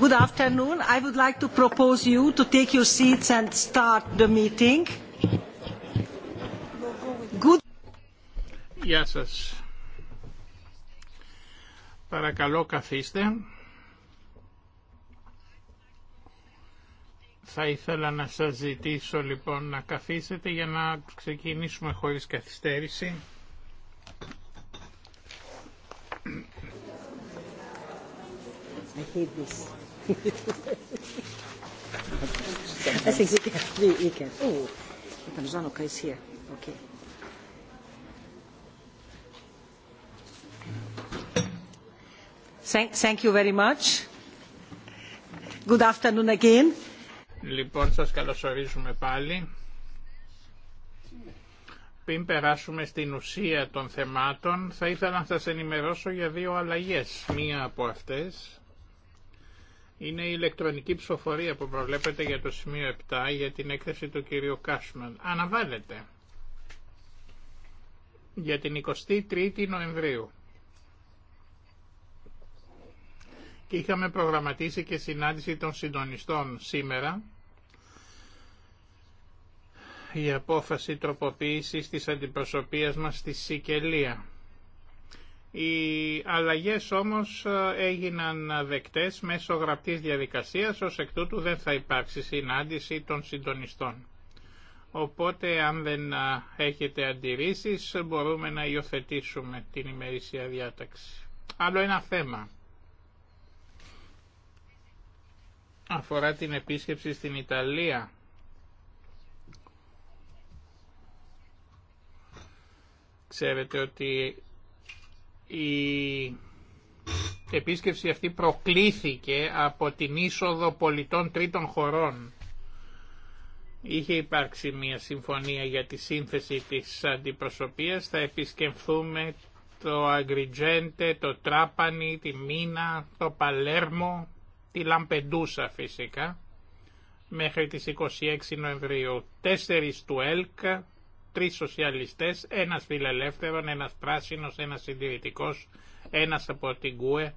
Good afternoon. I would like to propose you to take your seats and start the meeting. Good. Γεια σας. Παρακαλώ καθίστε. Θα ήθελα να σας ζητήσω λοιπόν να καθίσετε για να ξεκινήσουμε χωρίς καθυστέρηση. I hate this. Ναι, thank you very much. Good afternoon again. Λοιπόν, σας καλωσορίζουμε πάλι. Πριν περάσουμε στην ουσία των θεμάτων, θα ήθελα να σας ενημερώσω για δύο αλλαγές. Μία από αυτές είναι η ηλεκτρονική ψηφοφορία που προβλέπεται για το σημείο 7 για την έκθεση του κυρίου Κάσμαν. Αναβάλλεται για την 23η Νοεμβρίου. Και είχαμε προγραμματίσει και συνάντηση των συντονιστών σήμερα η απόφαση τροποποίησης της αντιπροσωπείας μας στη Σικελία. Οι αλλαγές όμως ε, έγιναν δεκτές μέσω γραπτής διαδικασίας, ως εκ τούτου δεν θα υπάρξει συνάντηση των συντονιστών. Οπότε αν δεν ε, έχετε αντιρρήσεις μπορούμε να υιοθετήσουμε την ημερήσια διάταξη. Άλλο ένα θέμα. Αφορά την επίσκεψη στην Ιταλία. Ξέρετε ότι η επίσκεψη αυτή προκλήθηκε από την είσοδο πολιτών τρίτων χωρών. Είχε υπάρξει μια συμφωνία για τη σύνθεση της αντιπροσωπείας. Θα επισκεφθούμε το Αγκριτζέντε, το τράπανη, τη Μίνα, το Παλέρμο, τη Λαμπεντούσα φυσικά μέχρι τις 26 Νοεμβρίου. 4 του ΕΛΚΑ, τρεις σοσιαλιστές, ένας φιλελεύθερον, ένας πράσινος, ένας συντηρητικό, ένας από την ΚΟΕ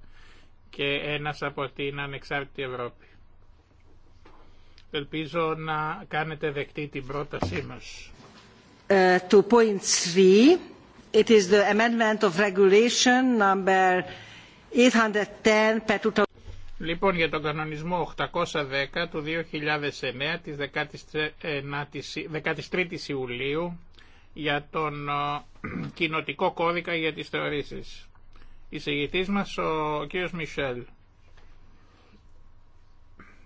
και ένας από την Ανεξάρτητη Ευρώπη. Ελπίζω να κάνετε δεκτή την πρότασή μας. Uh, ε, 2.3 It is the amendment of regulation number 810 Λοιπόν, για τον κανονισμό 810 του 2009 της 13ης ε, Ιουλίου για τον ε, κοινοτικό κώδικα για τις θεωρήσεις. Η συγητής μας ο κύριος Μισελ.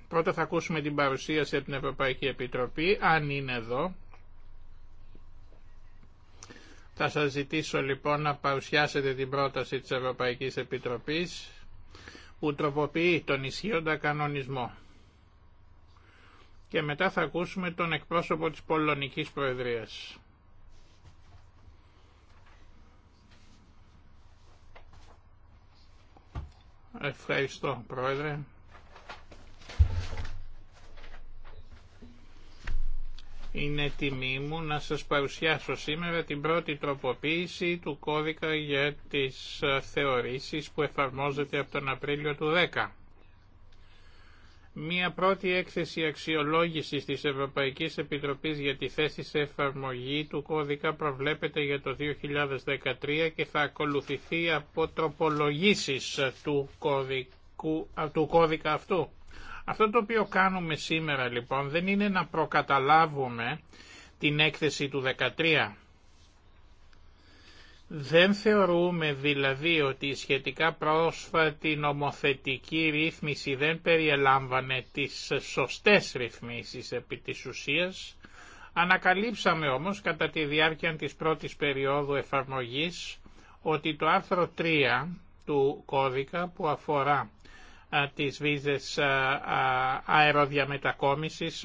Πρώτα θα ακούσουμε την παρουσίαση από την Ευρωπαϊκή Επιτροπή, αν είναι εδώ. Θα σας ζητήσω λοιπόν να παρουσιάσετε την πρόταση της Ευρωπαϊκής Επιτροπής που τροποποιεί τον ισχύοντα κανονισμό. Και μετά θα ακούσουμε τον εκπρόσωπο της Πολωνικής Προεδρίας. Ευχαριστώ, Πρόεδρε. Είναι τιμή μου να σας παρουσιάσω σήμερα την πρώτη τροποποίηση του κώδικα για τις θεωρήσεις που εφαρμόζεται από τον Απρίλιο του 10. Μία πρώτη έκθεση αξιολόγησης της Ευρωπαϊκής Επιτροπής για τη θέση σε εφαρμογή του κώδικα προβλέπεται για το 2013 και θα ακολουθηθεί από τροπολογήσεις του, του κώδικα αυτού. Αυτό το οποίο κάνουμε σήμερα λοιπόν δεν είναι να προκαταλάβουμε την έκθεση του 2013 δεν θεωρούμε δηλαδή ότι η σχετικά πρόσφατη νομοθετική ρύθμιση δεν περιελάμβανε τις σωστές ρυθμίσεις επί της ουσίας. Ανακαλύψαμε όμως κατά τη διάρκεια της πρώτης περίοδου εφαρμογής ότι το άρθρο 3 του κώδικα που αφορά τις βίζες αεροδιαμετακόμισης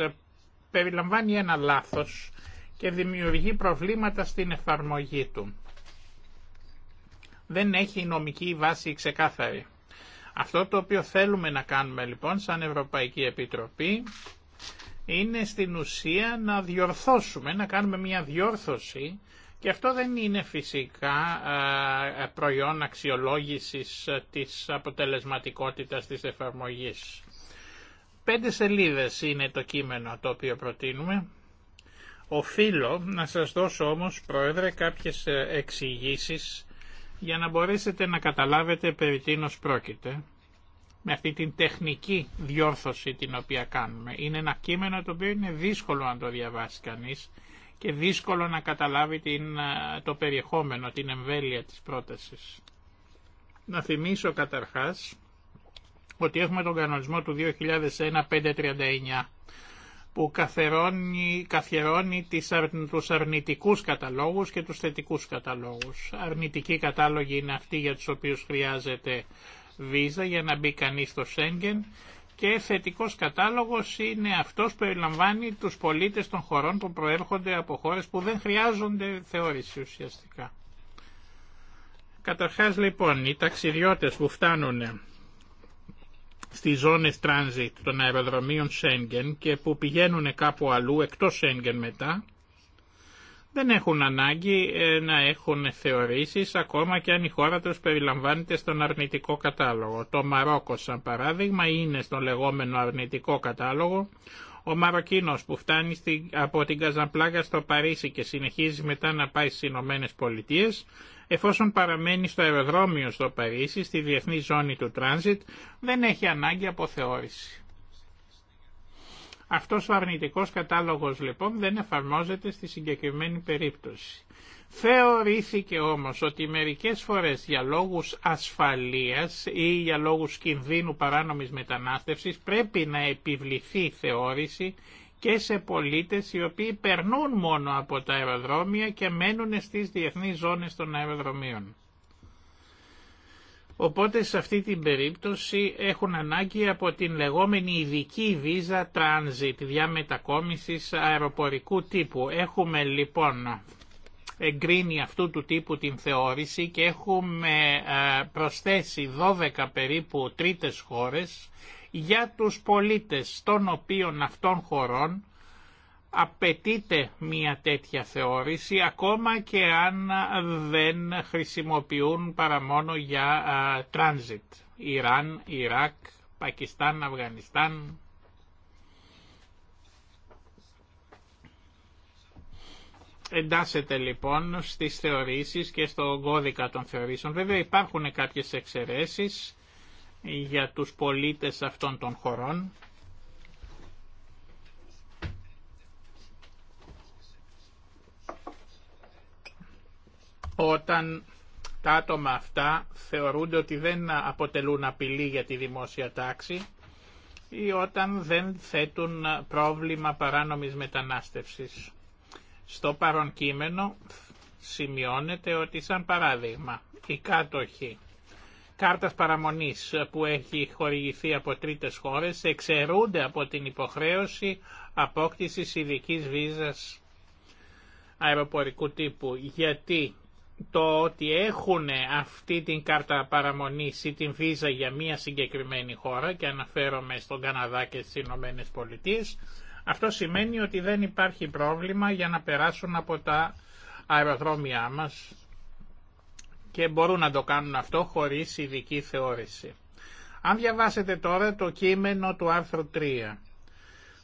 περιλαμβάνει ένα λάθος και δημιουργεί προβλήματα στην εφαρμογή του δεν έχει νομική βάση ξεκάθαρη. Αυτό το οποίο θέλουμε να κάνουμε λοιπόν σαν Ευρωπαϊκή Επιτροπή είναι στην ουσία να διορθώσουμε, να κάνουμε μια διόρθωση και αυτό δεν είναι φυσικά ε, προϊόν αξιολόγησης ε, της αποτελεσματικότητας της εφαρμογής. Πέντε σελίδες είναι το κείμενο το οποίο προτείνουμε. Οφείλω να σας δώσω όμως, Πρόεδρε, κάποιες ε, εξηγήσεις για να μπορέσετε να καταλάβετε περί τίνος πρόκειται με αυτή την τεχνική διόρθωση την οποία κάνουμε. Είναι ένα κείμενο το οποίο είναι δύσκολο να το διαβάσει κανείς και δύσκολο να καταλάβει την, το περιεχόμενο, την εμβέλεια της πρότασης. Να θυμίσω καταρχάς ότι έχουμε τον κανονισμό του 2001-539 που καθερώνει, καθιερώνει τις αρ, τους αρνητικούς καταλόγους και τους θετικούς καταλόγους. Αρνητικοί κατάλογοι είναι αυτοί για τους οποίους χρειάζεται βίζα για να μπει κανείς στο Σέγγεν και θετικός κατάλογος είναι αυτός που περιλαμβάνει τους πολίτες των χωρών που προέρχονται από χώρες που δεν χρειάζονται θεώρηση ουσιαστικά. Καταρχάς λοιπόν οι ταξιδιώτες που φτάνουν στις ζώνες transit των αεροδρομίων Σέγγεν και που πηγαίνουν κάπου αλλού εκτός Σέγγεν μετά, δεν έχουν ανάγκη ε, να έχουν θεωρήσεις ακόμα και αν η χώρα τους περιλαμβάνεται στον αρνητικό κατάλογο. Το Μαρόκο σαν παράδειγμα είναι στον λεγόμενο αρνητικό κατάλογο. Ο Μαροκίνος που φτάνει από την Καζαμπλάκα στο Παρίσι και συνεχίζει μετά να πάει στις Ηνωμένε Πολιτείες Εφόσον παραμένει στο αεροδρόμιο στο Παρίσι, στη διεθνή ζώνη του τράνζιτ, δεν έχει ανάγκη από θεώρηση. Αυτός ο αρνητικός κατάλογος λοιπόν δεν εφαρμόζεται στη συγκεκριμένη περίπτωση. Θεωρήθηκε όμως ότι μερικές φορές για λόγους ασφαλείας ή για λόγους κινδύνου παράνομης μετανάστευσης πρέπει να επιβληθεί θεώρηση και σε πολίτες οι οποίοι περνούν μόνο από τα αεροδρόμια και μένουν στις διεθνείς ζώνες των αεροδρομίων. Οπότε σε αυτή την περίπτωση έχουν ανάγκη από την λεγόμενη ειδική βίζα transit διαμετακόμισης αεροπορικού τύπου. Έχουμε λοιπόν εγκρίνει αυτού του τύπου την θεώρηση και έχουμε ε, προσθέσει 12 περίπου τρίτες χώρες για τους πολίτες των οποίων αυτών χωρών απαιτείται μια τέτοια θεώρηση ακόμα και αν δεν χρησιμοποιούν παρά μόνο για transit. Ιράν, Ιράκ, Πακιστάν, Αφγανιστάν. Εντάσσεται λοιπόν στις θεωρήσεις και στον κώδικα των θεωρήσεων. Βέβαια υπάρχουν κάποιες εξαιρέσεις για τους πολίτες αυτών των χωρών. Όταν τα άτομα αυτά θεωρούνται ότι δεν αποτελούν απειλή για τη δημόσια τάξη ή όταν δεν θέτουν πρόβλημα παράνομης μετανάστευσης. Στο παρόν κείμενο σημειώνεται ότι σαν παράδειγμα οι κάτοχοι κάρτας παραμονής που έχει χορηγηθεί από τρίτες χώρες εξαιρούνται από την υποχρέωση απόκτησης ειδική βίζας αεροπορικού τύπου. Γιατί το ότι έχουν αυτή την κάρτα παραμονής ή την βίζα για μία συγκεκριμένη χώρα και αναφέρομαι στον Καναδά και στις Ηνωμένε Πολιτείε, αυτό σημαίνει ότι δεν υπάρχει πρόβλημα για να περάσουν από τα αεροδρόμια μας και μπορούν να το κάνουν αυτό χωρίς ειδική θεώρηση. Αν διαβάσετε τώρα το κείμενο του άρθρου 3,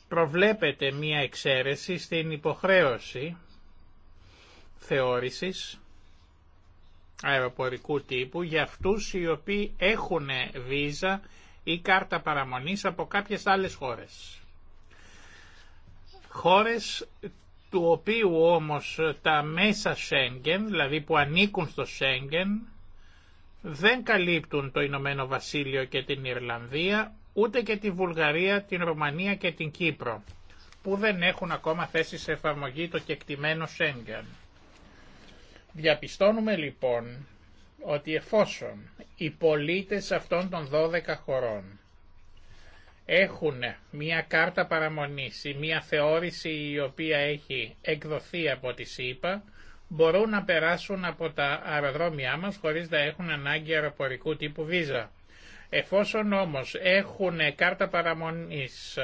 προβλέπετε μία εξαίρεση στην υποχρέωση θεώρησης αεροπορικού τύπου για αυτούς οι οποίοι έχουν βίζα ή κάρτα παραμονής από κάποιες άλλες χώρες. Χώρες του οποίου όμως τα μέσα Σέγγεν, δηλαδή που ανήκουν στο Σέγγεν, δεν καλύπτουν το Ηνωμένο Βασίλειο και την Ιρλανδία, ούτε και τη Βουλγαρία, την Ρωμανία και την Κύπρο, που δεν έχουν ακόμα θέση σε εφαρμογή το κεκτημένο Σέγγεν. Διαπιστώνουμε λοιπόν ότι εφόσον οι πολίτες αυτών των 12 χωρών έχουν μία κάρτα παραμονής ή μία θεώρηση η οποία έχει εκδοθεί από τη ΣΥΠΑ, μπορούν να περάσουν από τα αεροδρόμια μας χωρίς να έχουν ανάγκη αεροπορικού τύπου βίζα. Εφόσον όμως έχουν κάρτα παραμονής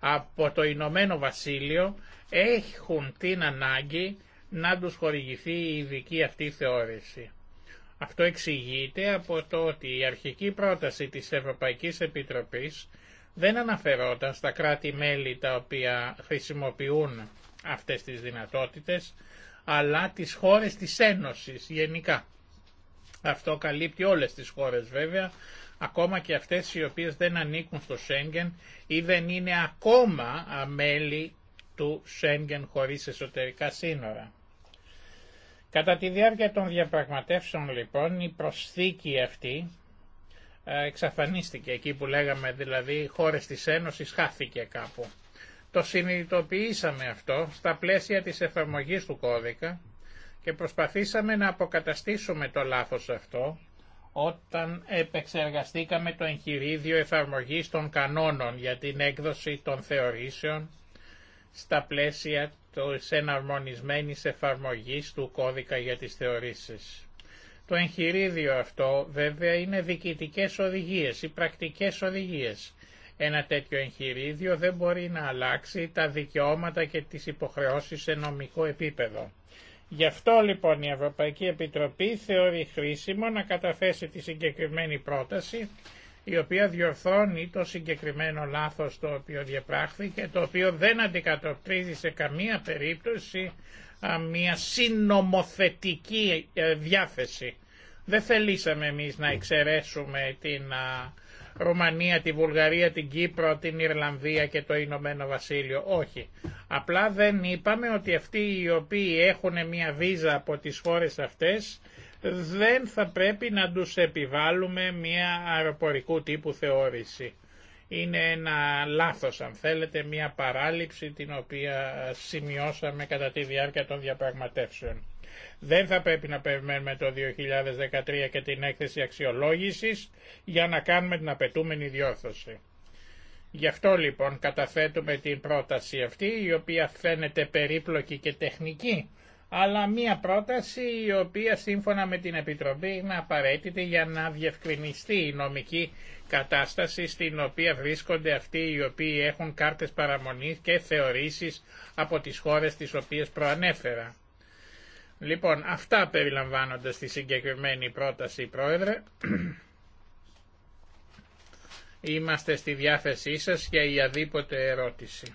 από το Ηνωμένο Βασίλειο, έχουν την ανάγκη να τους χορηγηθεί η ειδική αυτή θεώρηση. Αυτό εξηγείται από το ότι η αρχική πρόταση της Ευρωπαϊκής Επιτροπής δεν αναφερόταν στα κράτη-μέλη τα οποία χρησιμοποιούν αυτές τις δυνατότητες, αλλά τις χώρες της Ένωσης γενικά. Αυτό καλύπτει όλες τις χώρες βέβαια, ακόμα και αυτές οι οποίες δεν ανήκουν στο Σέγγεν ή δεν είναι ακόμα μέλη του Σέγγεν χωρίς εσωτερικά σύνορα. Κατά τη διάρκεια των διαπραγματεύσεων λοιπόν η προσθήκη αυτή ε, εξαφανίστηκε. Εκεί που λέγαμε δηλαδή χώρες της Ένωσης χάθηκε κάπου. Το συνειδητοποιήσαμε αυτό στα πλαίσια της εφαρμογής του κώδικα και προσπαθήσαμε να αποκαταστήσουμε το λάθος αυτό όταν επεξεργαστήκαμε το εγχειρίδιο εφαρμογής των κανόνων για την έκδοση των θεωρήσεων στα πλαίσια της εναρμονισμένης εφαρμογής του κώδικα για τις θεωρήσεις. Το εγχειρίδιο αυτό βέβαια είναι διοικητικές οδηγίες ή πρακτικές οδηγίες. Ένα τέτοιο εγχειρίδιο δεν μπορεί να αλλάξει τα δικαιώματα και τις υποχρεώσεις σε νομικό επίπεδο. Γι' αυτό λοιπόν η Ευρωπαϊκή Επιτροπή θεωρεί χρήσιμο να καταθέσει τη συγκεκριμένη πρόταση η οποία διορθώνει το συγκεκριμένο λάθος το οποίο διαπράχθηκε, το οποίο δεν αντικατοπτρίζει σε καμία περίπτωση μια συνομοθετική ε, διάθεση. Δεν θελήσαμε εμείς να εξαιρέσουμε την Ρουμανία, τη Βουλγαρία, την Κύπρο, την Ιρλανδία και το Ηνωμένο Βασίλειο. Όχι. Απλά δεν είπαμε ότι αυτοί οι οποίοι έχουν μια βίζα από τις χώρες αυτές δεν θα πρέπει να τους επιβάλλουμε μια αεροπορικού τύπου θεώρηση είναι ένα λάθος αν θέλετε, μια παράληψη την οποία σημειώσαμε κατά τη διάρκεια των διαπραγματεύσεων. Δεν θα πρέπει να περιμένουμε το 2013 και την έκθεση αξιολόγησης για να κάνουμε την απαιτούμενη διόρθωση. Γι' αυτό λοιπόν καταθέτουμε την πρόταση αυτή η οποία φαίνεται περίπλοκη και τεχνική αλλά μία πρόταση η οποία σύμφωνα με την Επιτροπή είναι απαραίτητη για να διευκρινιστεί η νομική κατάσταση στην οποία βρίσκονται αυτοί οι οποίοι έχουν κάρτες παραμονής και θεωρήσεις από τις χώρες τις οποίες προανέφερα. Λοιπόν, αυτά περιλαμβάνονται στη συγκεκριμένη πρόταση, Πρόεδρε. Είμαστε στη διάθεσή σας για η αδίποτε ερώτηση.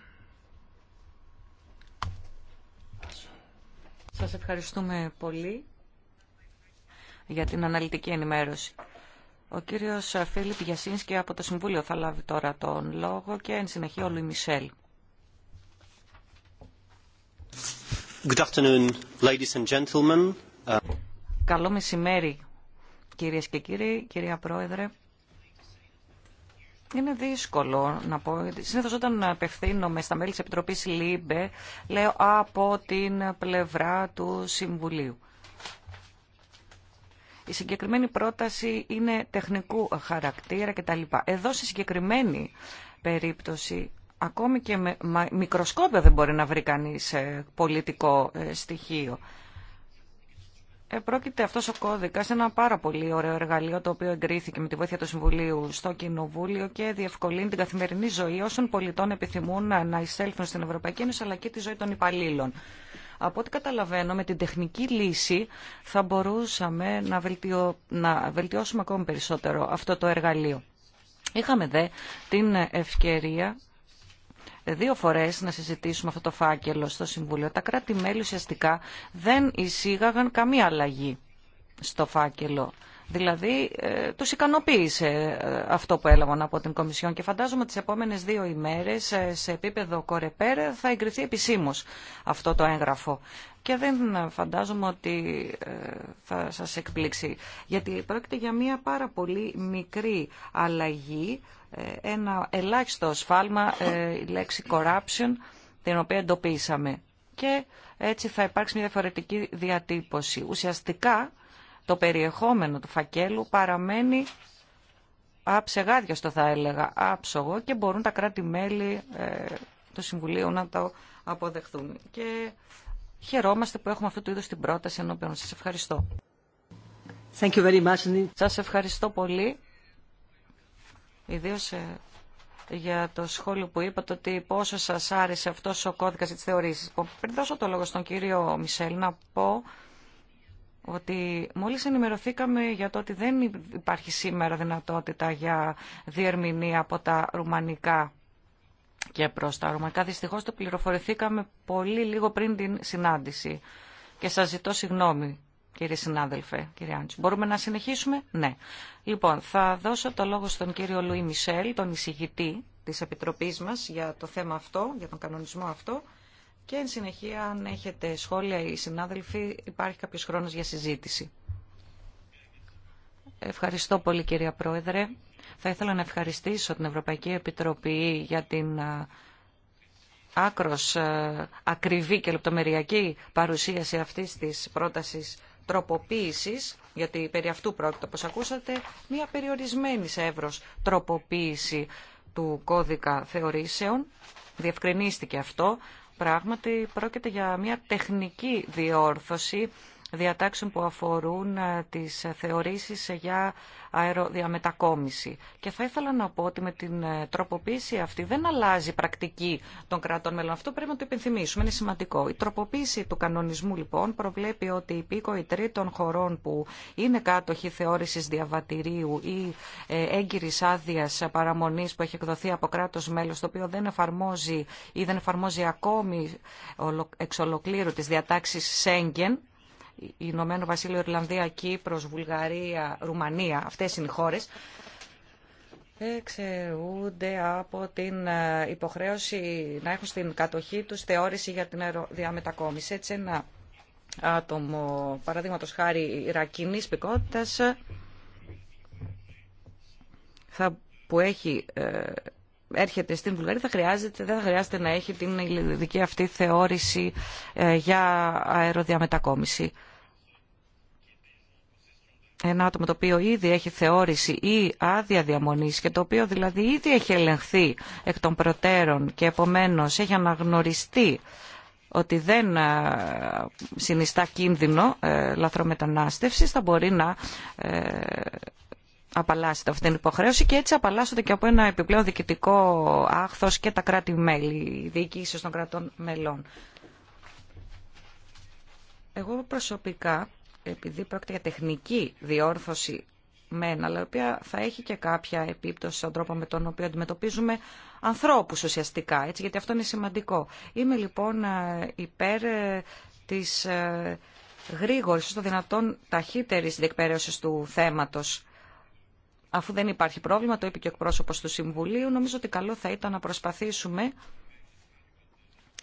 Σας ευχαριστούμε πολύ για την αναλυτική ενημέρωση. Ο κύριος Φίλιπ Γιασίνσκι από το Συμβούλιο θα λάβει τώρα τον λόγο και εν συνεχεία ο Λουί Μισελ. and gentlemen. Καλό μεσημέρι, κυρίες και κύριοι, κυρία Πρόεδρε. Είναι δύσκολο να πω. Συνήθω όταν απευθύνομαι στα μέλη τη Επιτροπή ΛΥΜΠΕ, λέω από την πλευρά του Συμβουλίου. Η συγκεκριμένη πρόταση είναι τεχνικού χαρακτήρα κτλ. Εδώ σε συγκεκριμένη περίπτωση, ακόμη και με μικροσκόπιο δεν μπορεί να βρει κανείς ε, πολιτικό ε, στοιχείο πρόκειται αυτός ο κώδικας ένα πάρα πολύ ωραίο εργαλείο το οποίο εγκρίθηκε με τη βοήθεια του Συμβουλίου στο Κοινοβούλιο και διευκολύνει την καθημερινή ζωή όσων πολιτών επιθυμούν να εισέλθουν στην Ευρωπαϊκή Ένωση αλλά και τη ζωή των υπαλλήλων. Από ό,τι καταλαβαίνω, με την τεχνική λύση θα μπορούσαμε να, βελτιω... να βελτιώσουμε ακόμη περισσότερο αυτό το εργαλείο. Είχαμε δε την ευκαιρία δύο φορέ να συζητήσουμε αυτό το φάκελο στο Συμβούλιο. Τα κράτη-μέλη ουσιαστικά δεν εισήγαγαν καμία αλλαγή στο φάκελο. Δηλαδή, ε, τους ικανοποίησε ε, αυτό που έλαβαν από την Κομισιόν και φαντάζομαι τις επόμενες δύο ημέρες ε, σε επίπεδο κορεπέρ θα εγκριθεί επισήμως αυτό το έγγραφο. Και δεν φαντάζομαι ότι ε, θα σας εκπλήξει, γιατί πρόκειται για μια πάρα πολύ μικρή αλλαγή ένα ελάχιστο σφάλμα, ε, η λέξη corruption, την οποία εντοπίσαμε. Και έτσι θα υπάρξει μια διαφορετική διατύπωση. Ουσιαστικά το περιεχόμενο του φακέλου παραμένει άψεγάδιαστο θα έλεγα, άψογο και μπορούν τα κράτη-μέλη ε, του Συμβουλίου να το αποδεχθούν. Και χαιρόμαστε που έχουμε αυτού του είδους την πρόταση ενώπιον. Σας ευχαριστώ. Thank you very ευχαριστώ πολύ. Ιδίως ε, για το σχόλιο που είπατε ότι πόσο σας άρεσε αυτός ο κώδικας τη θεωρήσης. Λοιπόν, πριν δώσω το λόγο στον κύριο Μισελ να πω ότι μόλις ενημερωθήκαμε για το ότι δεν υπάρχει σήμερα δυνατότητα για διερμηνία από τα ρουμανικά και προς τα ρουμανικά. Δυστυχώς το πληροφορηθήκαμε πολύ λίγο πριν την συνάντηση και σας ζητώ συγγνώμη κύριε συνάδελφε, κύριε Άντζη. Μπορούμε να συνεχίσουμε. Ναι. Λοιπόν, θα δώσω το λόγο στον κύριο Λουί Μισελ, τον εισηγητή της Επιτροπής μας για το θέμα αυτό, για τον κανονισμό αυτό. Και εν συνεχεία, αν έχετε σχόλια ή συνάδελφοι, υπάρχει κάποιος χρόνος για συζήτηση. Ευχαριστώ πολύ κυρία Πρόεδρε. Θα ήθελα να ευχαριστήσω την Ευρωπαϊκή Επιτροπή για την άκρος ακριβή και λεπτομεριακή παρουσίαση αυτής της πρότασης τροποποίησης, γιατί περί αυτού πρόκειται όπως ακούσατε, μια περιορισμένη σε εύρος τροποποίηση του κώδικα θεωρήσεων. Διευκρινίστηκε αυτό. Πράγματι πρόκειται για μια τεχνική διόρθωση διατάξεων που αφορούν ε, τις θεωρήσεις για αεροδιαμετακόμιση. Και θα ήθελα να πω ότι με την ε, τροποποίηση αυτή δεν αλλάζει η πρακτική των κρατών μελών. Αυτό πρέπει να το υπενθυμίσουμε, είναι σημαντικό. Η τροποποίηση του κανονισμού λοιπόν προβλέπει ότι οι πήκοοι τρίτων χωρών που είναι κάτοχοι θεώρησης διαβατηρίου ή ε, έγκυρης άδεια παραμονής που έχει εκδοθεί από κράτος μέλος το οποίο δεν εφαρμόζει ή δεν εφαρμόζει ακόμη εξ ολοκλήρου τις διατάξεις Σέγγεν Ηνωμένο Βασίλειο, Ιρλανδία, Κύπρο, Βουλγαρία, Ρουμανία, αυτές είναι οι χώρες, εξαιρούνται από την ε, υποχρέωση να έχουν στην κατοχή τους θεώρηση για την αεροδιαμετακόμιση. Έτσι ένα άτομο, Παραδείγματο χάρη Ιρακινής ποικότητα που έχει ε, έρχεται στην Βουλγαρία θα χρειάζεται, δεν θα χρειάζεται να έχει την δική αυτή θεώρηση ε, για αεροδιαμετακόμιση. Ένα άτομο το οποίο ήδη έχει θεώρηση ή άδεια διαμονής και το οποίο δηλαδή ήδη έχει ελεγχθεί εκ των προτέρων και επομένως έχει αναγνωριστεί ότι δεν ε, συνιστά κίνδυνο ε, λαθρομετανάστευσης θα μπορεί να απαλλάσσεται αυτή την υποχρέωση και έτσι απαλλάσσονται και από ένα επιπλέον διοικητικό άχθο και τα κράτη-μέλη, οι διοικήσεις των κρατών μελών. Εγώ προσωπικά, επειδή πρόκειται για τεχνική διόρθωση μεν, αλλά η οποία θα έχει και κάποια επίπτωση στον τρόπο με τον οποίο αντιμετωπίζουμε ανθρώπους ουσιαστικά, έτσι, γιατί αυτό είναι σημαντικό. Είμαι λοιπόν ε, υπέρ ε, της ε, γρήγορης, στο δυνατόν ταχύτερης διεκπαιρέωσης του θέματος Αφού δεν υπάρχει πρόβλημα, το είπε και ο εκπρόσωπος του Συμβουλίου, νομίζω ότι καλό θα ήταν να προσπαθήσουμε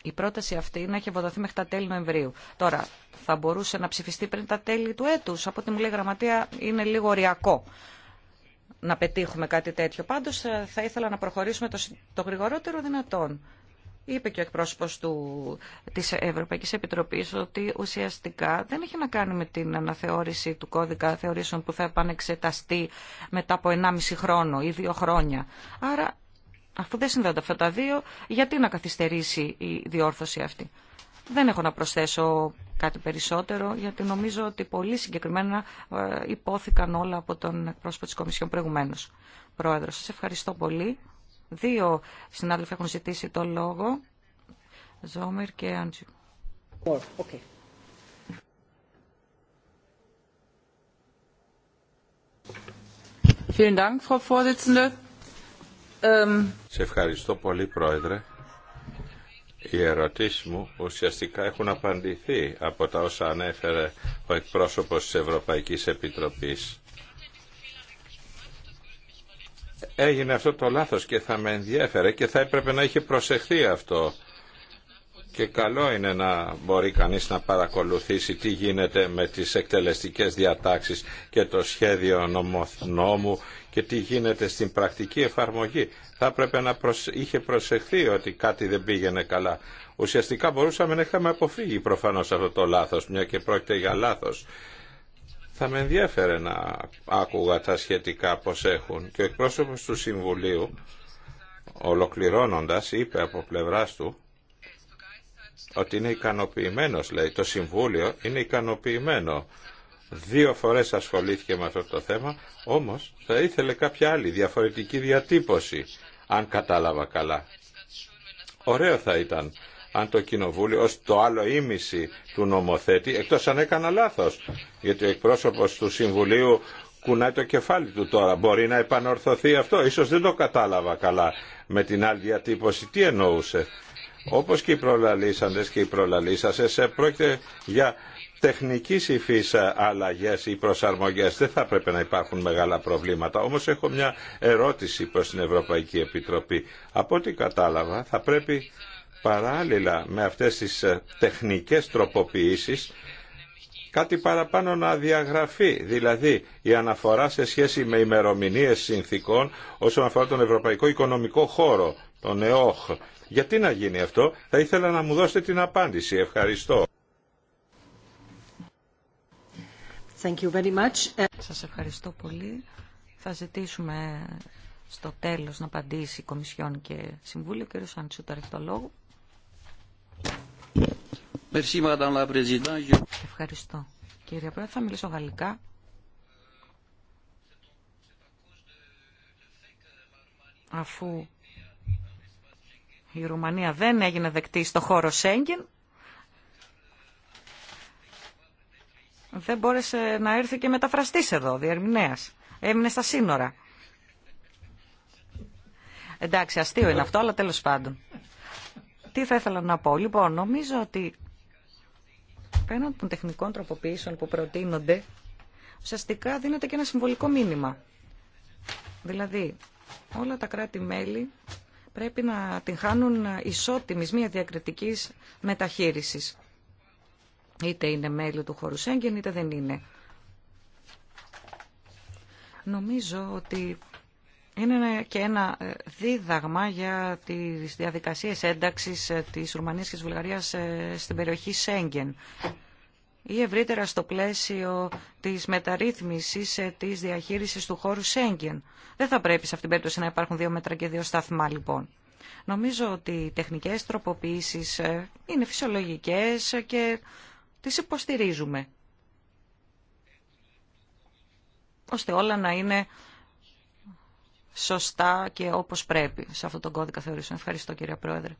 η πρόταση αυτή να έχει ευοδοθεί μέχρι τα τέλη Νοεμβρίου. Τώρα, θα μπορούσε να ψηφιστεί πριν τα τέλη του έτους. Από ό,τι μου λέει η γραμματεία, είναι λίγο ωριακό να πετύχουμε κάτι τέτοιο. Πάντως, θα ήθελα να προχωρήσουμε το γρηγορότερο δυνατόν. Είπε και ο εκπρόσωπος τη της Ευρωπαϊκής Επιτροπής ότι ουσιαστικά δεν έχει να κάνει με την αναθεώρηση του κώδικα θεωρήσεων που θα επανεξεταστεί μετά από 1,5 χρόνο ή 2 χρόνια. Άρα, αφού δεν συνδέονται αυτά τα δύο, γιατί να καθυστερήσει η διόρθωση αυτή. Δεν έχω να προσθέσω κάτι περισσότερο, γιατί νομίζω ότι πολύ συγκεκριμένα ε, υπόθηκαν όλα από τον εκπρόσωπο της Κομισιόν προηγουμένως. Πρόεδρος, σας ευχαριστώ πολύ. Δύο συνάδελφοι έχουν ζητήσει το λόγο. Ζόμερ και Άντζου. Ähm, Σε ευχαριστώ πολύ, Πρόεδρε. Οι ερωτήσει μου ουσιαστικά έχουν απαντηθεί από τα όσα ανέφερε ο εκπρόσωπος της Ευρωπαϊκής Επιτροπής έγινε αυτό το λάθος και θα με ενδιέφερε και θα έπρεπε να είχε προσεχθεί αυτό. Και καλό είναι να μπορεί κανείς να παρακολουθήσει τι γίνεται με τις εκτελεστικές διατάξεις και το σχέδιο νόμου και τι γίνεται στην πρακτική εφαρμογή. Θα έπρεπε να είχε προσεχθεί ότι κάτι δεν πήγαινε καλά. Ουσιαστικά μπορούσαμε να είχαμε αποφύγει προφανώς αυτό το λάθος, μια και πρόκειται για λάθος. Θα με ενδιαφέρε να άκουγα τα σχετικά πως έχουν και ο εκπρόσωπος του Συμβουλίου ολοκληρώνοντας είπε από πλευράς του ότι είναι ικανοποιημένος λέει το Συμβούλιο είναι ικανοποιημένο δύο φορές ασχολήθηκε με αυτό το θέμα όμως θα ήθελε κάποια άλλη διαφορετική διατύπωση αν κατάλαβα καλά ωραίο θα ήταν αν το Κοινοβούλιο ως το άλλο ίμιση του νομοθέτη, εκτός αν έκανα λάθος, γιατί ο εκπρόσωπος του Συμβουλίου κουνάει το κεφάλι του τώρα. Μπορεί να επανορθωθεί αυτό. Ίσως δεν το κατάλαβα καλά με την άλλη διατύπωση. Τι εννοούσε. Όπως και οι προλαλήσαντες και οι προλαλήσασες, ε, πρόκειται για τεχνική υφή αλλαγές ή προσαρμογές. Δεν θα πρέπει να υπάρχουν μεγάλα προβλήματα. Όμως έχω μια ερώτηση προς την Ευρωπαϊκή Επιτροπή. Από ό,τι κατάλαβα θα πρέπει παράλληλα με αυτές τις ε, τεχνικές τροποποιήσεις κάτι παραπάνω να διαγραφεί, δηλαδή η αναφορά σε σχέση με ημερομηνίες συνθήκων όσον αφορά τον Ευρωπαϊκό Οικονομικό Χώρο, τον ΕΟΧ. Γιατί να γίνει αυτό, θα ήθελα να μου δώσετε την απάντηση. Ευχαριστώ. Thank you very much. Σας ευχαριστώ πολύ. Θα ζητήσουμε στο τέλος να απαντήσει η Κομισιόν και Συμβούλιο. Κύριο Αντσούταρ, έχει το λόγο. Ευχαριστώ. Κύριε Πρόεδρε, θα μιλήσω γαλλικά. Αφού η Ρουμανία δεν έγινε δεκτή στο χώρο Σέγγιν δεν μπόρεσε να έρθει και μεταφραστής εδώ, διερμηνέας. Έμεινε στα σύνορα. Εντάξει, αστείο είναι αυτό, αλλά τέλος πάντων. Τι θα ήθελα να πω. Λοιπόν, νομίζω ότι πέραν των τεχνικών τροποποιήσεων που προτείνονται, ουσιαστικά δίνεται και ένα συμβολικό μήνυμα. Δηλαδή, όλα τα κράτη-μέλη πρέπει να την χάνουν ισότιμης μια διακριτικής μεταχείρισης. Είτε είναι μέλη του χώρου Σέγγεν, είτε δεν είναι. Νομίζω ότι είναι και ένα ε, δίδαγμα για τις διαδικασίες ένταξης ε, της Ρουμανία και της Βουλγαρίας ε, στην περιοχή Σέγγεν ή ευρύτερα στο πλαίσιο της μεταρρύθμισης της διαχείρισης του χώρου Σέγγεν. Δεν θα πρέπει σε αυτήν την περίπτωση να υπάρχουν δύο μέτρα και δύο σταθμά λοιπόν. Νομίζω ότι οι τεχνικές τροποποιήσεις είναι φυσιολογικές και τις υποστηρίζουμε. Ώστε όλα να είναι σωστά και όπως πρέπει σε αυτόν τον κώδικα θεωρήσεων. Ευχαριστώ κύριε Πρόεδρε.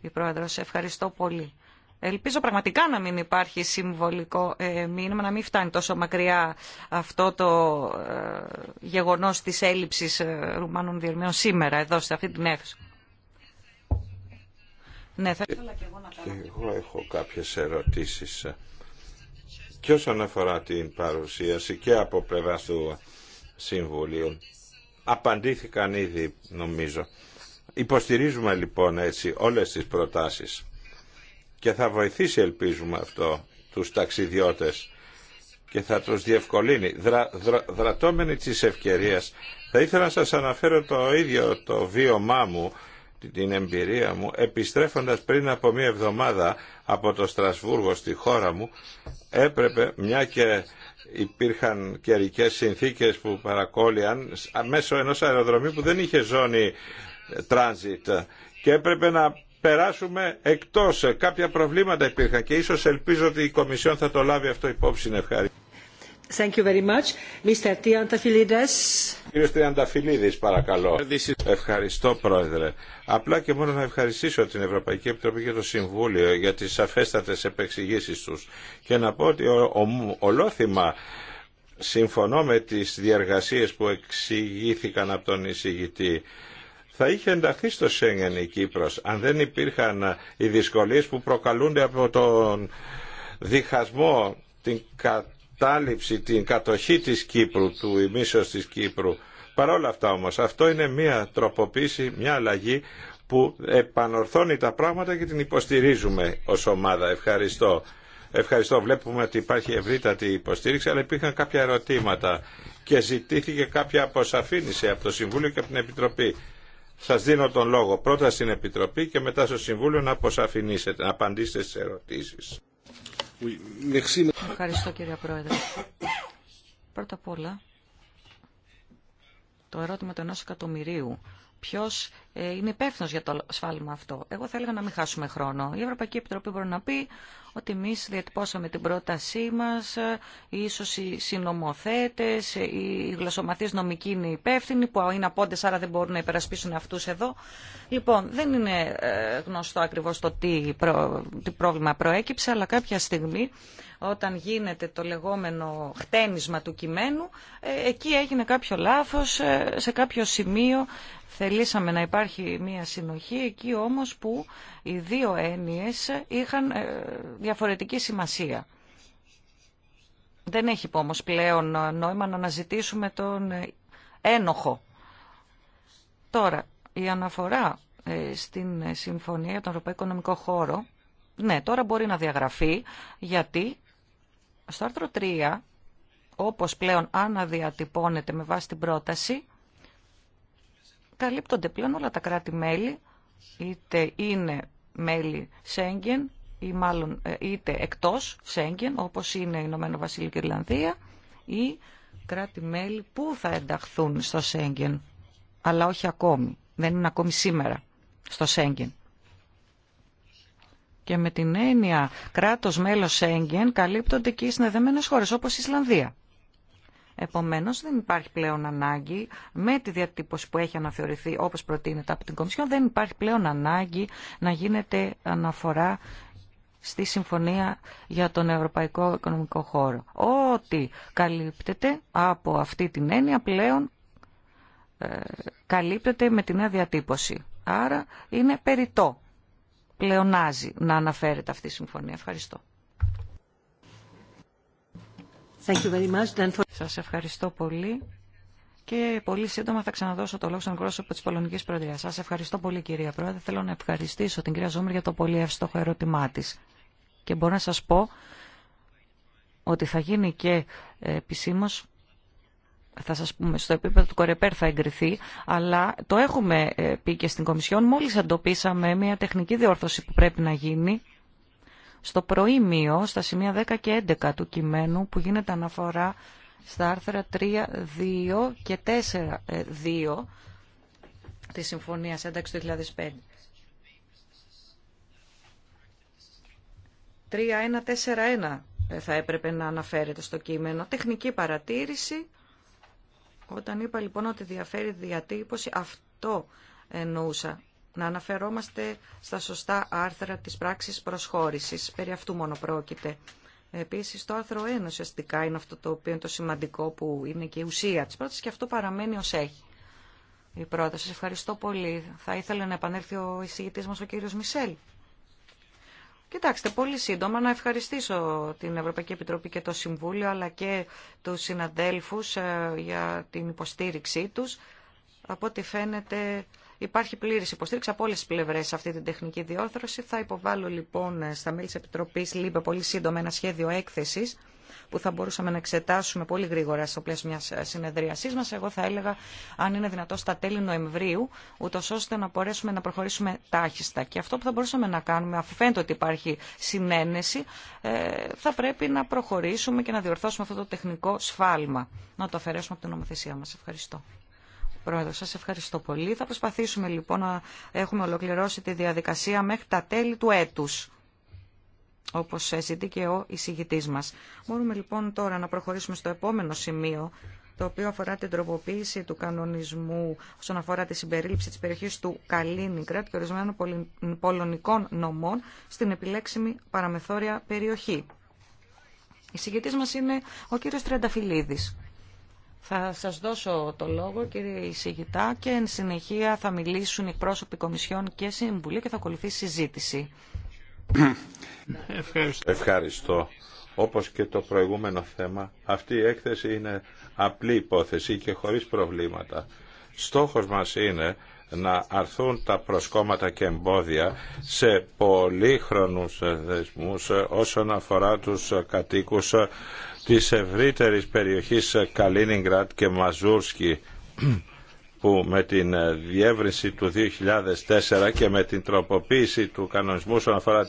Η Πρόεδρος, ευχαριστώ πολύ. Ελπίζω πραγματικά να μην υπάρχει συμβολικό ε, μήνυμα, να μην φτάνει τόσο μακριά αυτό το ε, γεγονός της έλλειψης ε, Ρουμάνων διερμιών σήμερα εδώ σε αυτή την αίθουσα. Ναι, θα ήθελα και εγώ να κάνω. εγώ έχω κάποιες ερωτήσεις και όσον αφορά την παρουσίαση και από πλευρά του Συμβουλίου απαντήθηκαν ήδη νομίζω. Υποστηρίζουμε λοιπόν έτσι όλες τις προτάσεις και θα βοηθήσει ελπίζουμε αυτό τους ταξιδιώτες και θα τους διευκολύνει. Δρα, δρα, δρατώμενοι της ευκαιρίας θα ήθελα να σας αναφέρω το ίδιο το βίωμά μου την εμπειρία μου επιστρέφοντας πριν από μία εβδομάδα από το Στρασβούργο στη χώρα μου έπρεπε μια και υπήρχαν καιρικέ συνθήκε που παρακόλλιαν μέσω ενό αεροδρομίου που δεν είχε ζώνη τράνζιτ και έπρεπε να περάσουμε εκτός. Κάποια προβλήματα υπήρχαν και ίσως ελπίζω ότι η Κομισιόν θα το λάβει αυτό υπόψη. Ευχαριστώ. Thank you παρακαλώ. Ευχαριστώ, Πρόεδρε. Απλά και μόνο να ευχαριστήσω την Ευρωπαϊκή Επιτροπή και το Συμβούλιο για τις σαφέστατες επεξηγήσεις τους και να πω ότι ολόθυμα συμφωνώ με τις διεργασίες που εξηγήθηκαν από τον εισηγητή θα είχε ενταχθεί στο Σέγγεν η Κύπρος αν δεν υπήρχαν οι δυσκολίες που προκαλούνται από τον διχασμό την κατάσταση κατάληψη, την κατοχή της Κύπρου, του ημίσεως της Κύπρου. Παρ' όλα αυτά όμως, αυτό είναι μια τροποποίηση, μια αλλαγή που επανορθώνει τα πράγματα και την υποστηρίζουμε ως ομάδα. Ευχαριστώ. Ευχαριστώ. Βλέπουμε ότι υπάρχει ευρύτατη υποστήριξη, αλλά υπήρχαν κάποια ερωτήματα και ζητήθηκε κάποια αποσαφήνιση από το Συμβούλιο και από την Επιτροπή. Σας δίνω τον λόγο πρώτα στην Επιτροπή και μετά στο Συμβούλιο να αποσαφηνίσετε, να απαντήσετε στις ερωτήσεις. Ευχαριστώ κύριε Πρόεδρε. Πρώτα απ' όλα, το ερώτημα του ενός εκατομμυρίου. Ποιος ε, είναι υπεύθυνο για το σφάλμα αυτό. Εγώ θα έλεγα να μην χάσουμε χρόνο. Η Ευρωπαϊκή Επιτροπή μπορεί να πει ότι εμεί διατυπώσαμε την πρότασή μα, ε, ίσω οι συνομοθέτε, ε, οι γλωσσομαθεί νομικοί είναι υπεύθυνοι, που είναι απόντε, άρα δεν μπορούν να υπερασπίσουν αυτού εδώ. Λοιπόν, δεν είναι γνωστό ακριβώ το τι, προ... πρόβλημα προέκυψε, αλλά κάποια στιγμή όταν γίνεται το λεγόμενο χτένισμα του κειμένου, εκεί έγινε κάποιο λάθος, σε κάποιο σημείο θελήσαμε να υπάρχει υπάρχει μια συνοχή εκεί όμως που οι δύο έννοιες είχαν ε, διαφορετική σημασία. Δεν έχει όμως πλέον νόημα να αναζητήσουμε τον ένοχο. Τώρα, η αναφορά ε, στην Συμφωνία για τον Ευρωπαϊκό Οικονομικό Χώρο, ναι, τώρα μπορεί να διαγραφεί, γιατί στο άρθρο 3, όπως πλέον αναδιατυπώνεται με βάση την πρόταση, καλύπτονται πλέον όλα τα κράτη-μέλη, είτε είναι μέλη Σέγγεν ή μάλλον ε, είτε εκτός Σέγγεν, όπως είναι η Ηνωμένο Βασίλειο και Ιρλανδία, ή κράτη-μέλη που θα ενταχθούν στο Σέγγεν, αλλά όχι ακόμη, δεν είναι ακόμη σήμερα στο Σέγγεν. Και με την έννοια κράτος μέλος Σέγγεν καλύπτονται και οι συνδεδεμένες χώρες όπως η Ισλανδία. Επομένως δεν υπάρχει πλέον ανάγκη με τη διατύπωση που έχει αναθεωρηθεί όπως προτείνεται από την Κομισιόν δεν υπάρχει πλέον ανάγκη να γίνεται αναφορά στη Συμφωνία για τον Ευρωπαϊκό Οικονομικό Χώρο. Ό,τι καλύπτεται από αυτή την έννοια πλέον ε, καλύπτεται με τη νέα διατύπωση. Άρα είναι περιττό πλεονάζει να αναφέρεται αυτή η συμφωνία. Ευχαριστώ. Thank Σας ευχαριστώ πολύ και πολύ σύντομα θα ξαναδώσω το λόγο στον πρόσωπο τη Πολωνική Προεδρία. Σα ευχαριστώ πολύ, κυρία Πρόεδρε. Θέλω να ευχαριστήσω την κυρία Ζόμερ για το πολύ εύστοχο ερώτημά τη. Και μπορώ να σα πω ότι θα γίνει και ε, επισήμω. Θα σας πούμε, στο επίπεδο του Κορεπέρ θα εγκριθεί, αλλά το έχουμε ε, πει και στην Κομισιόν. Μόλις αντοπίσαμε μια τεχνική διόρθωση που πρέπει να γίνει στο προήμιο, στα σημεία 10 και 11 του κειμένου που γίνεται αναφορά στα άρθρα 3, 2 και 4, 2 ε, της Συμφωνίας ένταξη του 2005. 3-1-4-1 ε, θα έπρεπε να αναφέρεται στο κείμενο. Τεχνική παρατήρηση. Όταν είπα λοιπόν ότι διαφέρει διατύπωση, αυτό εννοούσα να αναφερόμαστε στα σωστά άρθρα της πράξης προσχώρησης. Περί αυτού μόνο πρόκειται. Επίσης το άρθρο 1 ουσιαστικά είναι αυτό το οποίο είναι το σημαντικό που είναι και η ουσία της πρότασης και αυτό παραμένει ως έχει. Η πρόταση. Ευχαριστώ πολύ. Θα ήθελα να επανέλθει ο εισηγητής μας ο κύριος Μισελ. Κοιτάξτε, πολύ σύντομα να ευχαριστήσω την Ευρωπαϊκή Επιτροπή και το Συμβούλιο αλλά και τους συναδέλφους ε, για την υποστήριξή τους. Από ό,τι φαίνεται Υπάρχει πλήρης υποστήριξη από όλε τι πλευρέ σε αυτή την τεχνική διόρθωση. Θα υποβάλω λοιπόν ε, στα μέλη τη Επιτροπή ΛΥΜΠΕ πολύ σύντομα ένα σχέδιο έκθεση που θα μπορούσαμε να εξετάσουμε πολύ γρήγορα στο πλαίσιο μια ε, συνεδρίασής μα. Εγώ θα έλεγα αν είναι δυνατό στα τέλη Νοεμβρίου, ούτω ώστε να μπορέσουμε να προχωρήσουμε τάχιστα. Και αυτό που θα μπορούσαμε να κάνουμε, αφού φαίνεται ότι υπάρχει συνένεση, ε, θα πρέπει να προχωρήσουμε και να διορθώσουμε αυτό το τεχνικό σφάλμα. Να το αφαιρέσουμε από την νομοθεσία μα. Ευχαριστώ. Πρόεδρο, σας ευχαριστώ πολύ. Θα προσπαθήσουμε λοιπόν να έχουμε ολοκληρώσει τη διαδικασία μέχρι τα τέλη του έτους όπως ζητεί και ο εισηγητής μας. Μπορούμε λοιπόν τώρα να προχωρήσουμε στο επόμενο σημείο, το οποίο αφορά την τροποποίηση του κανονισμού όσον αφορά τη συμπερίληψη της περιοχής του Καλίνικρατ και ορισμένων πολωνικών νομών στην επιλέξιμη παραμεθόρια περιοχή. Η συγκεκριτής μας είναι ο κύριος Τρενταφυλλίδης. Θα σας δώσω το λόγο κύριε Ισηγητά και εν συνεχεία θα μιλήσουν οι πρόσωποι Κομισιόν και Συμβουλή και θα ακολουθήσει συζήτηση. Ευχαριστώ. Ευχαριστώ. Όπως και το προηγούμενο θέμα, αυτή η έκθεση είναι απλή υπόθεση και χωρίς προβλήματα. Στόχος μας είναι να αρθούν τα προσκόμματα και εμπόδια σε πολύχρονους δεσμούς όσον αφορά τους κατοίκους της ευρύτερης περιοχής Καλίνιγκρατ και Μαζούρσκι που με την ε, διεύρυνση του 2004 και με την τροποποίηση του κανονισμού όσον αφορά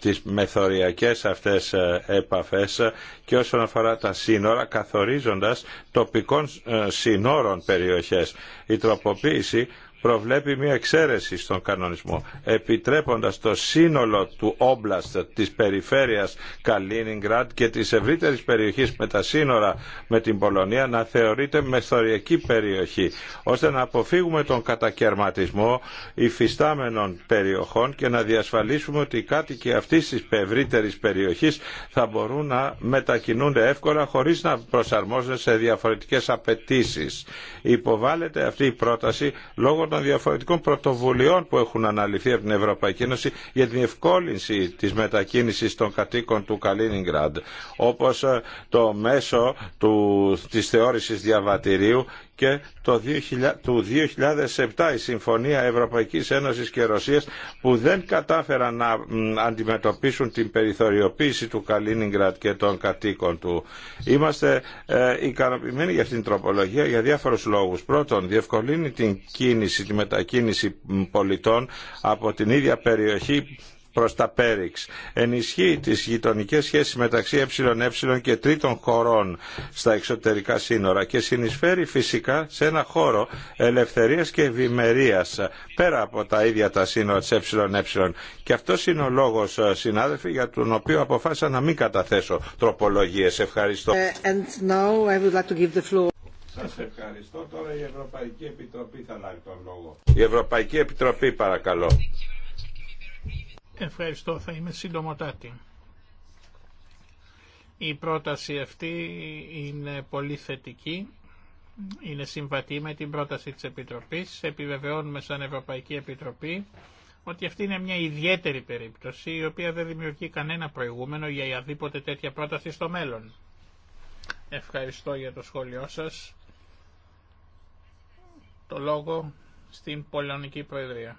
τις μεθοριακές αυτές ε, επαφές ε, και όσον αφορά τα σύνορα καθορίζοντας τοπικών σύνορων περιοχές. Η τροποποίηση προβλέπει μια εξαίρεση στον κανονισμό επιτρέποντας το σύνολο του όμπλαστ της περιφέρειας Καλίνιγκραντ και της ευρύτερης περιοχής με τα σύνορα με την Πολωνία να θεωρείται μεθοριακή περιοχή ώστε να αποφύγουμε τον κατακαιρματισμό υφιστάμενων περιοχών και να διασφαλίσουμε ότι οι κάτοικοι αυτή τη ευρύτερη περιοχή θα μπορούν να μετακινούνται εύκολα χωρί να προσαρμόζονται σε διαφορετικέ απαιτήσει. Υποβάλλεται αυτή η πρόταση λόγω των διαφορετικών πρωτοβουλειών που έχουν αναλυθεί από την Ευρωπαϊκή Ένωση για την ευκόλυνση της μετακίνησης των κατοίκων του Καλίνιγκραντ, όπως ε, το μέσο του, της θεώρησης διαβατηρίου και το 2000, του 2007 η Συμφωνία Ευρωπαϊκής Ένωσης και Ρωσίας που δεν κατάφεραν να αντιμετωπίσουν την περιθωριοποίηση του Καλίνιγκρατ και των κατοίκων του. Είμαστε ε, ικανοποιημένοι για αυτήν την τροπολογία για διάφορους λόγους. Πρώτον, διευκολύνει την κίνηση, τη μετακίνηση πολιτών από την ίδια περιοχή προς τα Πέριξ. Ενισχύει τις γειτονικές σχέσεις μεταξύ ΕΕ και τρίτων χωρών στα εξωτερικά σύνορα και συνεισφέρει φυσικά σε ένα χώρο ελευθερίας και ευημερίας πέρα από τα ίδια τα σύνορα της ΕΕ. Και αυτό είναι ο λόγος, ε, συνάδελφοι, για τον οποίο αποφάσισα να μην καταθέσω τροπολογίες. Ευχαριστώ. And Σας ευχαριστώ. Τώρα η Ευρωπαϊκή Επιτροπή θα λάβει τον λόγο. Η Ευρωπαϊκή Επιτροπή παρακαλώ. Ευχαριστώ, θα είμαι συντομοτάτη. Η πρόταση αυτή είναι πολύ θετική, είναι συμβατή με την πρόταση της Επιτροπής. Επιβεβαιώνουμε σαν Ευρωπαϊκή Επιτροπή ότι αυτή είναι μια ιδιαίτερη περίπτωση η οποία δεν δημιουργεί κανένα προηγούμενο για αδίποτε τέτοια πρόταση στο μέλλον. Ευχαριστώ για το σχόλιο σας. Το λόγο στην Πολωνική Προεδρία.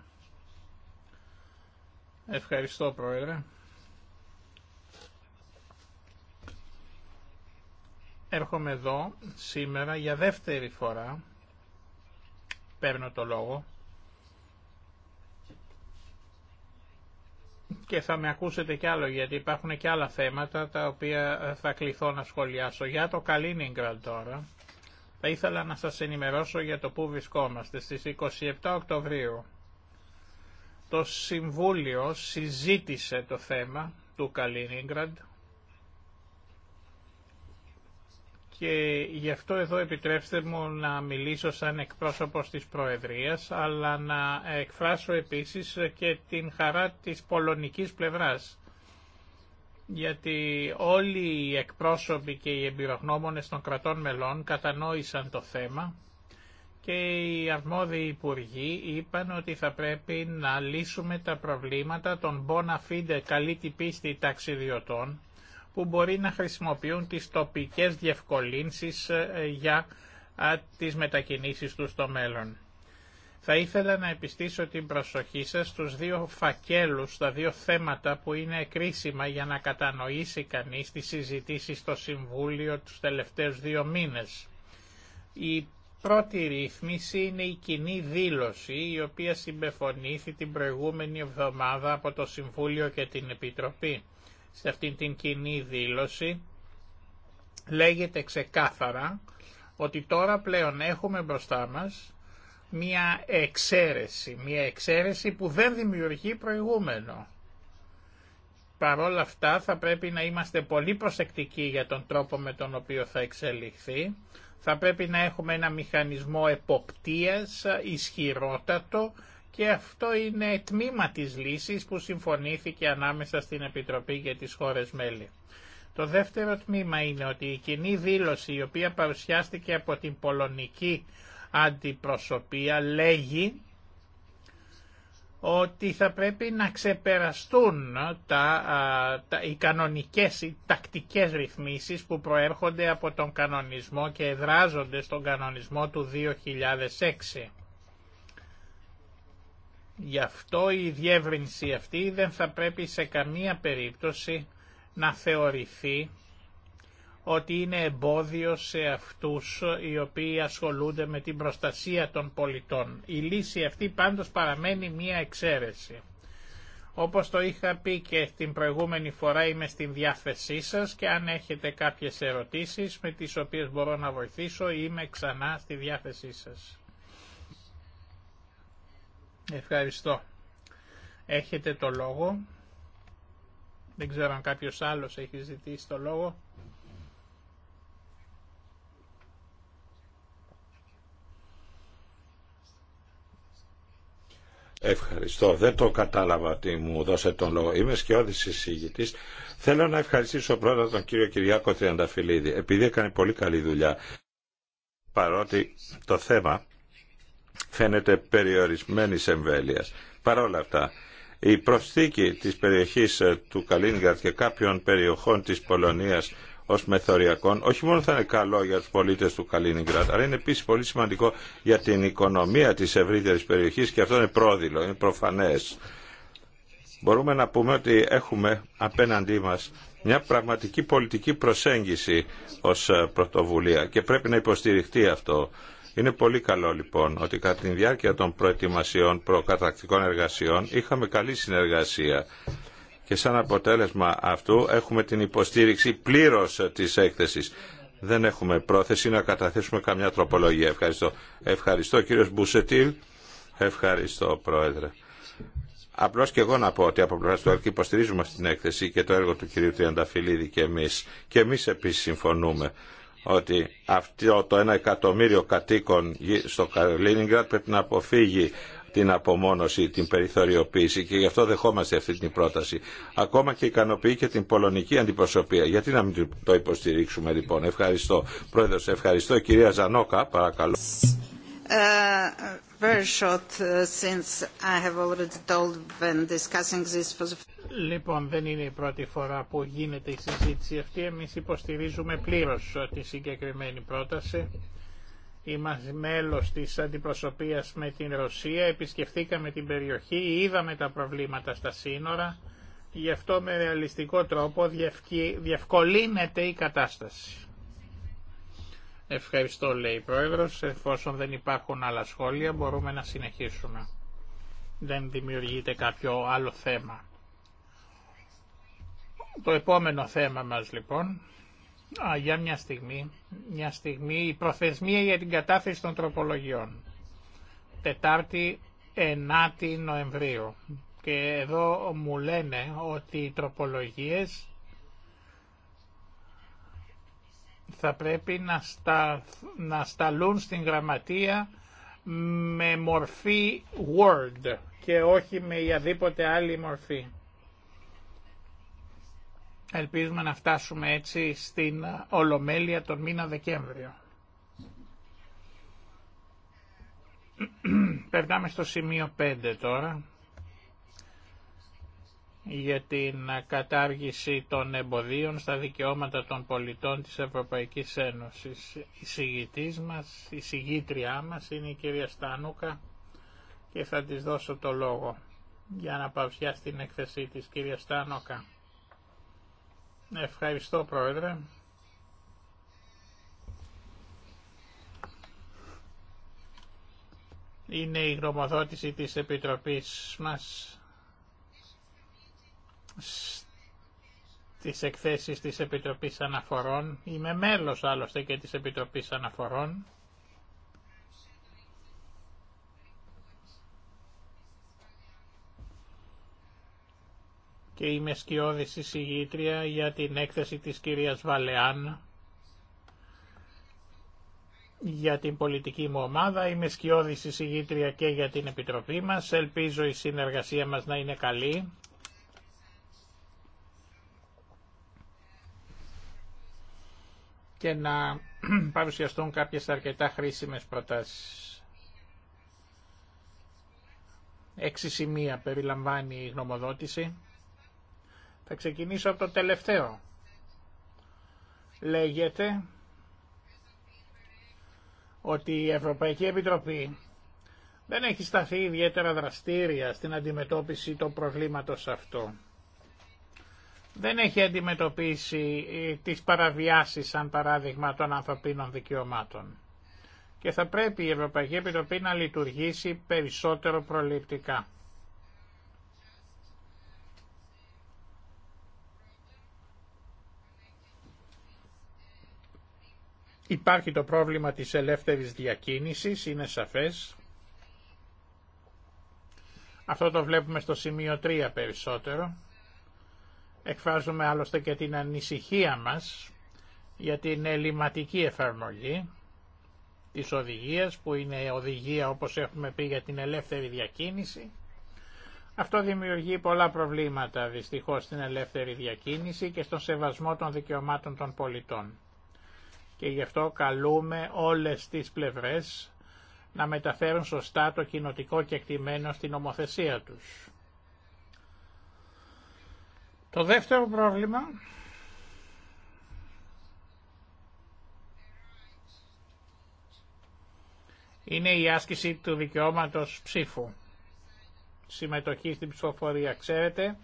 Ευχαριστώ Πρόεδρε. Έρχομαι εδώ σήμερα για δεύτερη φορά, παίρνω το λόγο, και θα με ακούσετε κι άλλο γιατί υπάρχουν και άλλα θέματα τα οποία ε, θα κληθώ να σχολιάσω. Για το Καλίνιγκραντ τώρα θα ήθελα να σας ενημερώσω για το που βρισκόμαστε στις 27 Οκτωβρίου. Το Συμβούλιο συζήτησε το θέμα του Καλίνιγκραντ και γι' αυτό εδώ επιτρέψτε μου να μιλήσω σαν εκπρόσωπος της Προεδρίας αλλά να εκφράσω επίσης και την χαρά της πολωνικής πλευράς γιατί όλοι οι εκπρόσωποι και οι εμπειρογνώμονες των κρατών μελών κατανόησαν το θέμα και οι αρμόδιοι υπουργοί είπαν ότι θα πρέπει να λύσουμε τα προβλήματα των bona fide καλή την πίστη ταξιδιωτών που μπορεί να χρησιμοποιούν τις τοπικές διευκολύνσεις ε, για τις μετακινήσεις τους στο μέλλον. Θα ήθελα να επιστήσω την προσοχή σας στους δύο φακέλους, τα δύο θέματα που είναι κρίσιμα για να κατανοήσει κανείς τις συζητήσεις στο Συμβούλιο τους τελευταίους δύο μήνες. Η πρώτη ρύθμιση είναι η κοινή δήλωση η οποία συμπεφωνήθη την προηγούμενη εβδομάδα από το Συμβούλιο και την Επιτροπή. Σε αυτήν την κοινή δήλωση λέγεται ξεκάθαρα ότι τώρα πλέον έχουμε μπροστά μας μία εξαίρεση, μία εξαίρεση που δεν δημιουργεί προηγούμενο. Παρόλα αυτά θα πρέπει να είμαστε πολύ προσεκτικοί για τον τρόπο με τον οποίο θα εξελιχθεί, θα πρέπει να έχουμε ένα μηχανισμό εποπτείας ισχυρότατο και αυτό είναι τμήμα της λύσης που συμφωνήθηκε ανάμεσα στην Επιτροπή για τις χώρες μέλη. Το δεύτερο τμήμα είναι ότι η κοινή δήλωση η οποία παρουσιάστηκε από την πολωνική αντιπροσωπεία λέγει ότι θα πρέπει να ξεπεραστούν τα, τα, οι κανονικές, οι τακτικές ρυθμίσεις που προέρχονται από τον κανονισμό και εδράζονται στον κανονισμό του 2006. Γι' αυτό η διεύρυνση αυτή δεν θα πρέπει σε καμία περίπτωση να θεωρηθεί ότι είναι εμπόδιο σε αυτούς οι οποίοι ασχολούνται με την προστασία των πολιτών. Η λύση αυτή πάντως παραμένει μία εξαίρεση. Όπως το είχα πει και την προηγούμενη φορά είμαι στην διάθεσή σας και αν έχετε κάποιες ερωτήσεις με τις οποίες μπορώ να βοηθήσω είμαι ξανά στη διάθεσή σας. Ευχαριστώ. Έχετε το λόγο. Δεν ξέρω αν κάποιος άλλος έχει ζητήσει το λόγο. Ευχαριστώ. Δεν το κατάλαβα ότι μου δώσε τον λόγο. Είμαι σκιώδη εισηγητής. Θέλω να ευχαριστήσω πρώτα τον κύριο Κυριάκο Τριανταφυλλίδη, επειδή έκανε πολύ καλή δουλειά. Παρότι το θέμα φαίνεται περιορισμένης εμβέλειας. Παρόλα αυτά, η προσθήκη της περιοχής του Καλίνγκαρτ και κάποιων περιοχών της Πολωνίας ω μεθοριακών, όχι μόνο θα είναι καλό για του πολίτε του Καλίνιγκρατ, αλλά είναι επίση πολύ σημαντικό για την οικονομία τη ευρύτερη περιοχή και αυτό είναι πρόδειλο, είναι προφανέ. Μπορούμε να πούμε ότι έχουμε απέναντί μα μια πραγματική πολιτική προσέγγιση ως πρωτοβουλία και πρέπει να υποστηριχτεί αυτό. Είναι πολύ καλό λοιπόν ότι κατά τη διάρκεια των προετοιμασιών προκατακτικών εργασιών είχαμε καλή συνεργασία και σαν αποτέλεσμα αυτού έχουμε την υποστήριξη πλήρως της έκθεσης. Δεν έχουμε πρόθεση να καταθέσουμε καμιά τροπολογία. Ευχαριστώ. Ευχαριστώ κύριος Μπουσετήλ. Ευχαριστώ πρόεδρε. Απλώς και εγώ να πω ότι από πλευρά του ΕΡΚ υποστηρίζουμε αυτή την έκθεση και το έργο του κυρίου Τριανταφυλλίδη και εμείς. Και εμείς επίση συμφωνούμε ότι αυτό το ένα εκατομμύριο κατοίκων στο Καρλίνιγκρατ πρέπει να αποφύγει την απομόνωση, την περιθωριοποίηση και γι' αυτό δεχόμαστε αυτή την πρόταση. Ακόμα και ικανοποιεί και την πολωνική αντιπροσωπεία. Γιατί να μην το υποστηρίξουμε λοιπόν. Ευχαριστώ. πρόεδρο, ευχαριστώ. Κυρία Ζανόκα, παρακαλώ. Λοιπόν, δεν είναι η πρώτη φορά που γίνεται η συζήτηση αυτή. Εμείς υποστηρίζουμε πλήρως uh, τη συγκεκριμένη πρόταση Είμαστε μέλος της αντιπροσωπείας με την Ρωσία, επισκεφθήκαμε την περιοχή, είδαμε τα προβλήματα στα σύνορα, γι' αυτό με ρεαλιστικό τρόπο διευκολύνεται η κατάσταση. Ευχαριστώ λέει η Πρόεδρος, εφόσον δεν υπάρχουν άλλα σχόλια μπορούμε να συνεχίσουμε. Δεν δημιουργείται κάποιο άλλο θέμα. Το επόμενο θέμα μας λοιπόν για μια στιγμή. Μια στιγμή. Η προθεσμία για την κατάθεση των τροπολογιών. Τετάρτη 9η Νοεμβρίου. Και εδώ μου λένε ότι οι τροπολογίες θα πρέπει να, σταλούν στην γραμματεία με μορφή Word και όχι με οποιαδήποτε άλλη μορφή. Ελπίζουμε να φτάσουμε έτσι στην Ολομέλεια τον μήνα Δεκέμβριο. Περνάμε στο σημείο 5 τώρα για την κατάργηση των εμποδίων στα δικαιώματα των πολιτών της Ευρωπαϊκής Ένωσης. Η συγητής μας, η συγγήτριά μας είναι η κυρία Στάνουκα και θα της δώσω το λόγο για να παρουσιάσει την έκθεσή της κυρία Στάνουκα. Ευχαριστώ Πρόεδρε. Είναι η γνωμοδότηση της Επιτροπής μας στις εκθέσεις της Επιτροπής Αναφορών. Είμαι μέλος άλλωστε και της Επιτροπής Αναφορών. και είμαι σκιώδης εισηγήτρια για την έκθεση της κυρίας Βαλεάν για την πολιτική μου ομάδα. Είμαι σκιώδης εισηγήτρια και για την Επιτροπή μας. Ελπίζω η συνεργασία μας να είναι καλή. και να παρουσιαστούν κάποιες αρκετά χρήσιμες προτάσεις. Έξι σημεία περιλαμβάνει η γνωμοδότηση. Θα ξεκινήσω από το τελευταίο. Λέγεται ότι η Ευρωπαϊκή Επιτροπή δεν έχει σταθεί ιδιαίτερα δραστήρια στην αντιμετώπιση του προβλήματος αυτό. Δεν έχει αντιμετωπίσει ε, τις παραβιάσεις, σαν παράδειγμα, των ανθρωπίνων δικαιωμάτων. Και θα πρέπει η Ευρωπαϊκή Επιτροπή να λειτουργήσει περισσότερο προληπτικά. Υπάρχει το πρόβλημα της ελεύθερης διακίνησης, είναι σαφές. Αυτό το βλέπουμε στο σημείο 3 περισσότερο. Εκφράζουμε άλλωστε και την ανησυχία μας για την ελληματική εφαρμογή της οδηγίας, που είναι οδηγία όπως έχουμε πει για την ελεύθερη διακίνηση. Αυτό δημιουργεί πολλά προβλήματα δυστυχώς στην ελεύθερη διακίνηση και στον σεβασμό των δικαιωμάτων των πολιτών και γι' αυτό καλούμε όλες τις πλευρές να μεταφέρουν σωστά το κοινοτικό κεκτημένο στην ομοθεσία τους. Το δεύτερο πρόβλημα είναι η άσκηση του δικαιώματος ψήφου. Συμμετοχή στην ψηφοφορία. Ξέρετε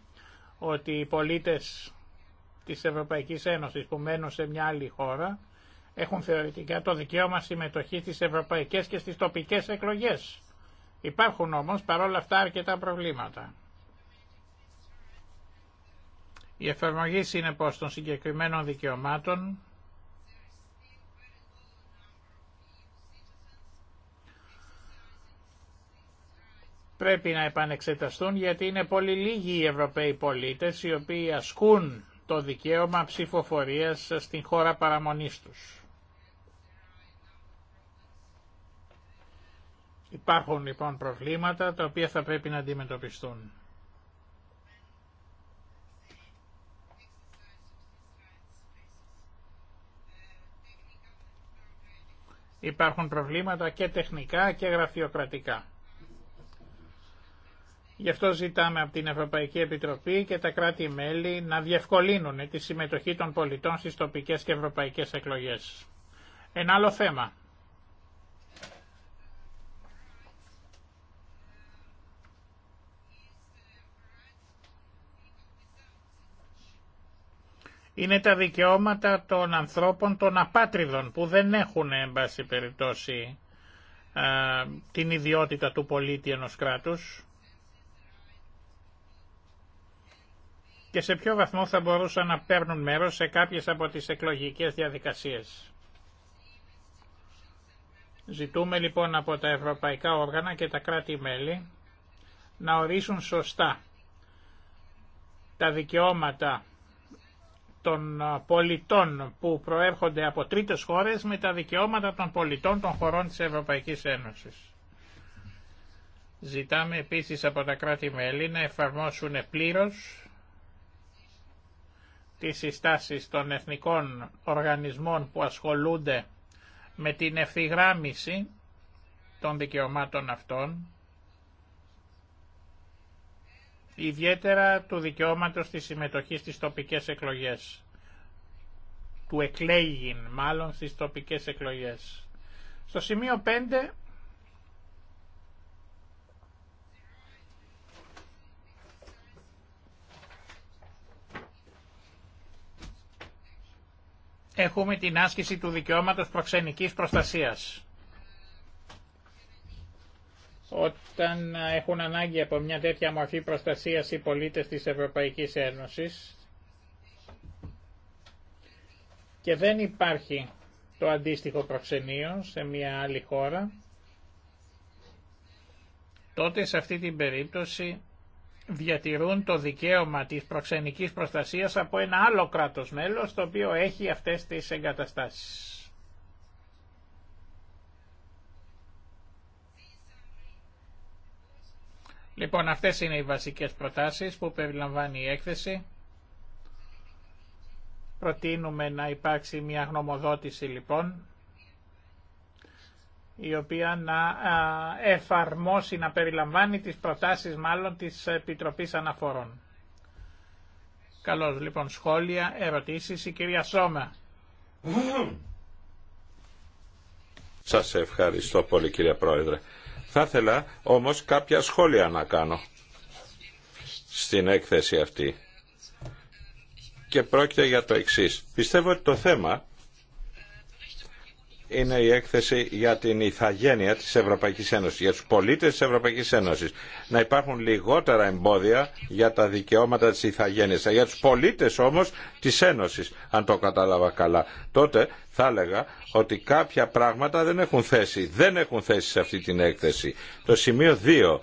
ότι οι πολίτες της Ευρωπαϊκής Ένωσης που μένουν σε μια άλλη χώρα έχουν θεωρητικά το δικαίωμα συμμετοχή στις ευρωπαϊκές και στις τοπικές εκλογές. Υπάρχουν όμως παρόλα αυτά αρκετά προβλήματα. Η εφαρμογή συνεπώς των συγκεκριμένων δικαιωμάτων πρέπει να επανεξεταστούν γιατί είναι πολύ λίγοι οι Ευρωπαίοι πολίτες οι οποίοι ασκούν το δικαίωμα ψηφοφορίας στην χώρα παραμονής τους. Υπάρχουν λοιπόν προβλήματα τα οποία θα πρέπει να αντιμετωπιστούν. Υπάρχουν προβλήματα και τεχνικά και γραφειοκρατικά. Γι' αυτό ζητάμε από την Ευρωπαϊκή Επιτροπή και τα κράτη-μέλη να διευκολύνουν τη συμμετοχή των πολιτών στις τοπικές και ευρωπαϊκές εκλογές. Ένα άλλο θέμα είναι τα δικαιώματα των ανθρώπων των απάτριδων που δεν έχουν εν πάση περιπτώσει την ιδιότητα του πολίτη ενός κράτους και σε ποιο βαθμό θα μπορούσαν να παίρνουν μέρος σε κάποιες από τις εκλογικές διαδικασίες. Ζητούμε λοιπόν από τα ευρωπαϊκά όργανα και τα κράτη-μέλη να ορίσουν σωστά τα δικαιώματα των πολιτών που προέρχονται από τρίτες χώρες με τα δικαιώματα των πολιτών των χωρών της Ευρωπαϊκής Ένωσης. Ζητάμε επίσης από τα κράτη-μέλη να εφαρμόσουν πλήρως τις συστάσεις των εθνικών οργανισμών που ασχολούνται με την ευθυγράμμιση των δικαιωμάτων αυτών ιδιαίτερα του δικαιώματος της συμμετοχής στις τοπικές εκλογές, του εκλέγειν, μάλλον στις τοπικές εκλογές. Στο σημείο 5 έχουμε την άσκηση του δικαιώματος προξενικής προστασίας όταν έχουν ανάγκη από μια τέτοια μορφή προστασίας οι πολίτες της Ευρωπαϊκής Ένωσης και δεν υπάρχει το αντίστοιχο προξενείο σε μια άλλη χώρα, τότε σε αυτή την περίπτωση διατηρούν το δικαίωμα της προξενικής προστασίας από ένα άλλο κράτος μέλος το οποίο έχει αυτές τις εγκαταστάσεις. Λοιπόν, αυτές είναι οι βασικές προτάσεις που περιλαμβάνει η έκθεση. Προτείνουμε να υπάρξει μια γνωμοδότηση λοιπόν, η οποία να εφαρμόσει, να περιλαμβάνει τις προτάσεις μάλλον της Επιτροπής Αναφορών. Καλώς λοιπόν σχόλια, ερωτήσεις, η κυρία Σώμα. Σας ευχαριστώ πολύ κύριε Πρόεδρε. Θα ήθελα όμως κάποια σχόλια να κάνω στην έκθεση αυτή. Και πρόκειται για το εξής. Πιστεύω ότι το θέμα είναι η έκθεση για την ηθαγένεια της Ευρωπαϊκής Ένωσης, για τους πολίτες της Ευρωπαϊκής Ένωσης. Να υπάρχουν λιγότερα εμπόδια για τα δικαιώματα της ηθαγένειας, για τους πολίτες όμως της Ένωσης, αν το κατάλαβα καλά. Τότε θα έλεγα ότι κάποια πράγματα δεν έχουν θέση, δεν έχουν θέση σε αυτή την έκθεση. Το σημείο 2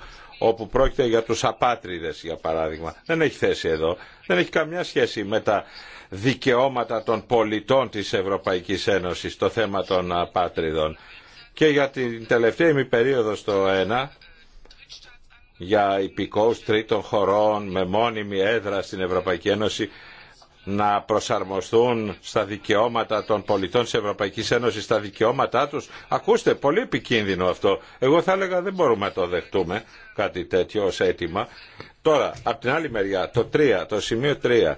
όπου πρόκειται για τους απάτριδες για παράδειγμα. Δεν έχει θέση εδώ. Δεν έχει καμιά σχέση με τα δικαιώματα των πολιτών της Ευρωπαϊκής Ένωσης το θέμα των απάτριδων. Και για την τελευταία περίοδο στο 1 για υπηκόους τρίτων χωρών με μόνιμη έδρα στην Ευρωπαϊκή Ένωση να προσαρμοστούν στα δικαιώματα των πολιτών της Ευρωπαϊκής Ένωσης, στα δικαιώματά τους. Ακούστε, πολύ επικίνδυνο αυτό. Εγώ θα έλεγα δεν μπορούμε να το δεχτούμε κάτι τέτοιο ως αίτημα. Τώρα, από την άλλη μεριά, το 3, το σημείο 3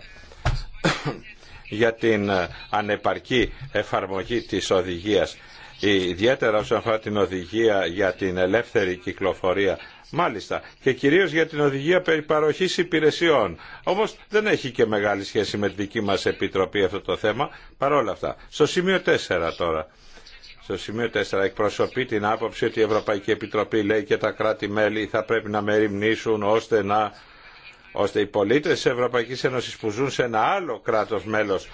για την ε, ανεπαρκή εφαρμογή της οδηγίας ιδιαίτερα όσον αφορά την οδηγία για την ελεύθερη κυκλοφορία Μάλιστα. Και κυρίως για την οδηγία περί υπηρεσιών. Όμως δεν έχει και μεγάλη σχέση με τη δική μας επιτροπή αυτό το θέμα. Παρόλα αυτά. Στο σημείο 4 τώρα. Στο σημείο 4 εκπροσωπεί την άποψη ότι η Ευρωπαϊκή Επιτροπή λέει και τα κράτη-μέλη θα πρέπει να μεριμνήσουν ώστε να ώστε οι πολίτες της Ευρωπαϊκής Ένωσης που ζουν σε ένα άλλο κράτος μέλος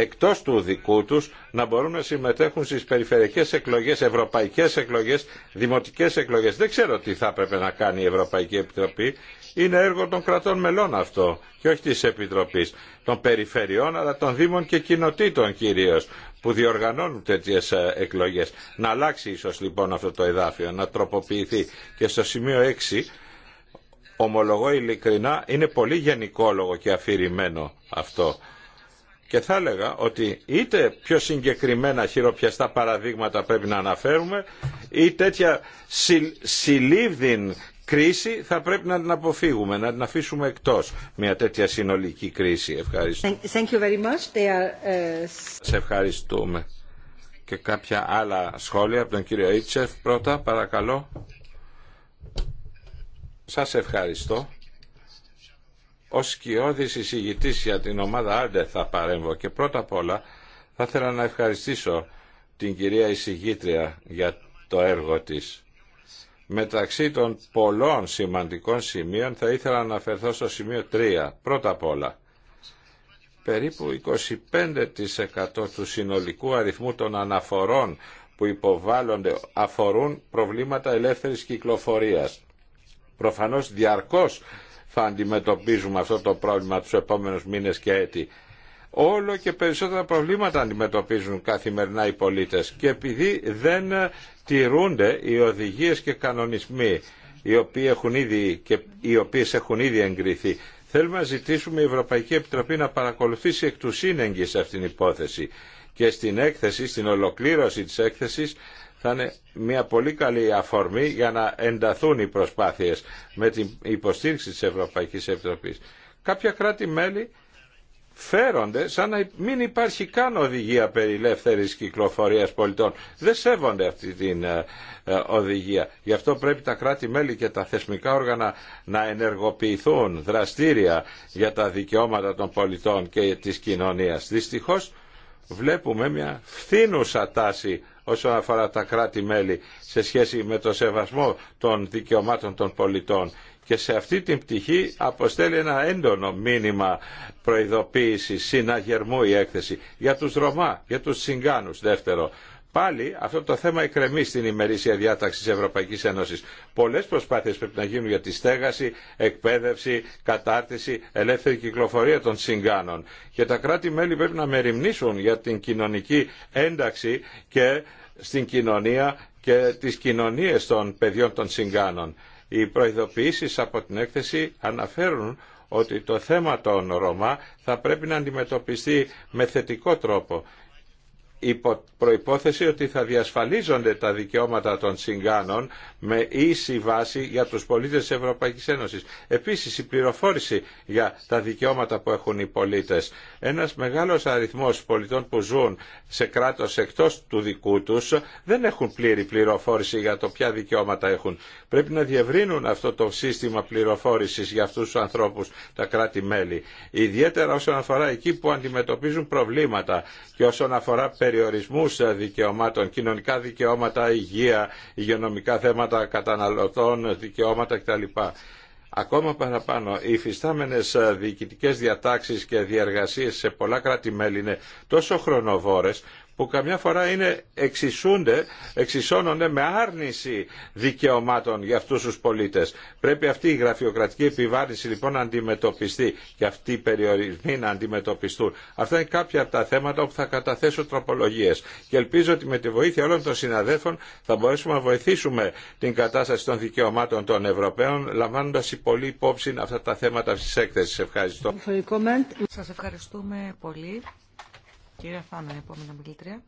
εκτός του δικού τους να μπορούν να συμμετέχουν στις περιφερειακές εκλογές, ευρωπαϊκές εκλογές, δημοτικές εκλογές. Δεν ξέρω τι θα έπρεπε να κάνει η Ευρωπαϊκή Επιτροπή. Είναι έργο των κρατών μελών αυτό και όχι της Επιτροπής, των περιφερειών αλλά των δήμων και κοινοτήτων κυρίως που διοργανώνουν τέτοιες ε, εκλογές. Να αλλάξει ίσως λοιπόν αυτό το εδάφιο, να τροποποιηθεί. Και στο σημείο 6 ομολογώ ειλικρινά είναι πολύ γενικόλογο και αφηρημένο αυτό και θα έλεγα ότι είτε πιο συγκεκριμένα χειροπιαστά παραδείγματα πρέπει να αναφέρουμε ή τέτοια συλλήβδην κρίση θα πρέπει να την αποφύγουμε, να την αφήσουμε εκτός μια τέτοια συνολική κρίση. Ευχαριστώ. Thank you Σε ευχαριστούμε. Και κάποια άλλα σχόλια από τον κύριο Ιτσεφ πρώτα, παρακαλώ. Σας ευχαριστώ. Ω σκιώδης εισηγητής για την ομάδα Άντε θα παρέμβω και πρώτα απ' όλα θα ήθελα να ευχαριστήσω την κυρία εισηγήτρια για το έργο της. Μεταξύ των πολλών σημαντικών σημείων θα ήθελα να αναφερθώ στο σημείο 3. Πρώτα απ' όλα, περίπου 25% του συνολικού αριθμού των αναφορών που υποβάλλονται αφορούν προβλήματα ελεύθερης κυκλοφορίας. Προφανώς διαρκώς θα αντιμετωπίζουμε αυτό το πρόβλημα τους επόμενους μήνες και έτη. Όλο και περισσότερα προβλήματα αντιμετωπίζουν καθημερινά οι πολίτες και επειδή δεν τηρούνται οι οδηγίες και κανονισμοί οι, οποίες έχουν ήδη, και οι οποίες έχουν ήδη εγκριθεί. Θέλουμε να ζητήσουμε η Ευρωπαϊκή Επιτροπή να παρακολουθήσει εκ του σύνεγγυ σε αυτήν την υπόθεση και στην έκθεση, στην ολοκλήρωση της έκθεσης θα είναι μια πολύ καλή αφορμή για να ενταθούν οι προσπάθειες με την υποστήριξη της Ευρωπαϊκής Επιτροπής. Κάποια κράτη-μέλη φέρονται σαν να μην υπάρχει καν οδηγία περί ελεύθερης κυκλοφορίας πολιτών. Δεν σέβονται αυτή την ε, ε, οδηγία. Γι' αυτό πρέπει τα κράτη-μέλη και τα θεσμικά όργανα να ενεργοποιηθούν δραστήρια για τα δικαιώματα των πολιτών και της κοινωνίας. Δυστυχώς βλέπουμε μια φθήνουσα τάση όσον αφορά τα κράτη-μέλη σε σχέση με το σεβασμό των δικαιωμάτων των πολιτών. Και σε αυτή την πτυχή αποστέλει ένα έντονο μήνυμα προειδοποίηση, συναγερμού η έκθεση για τους Ρωμά, για τους Τσιγκάνους δεύτερο. Πάλι αυτό το θέμα εκκρεμεί στην ημερήσια διάταξη της Ευρωπαϊκής Ένωσης. Πολλές προσπάθειες πρέπει να γίνουν για τη στέγαση, εκπαίδευση, κατάρτιση, ελεύθερη κυκλοφορία των συγκάνων. Και τα κράτη-μέλη πρέπει να μεριμνήσουν για την κοινωνική ένταξη και στην κοινωνία και τις κοινωνίες των παιδιών των συγκάνων. Οι προειδοποιήσεις από την έκθεση αναφέρουν ότι το θέμα των Ρωμά θα πρέπει να αντιμετωπιστεί με θετικό τρόπο υπό προϋπόθεση ότι θα διασφαλίζονται τα δικαιώματα των συγκάνων με ίση βάση για τους πολίτες της Ευρωπαϊκής Ένωσης. Επίσης η πληροφόρηση για τα δικαιώματα που έχουν οι πολίτες. Ένας μεγάλος αριθμός πολιτών που ζουν σε κράτος εκτός του δικού τους δεν έχουν πλήρη πληροφόρηση για το ποια δικαιώματα έχουν. Πρέπει να διευρύνουν αυτό το σύστημα πληροφόρησης για αυτούς τους ανθρώπους τα κράτη-μέλη. Ιδιαίτερα όσον αφορά εκεί που αντιμετωπίζουν προβλήματα και όσον αφορά περιορισμούς δικαιωμάτων, κοινωνικά δικαιώματα, υγεία, υγειονομικά θέματα καταναλωτών, δικαιώματα κτλ. Ακόμα παραπάνω, οι υφιστάμενες διοικητικές διατάξεις και διεργασίες σε πολλά κράτη-μέλη είναι τόσο χρονοβόρες που καμιά φορά είναι εξισούνται, εξισώνονται με άρνηση δικαιωμάτων για αυτούς τους πολίτες. Πρέπει αυτή η γραφειοκρατική επιβάρυνση λοιπόν να αντιμετωπιστεί και αυτοί οι περιορισμοί να αντιμετωπιστούν. Αυτά είναι κάποια από τα θέματα που θα καταθέσω τροπολογίες και ελπίζω ότι με τη βοήθεια όλων των συναδέλφων θα μπορέσουμε να βοηθήσουμε την κατάσταση των δικαιωμάτων των Ευρωπαίων λαμβάνοντας πολύ υπόψη αυτά τα θέματα της έκθεσης. Ευχαριστώ. Σας ευχαριστούμε πολύ. Κύριε Φάνο, επόμενα μιλήτρια.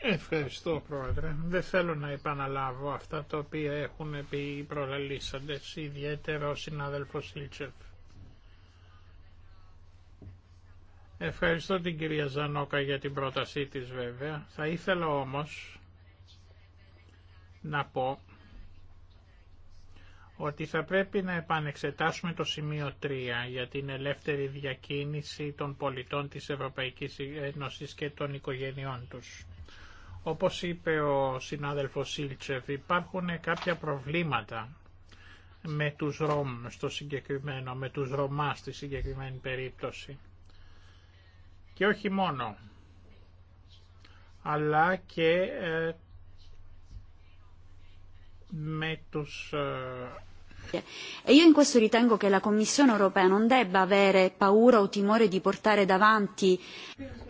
Ευχαριστώ Πρόεδρε. Δεν θέλω να επαναλάβω αυτά τα οποία έχουν πει οι προλαλήσαντες, ιδιαίτερα ο συνάδελφος Λίτσεφ. Ευχαριστώ την κυρία Ζανόκα για την πρότασή της βέβαια. Θα ήθελα όμως να πω ότι θα πρέπει να επανεξετάσουμε το σημείο 3 για την ελεύθερη διακίνηση των πολιτών της Ευρωπαϊκής Ένωσης και των οικογενειών τους. Όπως είπε ο συνάδελφος Σίλτσεφ, υπάρχουν κάποια προβλήματα με τους Ρώμ στο συγκεκριμένο, με τους Ρωμά στη συγκεκριμένη περίπτωση. Και όχι μόνο, αλλά και ε, με τους ε, E io in questo ritengo che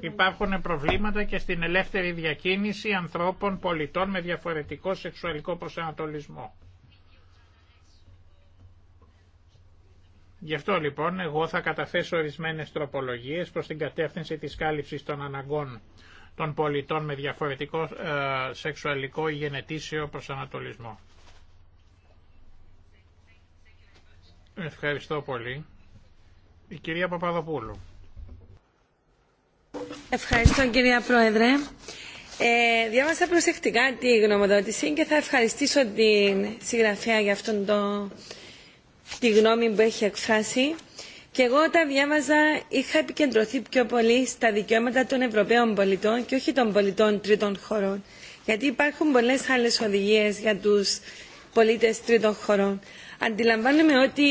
Υπάρχουν προβλήματα και στην ελεύθερη διακίνηση ανθρώπων πολιτών με διαφορετικό σεξουαλικό προσανατολισμό. Γι' αυτό λοιπόν εγώ θα καταθέσω ορισμένες τροπολογίες προς την κατεύθυνση της κάλυψης των αναγκών των πολιτών με διαφορετικό ε, σεξουαλικό ή γενετήσιο προσανατολισμό. Ευχαριστώ πολύ. Η κυρία Παπαδοπούλου. Ευχαριστώ κυρία Πρόεδρε. Ε, διάβασα προσεκτικά τη γνωμοδότηση και θα ευχαριστήσω την συγγραφέα για αυτόν τη γνώμη που έχει εκφράσει. Και εγώ όταν διάβαζα είχα επικεντρωθεί πιο πολύ στα δικαιώματα των Ευρωπαίων πολιτών και όχι των πολιτών τρίτων χωρών. Γιατί υπάρχουν πολλές άλλες οδηγίες για τους πολίτες τρίτων χωρών αντιλαμβάνομαι ότι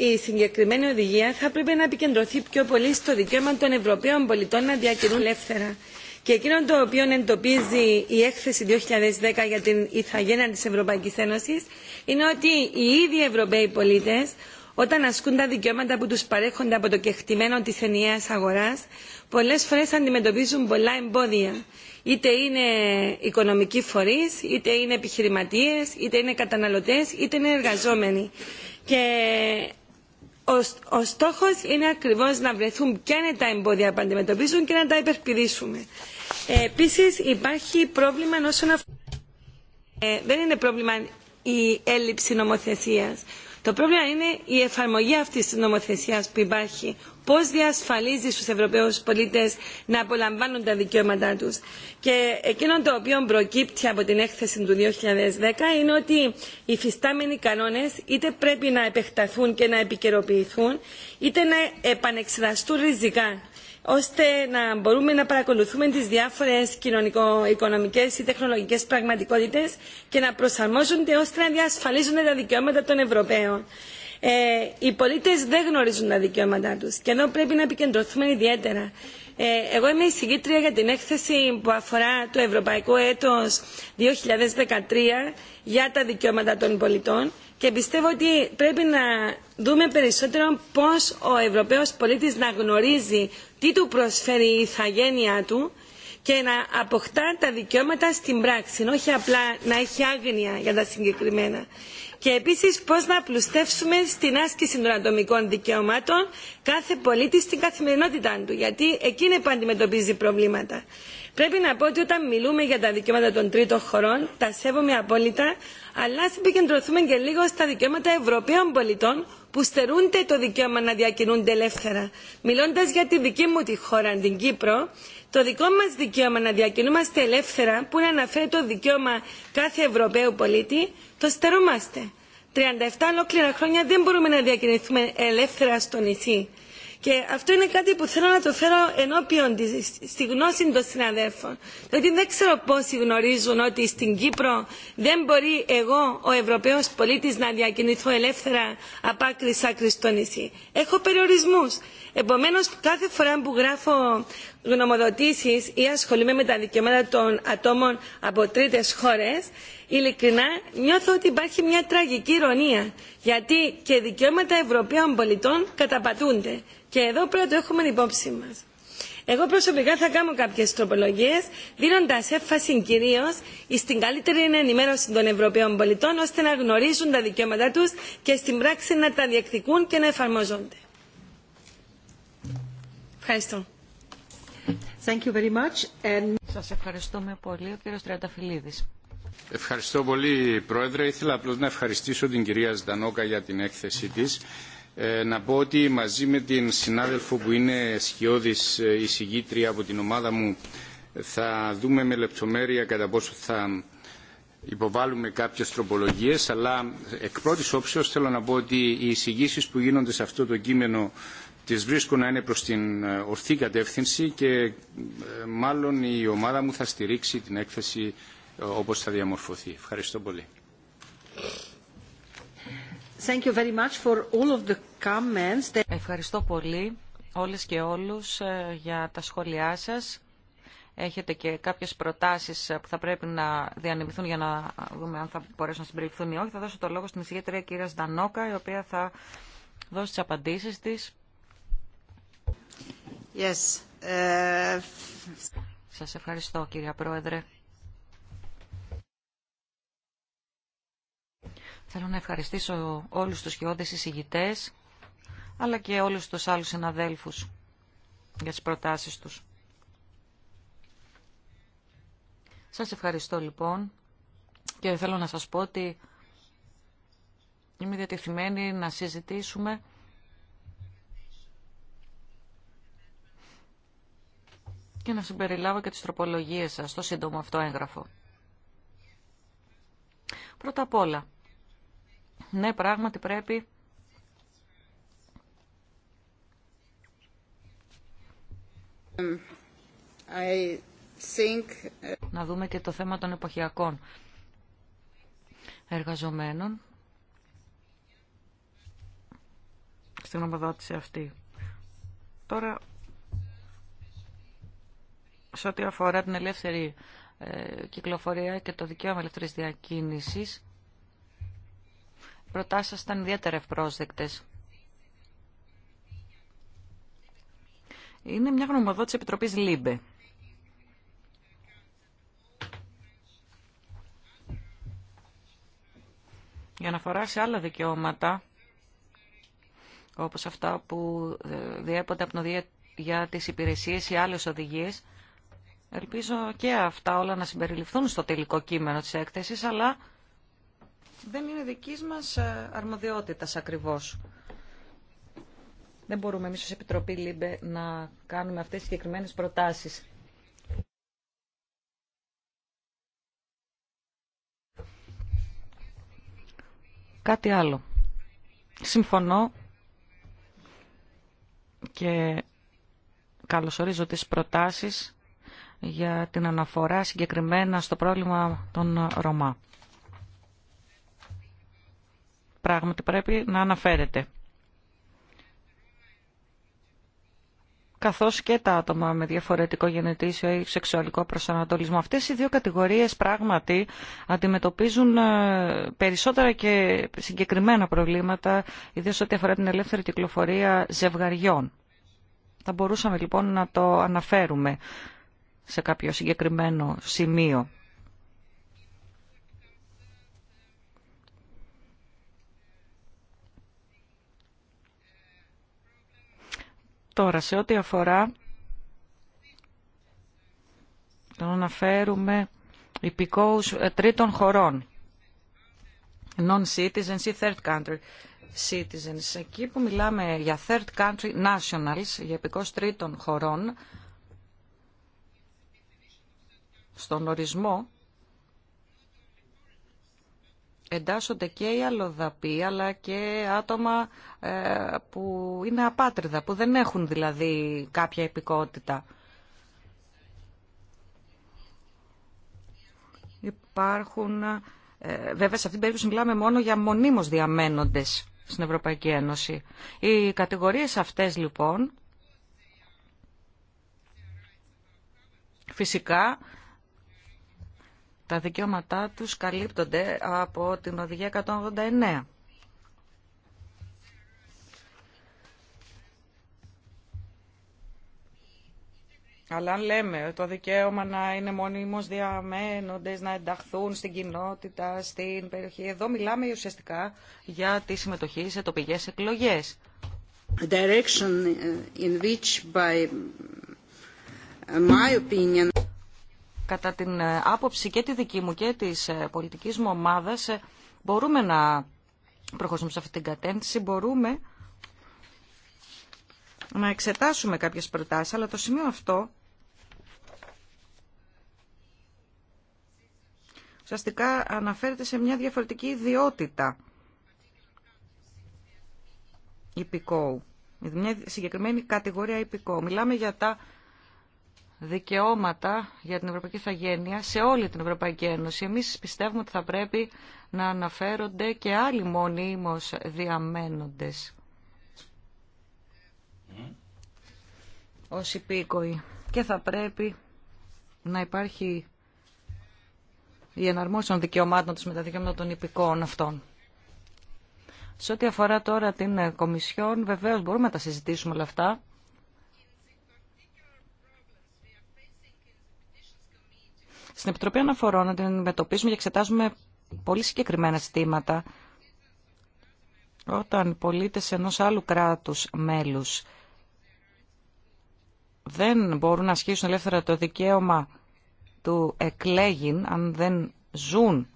η συγκεκριμένη οδηγία θα πρέπει να επικεντρωθεί πιο πολύ στο δικαίωμα των Ευρωπαίων πολιτών να διακινούν ελεύθερα και εκείνο το οποίο εντοπίζει η έκθεση 2010 για την ηθαγένεια της Ευρωπαϊκής Ένωσης είναι ότι οι ίδιοι Ευρωπαίοι πολίτες όταν ασκούν τα δικαιώματα που τους παρέχονται από το κεκτημένο της ενιαίας αγοράς πολλές φορές αντιμετωπίζουν πολλά εμπόδια είτε είναι οικονομικοί φορείς, είτε είναι επιχειρηματίες, είτε είναι καταναλωτές, είτε είναι εργαζόμενοι. Και ο, ο είναι ακριβώς να βρεθούν ποια είναι τα εμπόδια που αντιμετωπίζουν και να τα υπερπηδήσουμε. Ε, επίσης υπάρχει πρόβλημα όσον αφορά... Ε, δεν είναι πρόβλημα η έλλειψη νομοθεσίας. Το πρόβλημα είναι η εφαρμογή αυτής της νομοθεσίας που υπάρχει Πώ διασφαλίζει στου ευρωπαίου πολίτε να απολαμβάνουν τα δικαιώματά του. Και εκείνο το οποίο προκύπτει από την έκθεση του 2010 είναι ότι οι φυστάμενοι κανόνε είτε πρέπει να επεκταθούν και να επικαιροποιηθούν, είτε να επανεξεταστούν ριζικά ώστε να μπορούμε να παρακολουθούμε τις διάφορες κοινωνικο-οικονομικές ή τεχνολογικές πραγματικότητες και να προσαρμόζονται ώστε να διασφαλίζονται τα δικαιώματα των Ευρωπαίων. Ε, οι πολίτες δεν γνωρίζουν τα δικαιώματά τους και εδώ πρέπει να επικεντρωθούμε ιδιαίτερα. Ε, εγώ είμαι συγκήτρια για την έκθεση που αφορά το Ευρωπαϊκό Έτος 2013 για τα δικαιώματα των πολιτών και πιστεύω ότι πρέπει να δούμε περισσότερο πώς ο Ευρωπαίος πολίτης να γνωρίζει τι του προσφέρει η ηθαγένειά του και να αποκτά τα δικαιώματα στην πράξη, όχι απλά να έχει άγνοια για τα συγκεκριμένα και επίσης πώς να πλουστεύσουμε στην άσκηση των ατομικών δικαιωμάτων κάθε πολίτη στην καθημερινότητά του, γιατί εκείνη που αντιμετωπίζει προβλήματα. Πρέπει να πω ότι όταν μιλούμε για τα δικαιώματα των τρίτων χωρών, τα σέβομαι απόλυτα, αλλά ας επικεντρωθούμε και λίγο στα δικαιώματα Ευρωπαίων πολιτών που στερούνται το δικαίωμα να διακινούνται ελεύθερα. Μιλώντας για τη δική μου τη χώρα, την Κύπρο, το δικό μα δικαίωμα να διακινούμαστε ελεύθερα που είναι αναφέρει το δικαίωμα κάθε Ευρωπαίου πολίτη, το στερούμαστε. 37 ολόκληρα χρόνια δεν μπορούμε να διακινηθούμε ελεύθερα στο νησί. Και αυτό είναι κάτι που θέλω να το φέρω ενώπιον τη, στη γνώση των συναδέλφων. Διότι δηλαδή, δεν ξέρω πόσοι γνωρίζουν ότι στην Κύπρο δεν μπορεί εγώ, ο Ευρωπαίο πολίτη, να διακινηθώ ελεύθερα από άκρη σ' άκρη στο νησί. Έχω περιορισμού. Επομένω, κάθε φορά που γράφω γνωμοδοτήσει ή ασχολούμαι με τα δικαιώματα των ατόμων από τρίτε χώρε, ειλικρινά νιώθω ότι υπάρχει μια τραγική ηρωνία. Γιατί και δικαιώματα Ευρωπαίων πολιτών καταπατούνται και εδώ πρέπει να το έχουμε υπόψη μα. Εγώ προσωπικά θα κάνω κάποιε τροπολογίε, δίνοντα έφαση κυρίω στην καλύτερη ενημέρωση των Ευρωπαίων πολιτών, ώστε να γνωρίζουν τα δικαιώματά του και στην πράξη να τα διεκδικούν και να εφαρμόζονται. Ευχαριστώ. Thank you very much. And... Σας ευχαριστούμε πολύ, ο κύριος Τριανταφυλλίδης. Ευχαριστώ πολύ, Πρόεδρε. Ήθελα απλώς να ευχαριστήσω την κυρία Ζτανόκα για την έκθεσή της. Ε, να πω ότι μαζί με την συνάδελφο που είναι σκιώδης ε, εισηγήτρια από την ομάδα μου θα δούμε με λεπτομέρεια κατά πόσο θα υποβάλουμε κάποιες τροπολογίες αλλά εκ πρώτης όψεως θέλω να πω ότι οι εισηγήσει που γίνονται σε αυτό το κείμενο τις βρίσκω να είναι προς την ε, ορθή κατεύθυνση και μάλλον η ομάδα μου θα στηρίξει την έκθεση όπως θα διαμορφωθεί. Ευχαριστώ πολύ. Ευχαριστώ πολύ όλες και όλους ε, για τα σχόλιά σας. Έχετε και κάποιες προτάσεις ε, που θα πρέπει να διανεμηθούν για να δούμε αν θα μπορέσουν να συμπεριληφθούν ή όχι. Θα δώσω το λόγο στην εισηγήτρια κυρία Στανόκα, η οποία θα δώσει τις απαντήσεις της. Yes. Ε, σας ευχαριστώ κυρία Πρόεδρε. Θέλω να ευχαριστήσω όλους τους χειώδες εισηγητές, αλλά και όλους τους άλλους συναδέλφους για τις προτάσεις τους. Σας ευχαριστώ λοιπόν και θέλω να σας πω ότι είμαι διατεθειμένη να συζητήσουμε και να συμπεριλάβω και τις τροπολογίες σας στο σύντομο αυτό έγγραφο. Πρώτα απ' όλα, ναι, πράγματι πρέπει I think... Ε, να δούμε και το θέμα των εποχιακών εργαζομένων στην ομοδότηση αυτή. Τώρα, σε ό,τι αφορά την ελεύθερη ε, κυκλοφορία και το δικαίωμα ελεύθερης διακίνησης, προτάσεις σας ήταν ιδιαίτερα ευπρόσδεκτες. Είναι μια γνωμοδότηση Επιτροπής ΛΥΜΠΕ. Για να αφορά σε άλλα δικαιώματα, όπως αυτά που ε, διέπονται από νοδία για τις υπηρεσίες ή άλλες οδηγίες, ελπίζω και αυτά όλα να συμπεριληφθούν στο τελικό κείμενο της έκθεσης, αλλά δεν είναι δικής μας ε, αρμοδιότητας ακριβώς. Δεν μπορούμε εμείς ως Επιτροπή ΛΥΜΠΕ να κάνουμε αυτές τις συγκεκριμένε προτάσεις. Κάτι άλλο. Συμφωνώ και καλωσορίζω τις προτάσεις για την αναφορά συγκεκριμένα στο πρόβλημα των Ρωμά πράγματι πρέπει να αναφέρεται. καθώς και τα άτομα με διαφορετικό γενετήσιο ή σεξουαλικό προσανατολισμό. Αυτές οι δύο κατηγορίες πράγματι αντιμετωπίζουν ε, περισσότερα και συγκεκριμένα προβλήματα, ιδίως ό,τι αφορά την ελεύθερη κυκλοφορία ζευγαριών. Θα μπορούσαμε λοιπόν να το αναφέρουμε σε κάποιο συγκεκριμένο σημείο. Τώρα, σε ό,τι αφορά το να φέρουμε υπηκόους ε, τρίτων χωρών, non-citizens ή third country citizens, εκεί που μιλάμε για third country nationals, για υπηκόους τρίτων χωρών, στον ορισμό εντάσσονται και οι αλλοδαποί αλλά και άτομα ε, που είναι απάτριδα, που δεν έχουν δηλαδή κάποια επικότητα. Υπάρχουν, ε, βέβαια σε αυτήν την περίπτωση μιλάμε μόνο για μονίμως διαμένοντες στην Ευρωπαϊκή Ένωση. Οι κατηγορίες αυτές λοιπόν φυσικά τα δικαιώματά τους καλύπτονται από την Οδηγία 189. Αλλά αν λέμε το δικαίωμα να είναι μονίμως διαμένοντες, να ενταχθούν στην κοινότητα, στην περιοχή, εδώ μιλάμε ουσιαστικά για τη συμμετοχή σε τοπικές εκλογές. Direction in which by my opinion κατά την ε, άποψη και τη δική μου και της ε, πολιτικής μου ομάδας ε, μπορούμε να προχωρήσουμε σε αυτή την κατεύθυνση, μπορούμε να εξετάσουμε κάποιες προτάσεις, αλλά το σημείο αυτό ουσιαστικά αναφέρεται σε μια διαφορετική ιδιότητα υπηκόου, μια συγκεκριμένη κατηγορία υπηκόου. Μιλάμε για τα δικαιώματα για την Ευρωπαϊκή Θαγένεια σε όλη την Ευρωπαϊκή Ένωση. Εμείς πιστεύουμε ότι θα πρέπει να αναφέρονται και άλλοι μονίμως διαμένοντες ως υπήκοοι και θα πρέπει να υπάρχει η εναρμόση των δικαιωμάτων τους με τα δικαιώματα των υπηκών αυτών. Σε ό,τι αφορά τώρα την Κομισιόν, βεβαίως μπορούμε να τα συζητήσουμε όλα αυτά. στην Επιτροπή Αναφορών να την αντιμετωπίζουμε και εξετάζουμε πολύ συγκεκριμένα ζητήματα. Όταν πολίτες ενός άλλου κράτους μέλους δεν μπορούν να ασχίσουν ελεύθερα το δικαίωμα του εκλέγην αν δεν ζουν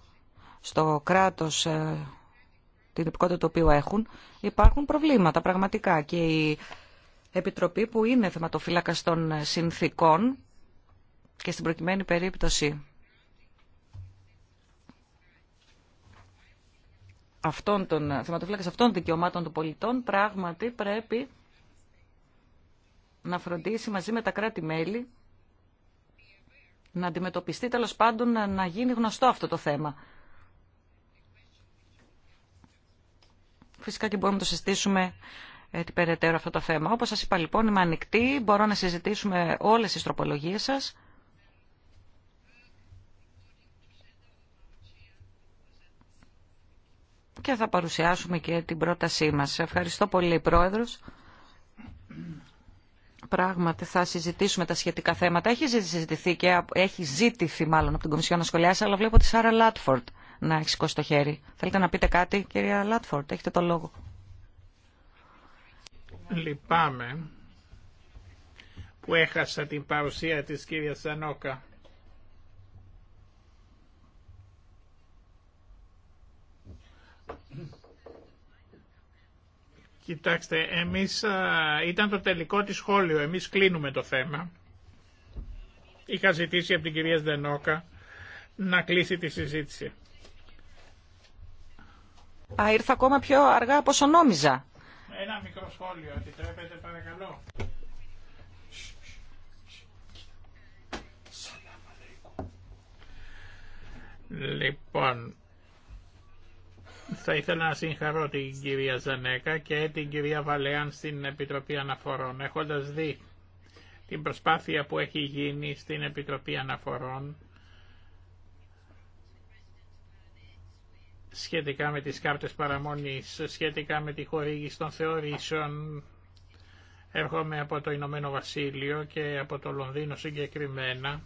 στο κράτος ε, την υπηκότητα το οποίο έχουν, υπάρχουν προβλήματα πραγματικά και η Επιτροπή που είναι θεματοφύλακα των συνθήκων και στην προκειμένη περίπτωση αυτών των αυτών των δικαιωμάτων των πολιτών πράγματι πρέπει να φροντίσει μαζί με τα κράτη-μέλη να αντιμετωπιστεί τέλος πάντων να γίνει γνωστό αυτό το θέμα. Φυσικά και μπορούμε να το συζητήσουμε ε, την περαιτέρω αυτό το θέμα. Όπως σας είπα λοιπόν είμαι ανοιχτή, μπορώ να συζητήσουμε όλες τις τροπολογίες σας και θα παρουσιάσουμε και την πρότασή μας. Ευχαριστώ πολύ, Πρόεδρος. Πράγματι, θα συζητήσουμε τα σχετικά θέματα. Έχει συζητηθεί και έχει ζήτηθει μάλλον από την Κομισιόν να αλλά βλέπω τη Σάρα Λάτφορντ να έχει σηκώσει το χέρι. Θέλετε να πείτε κάτι, κυρία Λάτφορντ, έχετε το λόγο. Λυπάμαι που έχασα την παρουσία της κυρίας Σανόκα. Κοιτάξτε, εμείς ήταν το τελικό της σχόλιο, εμείς κλείνουμε το θέμα. Είχα ζητήσει από την κυρία Σδενόκα να κλείσει τη συζήτηση. Α, ήρθα ακόμα πιο αργά από όσο νόμιζα. Ένα μικρό σχόλιο, επιτρέπετε παρακαλώ. Λοιπόν, θα ήθελα να συγχαρώ την κυρία Ζανέκα και την κυρία Βαλέαν στην Επιτροπή Αναφορών. Έχοντας δει την προσπάθεια που έχει γίνει στην Επιτροπή Αναφορών σχετικά με τις κάρτες παραμονής, σχετικά με τη χορήγηση των θεωρήσεων. Έρχομαι από το Ηνωμένο Βασίλειο και από το Λονδίνο συγκεκριμένα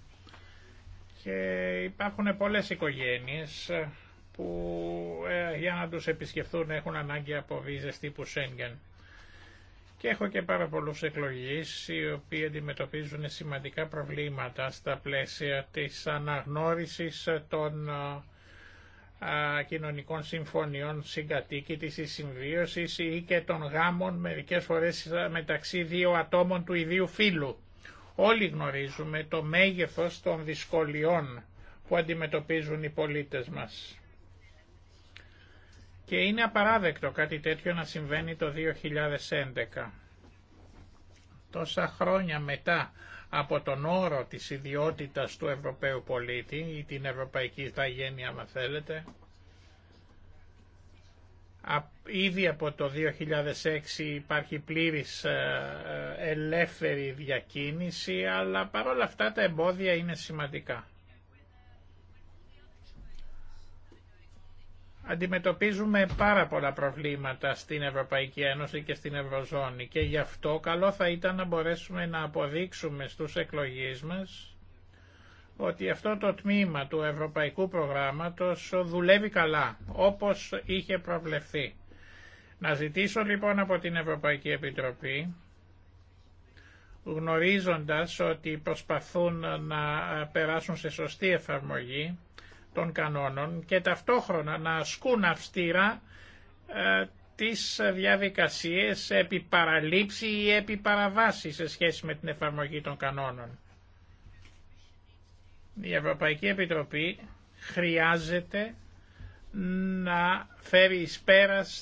και υπάρχουν πολλές οικογένειες που ε, για να τους επισκεφθούν έχουν ανάγκη από βίζες τύπου Σέγγεν. Και έχω και πάρα πολλούς εκλογείς οι οποίοι αντιμετωπίζουν σημαντικά προβλήματα στα πλαίσια της αναγνώρισης των ε, κοινωνικών συμφωνιών συγκατοίκητης ή συμβίωσης ή και των γάμων μερικές φορές μεταξύ δύο ατόμων του ιδίου φύλου. Όλοι γνωρίζουμε το μέγεθος των δυσκολιών που αντιμετωπίζουν οι πολίτες μας. Και είναι απαράδεκτο κάτι τέτοιο να συμβαίνει το 2011. Τόσα χρόνια μετά από τον όρο της ιδιότητας του Ευρωπαίου πολίτη ή την Ευρωπαϊκή Ιθαγένεια, αν θέλετε, ήδη από το 2006 υπάρχει πλήρης ε, ε, ελεύθερη διακίνηση, αλλά παρόλα αυτά τα εμπόδια είναι σημαντικά. Αντιμετωπίζουμε πάρα πολλά προβλήματα στην Ευρωπαϊκή Ένωση και στην Ευρωζώνη και γι' αυτό καλό θα ήταν να μπορέσουμε να αποδείξουμε στους εκλογείς μας ότι αυτό το τμήμα του Ευρωπαϊκού Προγράμματος δουλεύει καλά, όπως είχε προβλεφθεί. Να ζητήσω λοιπόν από την Ευρωπαϊκή Επιτροπή, γνωρίζοντας ότι προσπαθούν να περάσουν σε σωστή εφαρμογή, των κανόνων και ταυτόχρονα να ασκούν αυστήρα ε, τις διαδικασίες επί παραλήψη ή επί παραβάση σε σχέση με την εφαρμογή των κανόνων. Η Ευρωπαϊκή Επιτροπή χρειάζεται να φέρει εις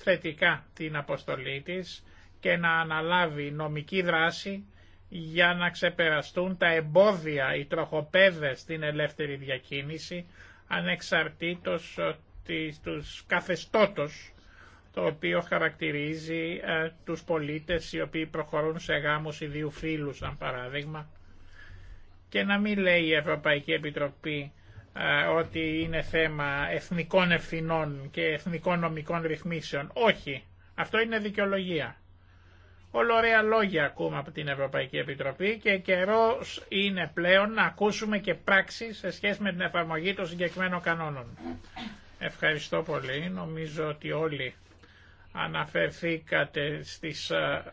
θετικά την αποστολή της και να αναλάβει νομική δράση για να ξεπεραστούν τα εμπόδια, οι τροχοπέδες στην ελεύθερη διακίνηση ανεξαρτήτως ε, του καθεστώτος το οποίο χαρακτηρίζει ε, τους πολίτες οι οποίοι προχωρούν σε γάμους ιδίου φίλου σαν παράδειγμα και να μην λέει η Ευρωπαϊκή Επιτροπή ε, ότι είναι θέμα εθνικών ευθυνών και εθνικών νομικών ρυθμίσεων. Όχι. Αυτό είναι δικαιολογία. Όλο ωραία λόγια ακούμε από την Ευρωπαϊκή Επιτροπή και καιρό είναι πλέον να ακούσουμε και πράξεις σε σχέση με την εφαρμογή των συγκεκριμένων κανόνων. Ευχαριστώ πολύ. Νομίζω ότι όλοι αναφερθήκατε στις ε,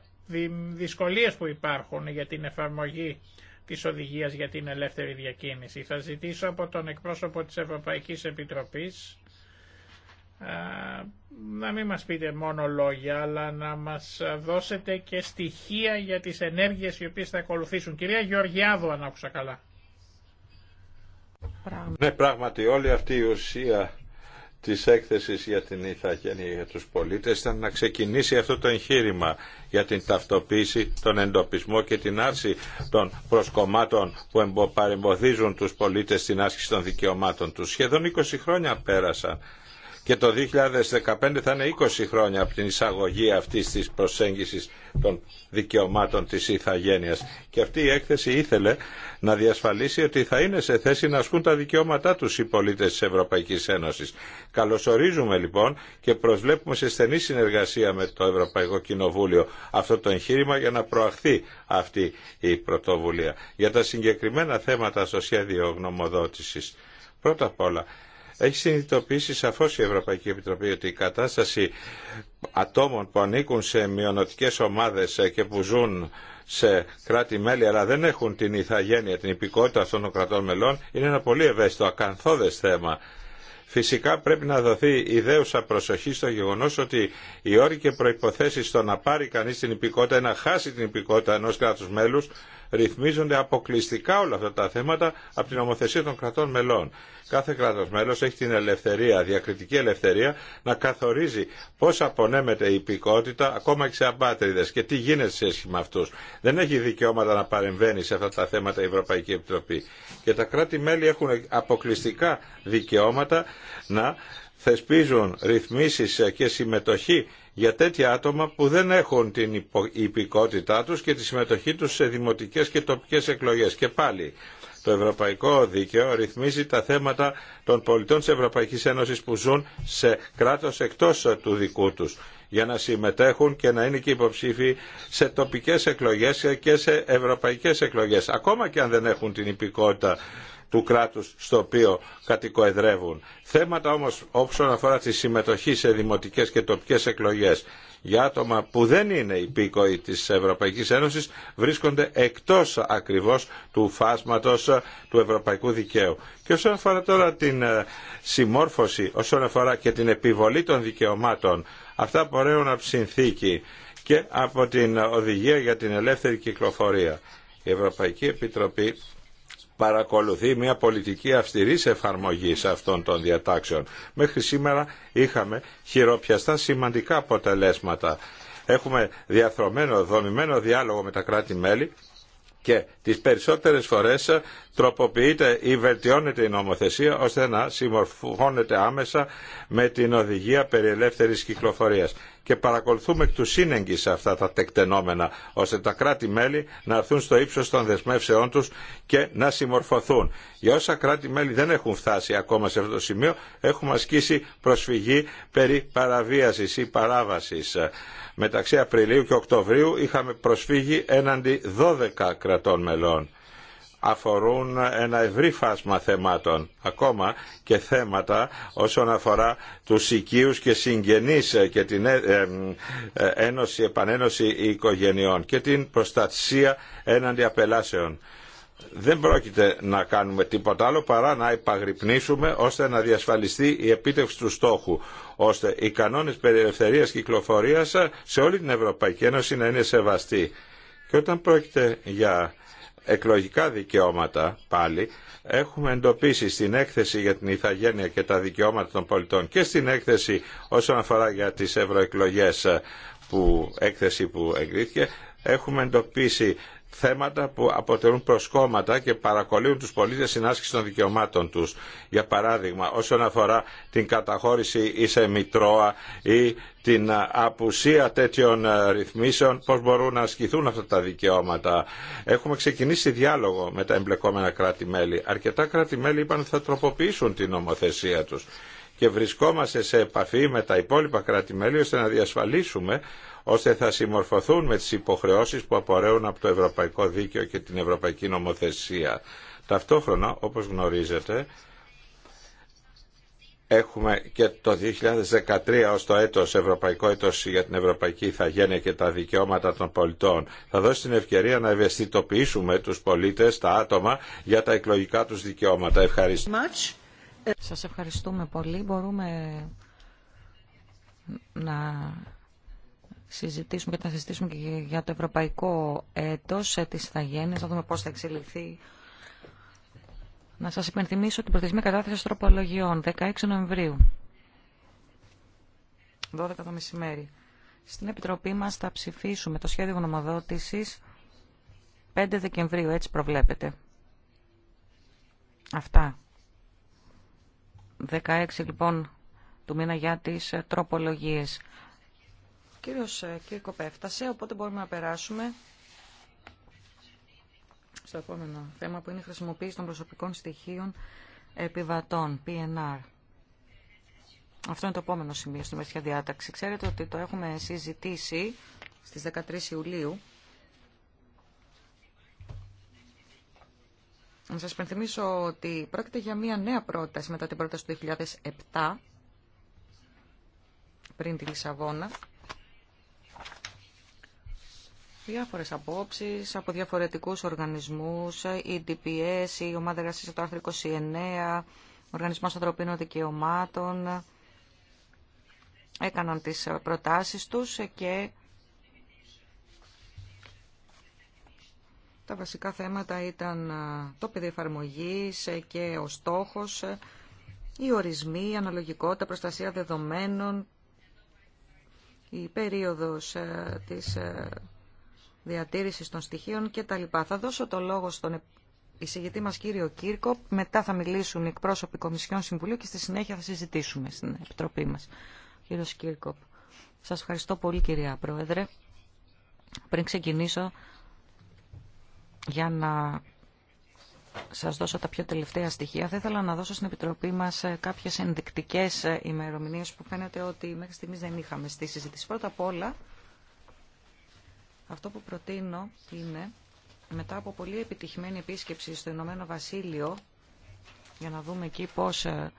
δυσκολίες που υπάρχουν για την εφαρμογή της οδηγίας για την ελεύθερη διακίνηση. Θα ζητήσω από τον εκπρόσωπο της Ευρωπαϊκής Επιτροπής ε, να μην μας πείτε μόνο λόγια, αλλά να μας δώσετε και στοιχεία για τις ενέργειες οι οποίες θα ακολουθήσουν. Κυρία Γεωργιάδου, αν άκουσα καλά. Ναι, πράγματι, όλη αυτή η ουσία της έκθεσης για την ηθαγένεια για τους πολίτες ήταν να ξεκινήσει αυτό το εγχείρημα για την ταυτοποίηση, τον εντοπισμό και την άρση των προσκομμάτων που παρεμποδίζουν τους πολίτες στην άσκηση των δικαιωμάτων τους. Σχεδόν 20 χρόνια πέρασαν και το 2015 θα είναι 20 χρόνια από την εισαγωγή αυτής της προσέγγισης των δικαιωμάτων της ηθαγένειας. Και αυτή η έκθεση ήθελε να διασφαλίσει ότι θα είναι σε θέση να ασκούν τα δικαιώματά τους οι πολίτες της Ευρωπαϊκής Ένωσης. Καλωσορίζουμε λοιπόν και προσβλέπουμε σε στενή συνεργασία με το Ευρωπαϊκό Κοινοβούλιο αυτό το εγχείρημα για να προαχθεί αυτή η πρωτοβουλία. Για τα συγκεκριμένα θέματα στο σχέδιο γνωμοδότησης. Πρώτα απ' όλα, έχει συνειδητοποιήσει σαφώ η Ευρωπαϊκή Επιτροπή ότι η κατάσταση ατόμων που ανήκουν σε μιονοτικές ομάδες και που ζουν σε κράτη-μέλη αλλά δεν έχουν την ηθαγένεια, την υπηκότητα αυτών των κρατών μελών είναι ένα πολύ ευαίσθητο, ακαθόδε θέμα. Φυσικά πρέπει να δοθεί ιδέουσα προσοχή στο γεγονός ότι οι όροι και προϋποθέσεις στο να πάρει κανείς την υπηκότητα ή να χάσει την υπηκότητα ενός κράτους μέλους ρυθμίζονται αποκλειστικά όλα αυτά τα θέματα από την ομοθεσία των κρατών μελών. Κάθε κράτο μέλο έχει την ελευθερία, διακριτική ελευθερία, να καθορίζει πώ απονέμεται η υπηκότητα ακόμα και σε απάτριδε και τι γίνεται σε σχέση με αυτού. Δεν έχει δικαιώματα να παρεμβαίνει σε αυτά τα θέματα η Ευρωπαϊκή Επιτροπή. Και τα κράτη-μέλη έχουν αποκλειστικά δικαιώματα να θεσπίζουν ρυθμίσεις και συμμετοχή για τέτοια άτομα που δεν έχουν την υπηκότητά τους και τη συμμετοχή τους σε δημοτικές και τοπικές εκλογές. Και πάλι, το ευρωπαϊκό δίκαιο ρυθμίζει τα θέματα των πολιτών της Ευρωπαϊκής Ένωσης που ζουν σε κράτος εκτός του δικού τους για να συμμετέχουν και να είναι και υποψήφοι σε τοπικές εκλογές και σε ευρωπαϊκές εκλογές ακόμα και αν δεν έχουν την υπηκότητα του κράτους στο οποίο κατοικοεδρεύουν. Θέματα όμως όσον αφορά τη συμμετοχή σε δημοτικές και τοπικές εκλογές για άτομα που δεν είναι υπήκοοι της Ευρωπαϊκής Ένωσης βρίσκονται εκτός ακριβώς του φάσματος του ευρωπαϊκού δικαίου. Και όσον αφορά τώρα την ε, συμμόρφωση, όσον αφορά και την επιβολή των δικαιωμάτων, αυτά απορρέουν από συνθήκη και από την Οδηγία για την Ελεύθερη Κυκλοφορία. Η Ευρωπαϊκή Επιτροπή παρακολουθεί μια πολιτική αυστηρής εφαρμογής αυτών των διατάξεων. Μέχρι σήμερα είχαμε χειροπιαστά σημαντικά αποτελέσματα. Έχουμε διαθρωμένο, δομημένο διάλογο με τα κράτη-μέλη και τις περισσότερες φορές τροποποιείται ή βελτιώνεται η νομοθεσία ώστε να συμμορφώνεται άμεσα με την οδηγία περί ελεύθερης κυκλοφορίας και παρακολουθούμε εκ του σύνεγγυ αυτά τα τεκτενόμενα, ώστε τα κράτη-μέλη να έρθουν στο ύψο των δεσμεύσεών του και να συμμορφωθούν. Για όσα κράτη-μέλη δεν έχουν φτάσει ακόμα σε αυτό το σημείο, έχουμε ασκήσει προσφυγή περί παραβίαση ή παράβαση. Μεταξύ Απριλίου και Οκτωβρίου είχαμε προσφύγει έναντι 12 κρατών μελών αφορούν ένα ευρύ φάσμα θεμάτων, ακόμα και θέματα όσον αφορά τους οικείους και συγγενείς και την ε, ε, ε, ένωση, επανένωση οικογενειών και την προστασία έναντι απελάσεων. Δεν πρόκειται να κάνουμε τίποτα άλλο παρά να υπαγρυπνήσουμε ώστε να διασφαλιστεί η επίτευξη του στόχου, ώστε οι κανόνες περιελευθερίας κυκλοφορίας σε όλη την Ευρωπαϊκή Ένωση να είναι σεβαστοί. Και όταν πρόκειται για εκλογικά δικαιώματα πάλι έχουμε εντοπίσει στην έκθεση για την ηθαγένεια και τα δικαιώματα των πολιτών και στην έκθεση όσον αφορά για τις ευρωεκλογές ε, που, έκθεση που εγκρίθηκε έχουμε εντοπίσει θέματα που αποτελούν προσκόμματα και παρακολύουν τους πολίτες στην άσκηση των δικαιωμάτων τους. Για παράδειγμα, όσον αφορά την καταχώρηση ή σε μητρώα ή την απουσία τέτοιων ε, ρυθμίσεων, πώς μπορούν να ασκηθούν αυτά τα δικαιώματα. Έχουμε ξεκινήσει διάλογο με τα εμπλεκόμενα κράτη-μέλη. Αρκετά κράτη-μέλη είπαν ότι θα τροποποιήσουν την νομοθεσία τους και βρισκόμαστε σε επαφή με τα υπόλοιπα κράτη-μέλη ώστε να διασφαλίσουμε ώστε θα συμμορφωθούν με τις υποχρεώσεις που απορρέουν από το Ευρωπαϊκό Δίκαιο και την Ευρωπαϊκή Νομοθεσία. Ταυτόχρονα, όπως γνωρίζετε, Έχουμε και το 2013 ως το έτος, Ευρωπαϊκό έτος για την Ευρωπαϊκή Ιθαγένεια και τα δικαιώματα των πολιτών. Θα δώσει την ευκαιρία να ευαισθητοποιήσουμε τους πολίτες, τα άτομα, για τα εκλογικά τους δικαιώματα. Ευχαριστώ. Σας ευχαριστούμε πολύ. Μπορούμε να συζητήσουμε και θα συζητήσουμε και για το ευρωπαϊκό έτος ε, της Ιθαγένειας, να δούμε πώς θα εξελιχθεί. Να σας υπενθυμίσω την προθεσμία κατάθεση τροπολογιών, 16 Νοεμβρίου, 12 το μεσημέρι. Στην Επιτροπή μας θα ψηφίσουμε το σχέδιο γνωμοδότησης 5 Δεκεμβρίου, έτσι προβλέπετε. Αυτά. 16 λοιπόν του μήνα για τις τροπολογίες κύριος ε, Κύρκοπ έφτασε, οπότε μπορούμε να περάσουμε στο επόμενο θέμα που είναι η χρησιμοποίηση των προσωπικών στοιχείων επιβατών, PNR. Αυτό είναι το επόμενο σημείο στη μεσιά διάταξη. Ξέρετε ότι το έχουμε συζητήσει στις 13 Ιουλίου. Να σας πενθυμίσω ότι πρόκειται για μια νέα πρόταση μετά την πρόταση του 2007, πριν τη Λισαβόνα, διάφορες απόψεις από διαφορετικούς οργανισμούς, η DPS, η Ομάδα Εργασίας του Άρθρου 29, Οργανισμός Ανθρωπίνων Δικαιωμάτων, έκαναν τις προτάσεις τους και τα βασικά θέματα ήταν το πεδίο εφαρμογή και ο στόχος, οι ορισμοί, η αναλογικότητα, προστασία δεδομένων, η περίοδος ε, της ε, διατήρηση των στοιχείων κτλ. Θα δώσω το λόγο στον εισηγητή μας κύριο Κύρκο, μετά θα μιλήσουν οι εκπρόσωποι Κομισιών Συμβουλίου και στη συνέχεια θα συζητήσουμε στην Επιτροπή μας. κύριο Κύρκο, σας ευχαριστώ πολύ κυρία Πρόεδρε. Πριν ξεκινήσω, για να σας δώσω τα πιο τελευταία στοιχεία, θα ήθελα να δώσω στην Επιτροπή μας ε, κάποιες ενδεικτικές ε, ημερομηνίες που φαίνεται ότι μέχρι στιγμής δεν είχαμε στη συζήτηση. Πρώτα απ' όλα, αυτό που προτείνω είναι μετά από πολύ επιτυχημένη επίσκεψη στο Ηνωμένο Βασίλειο για να δούμε εκεί πώς ε,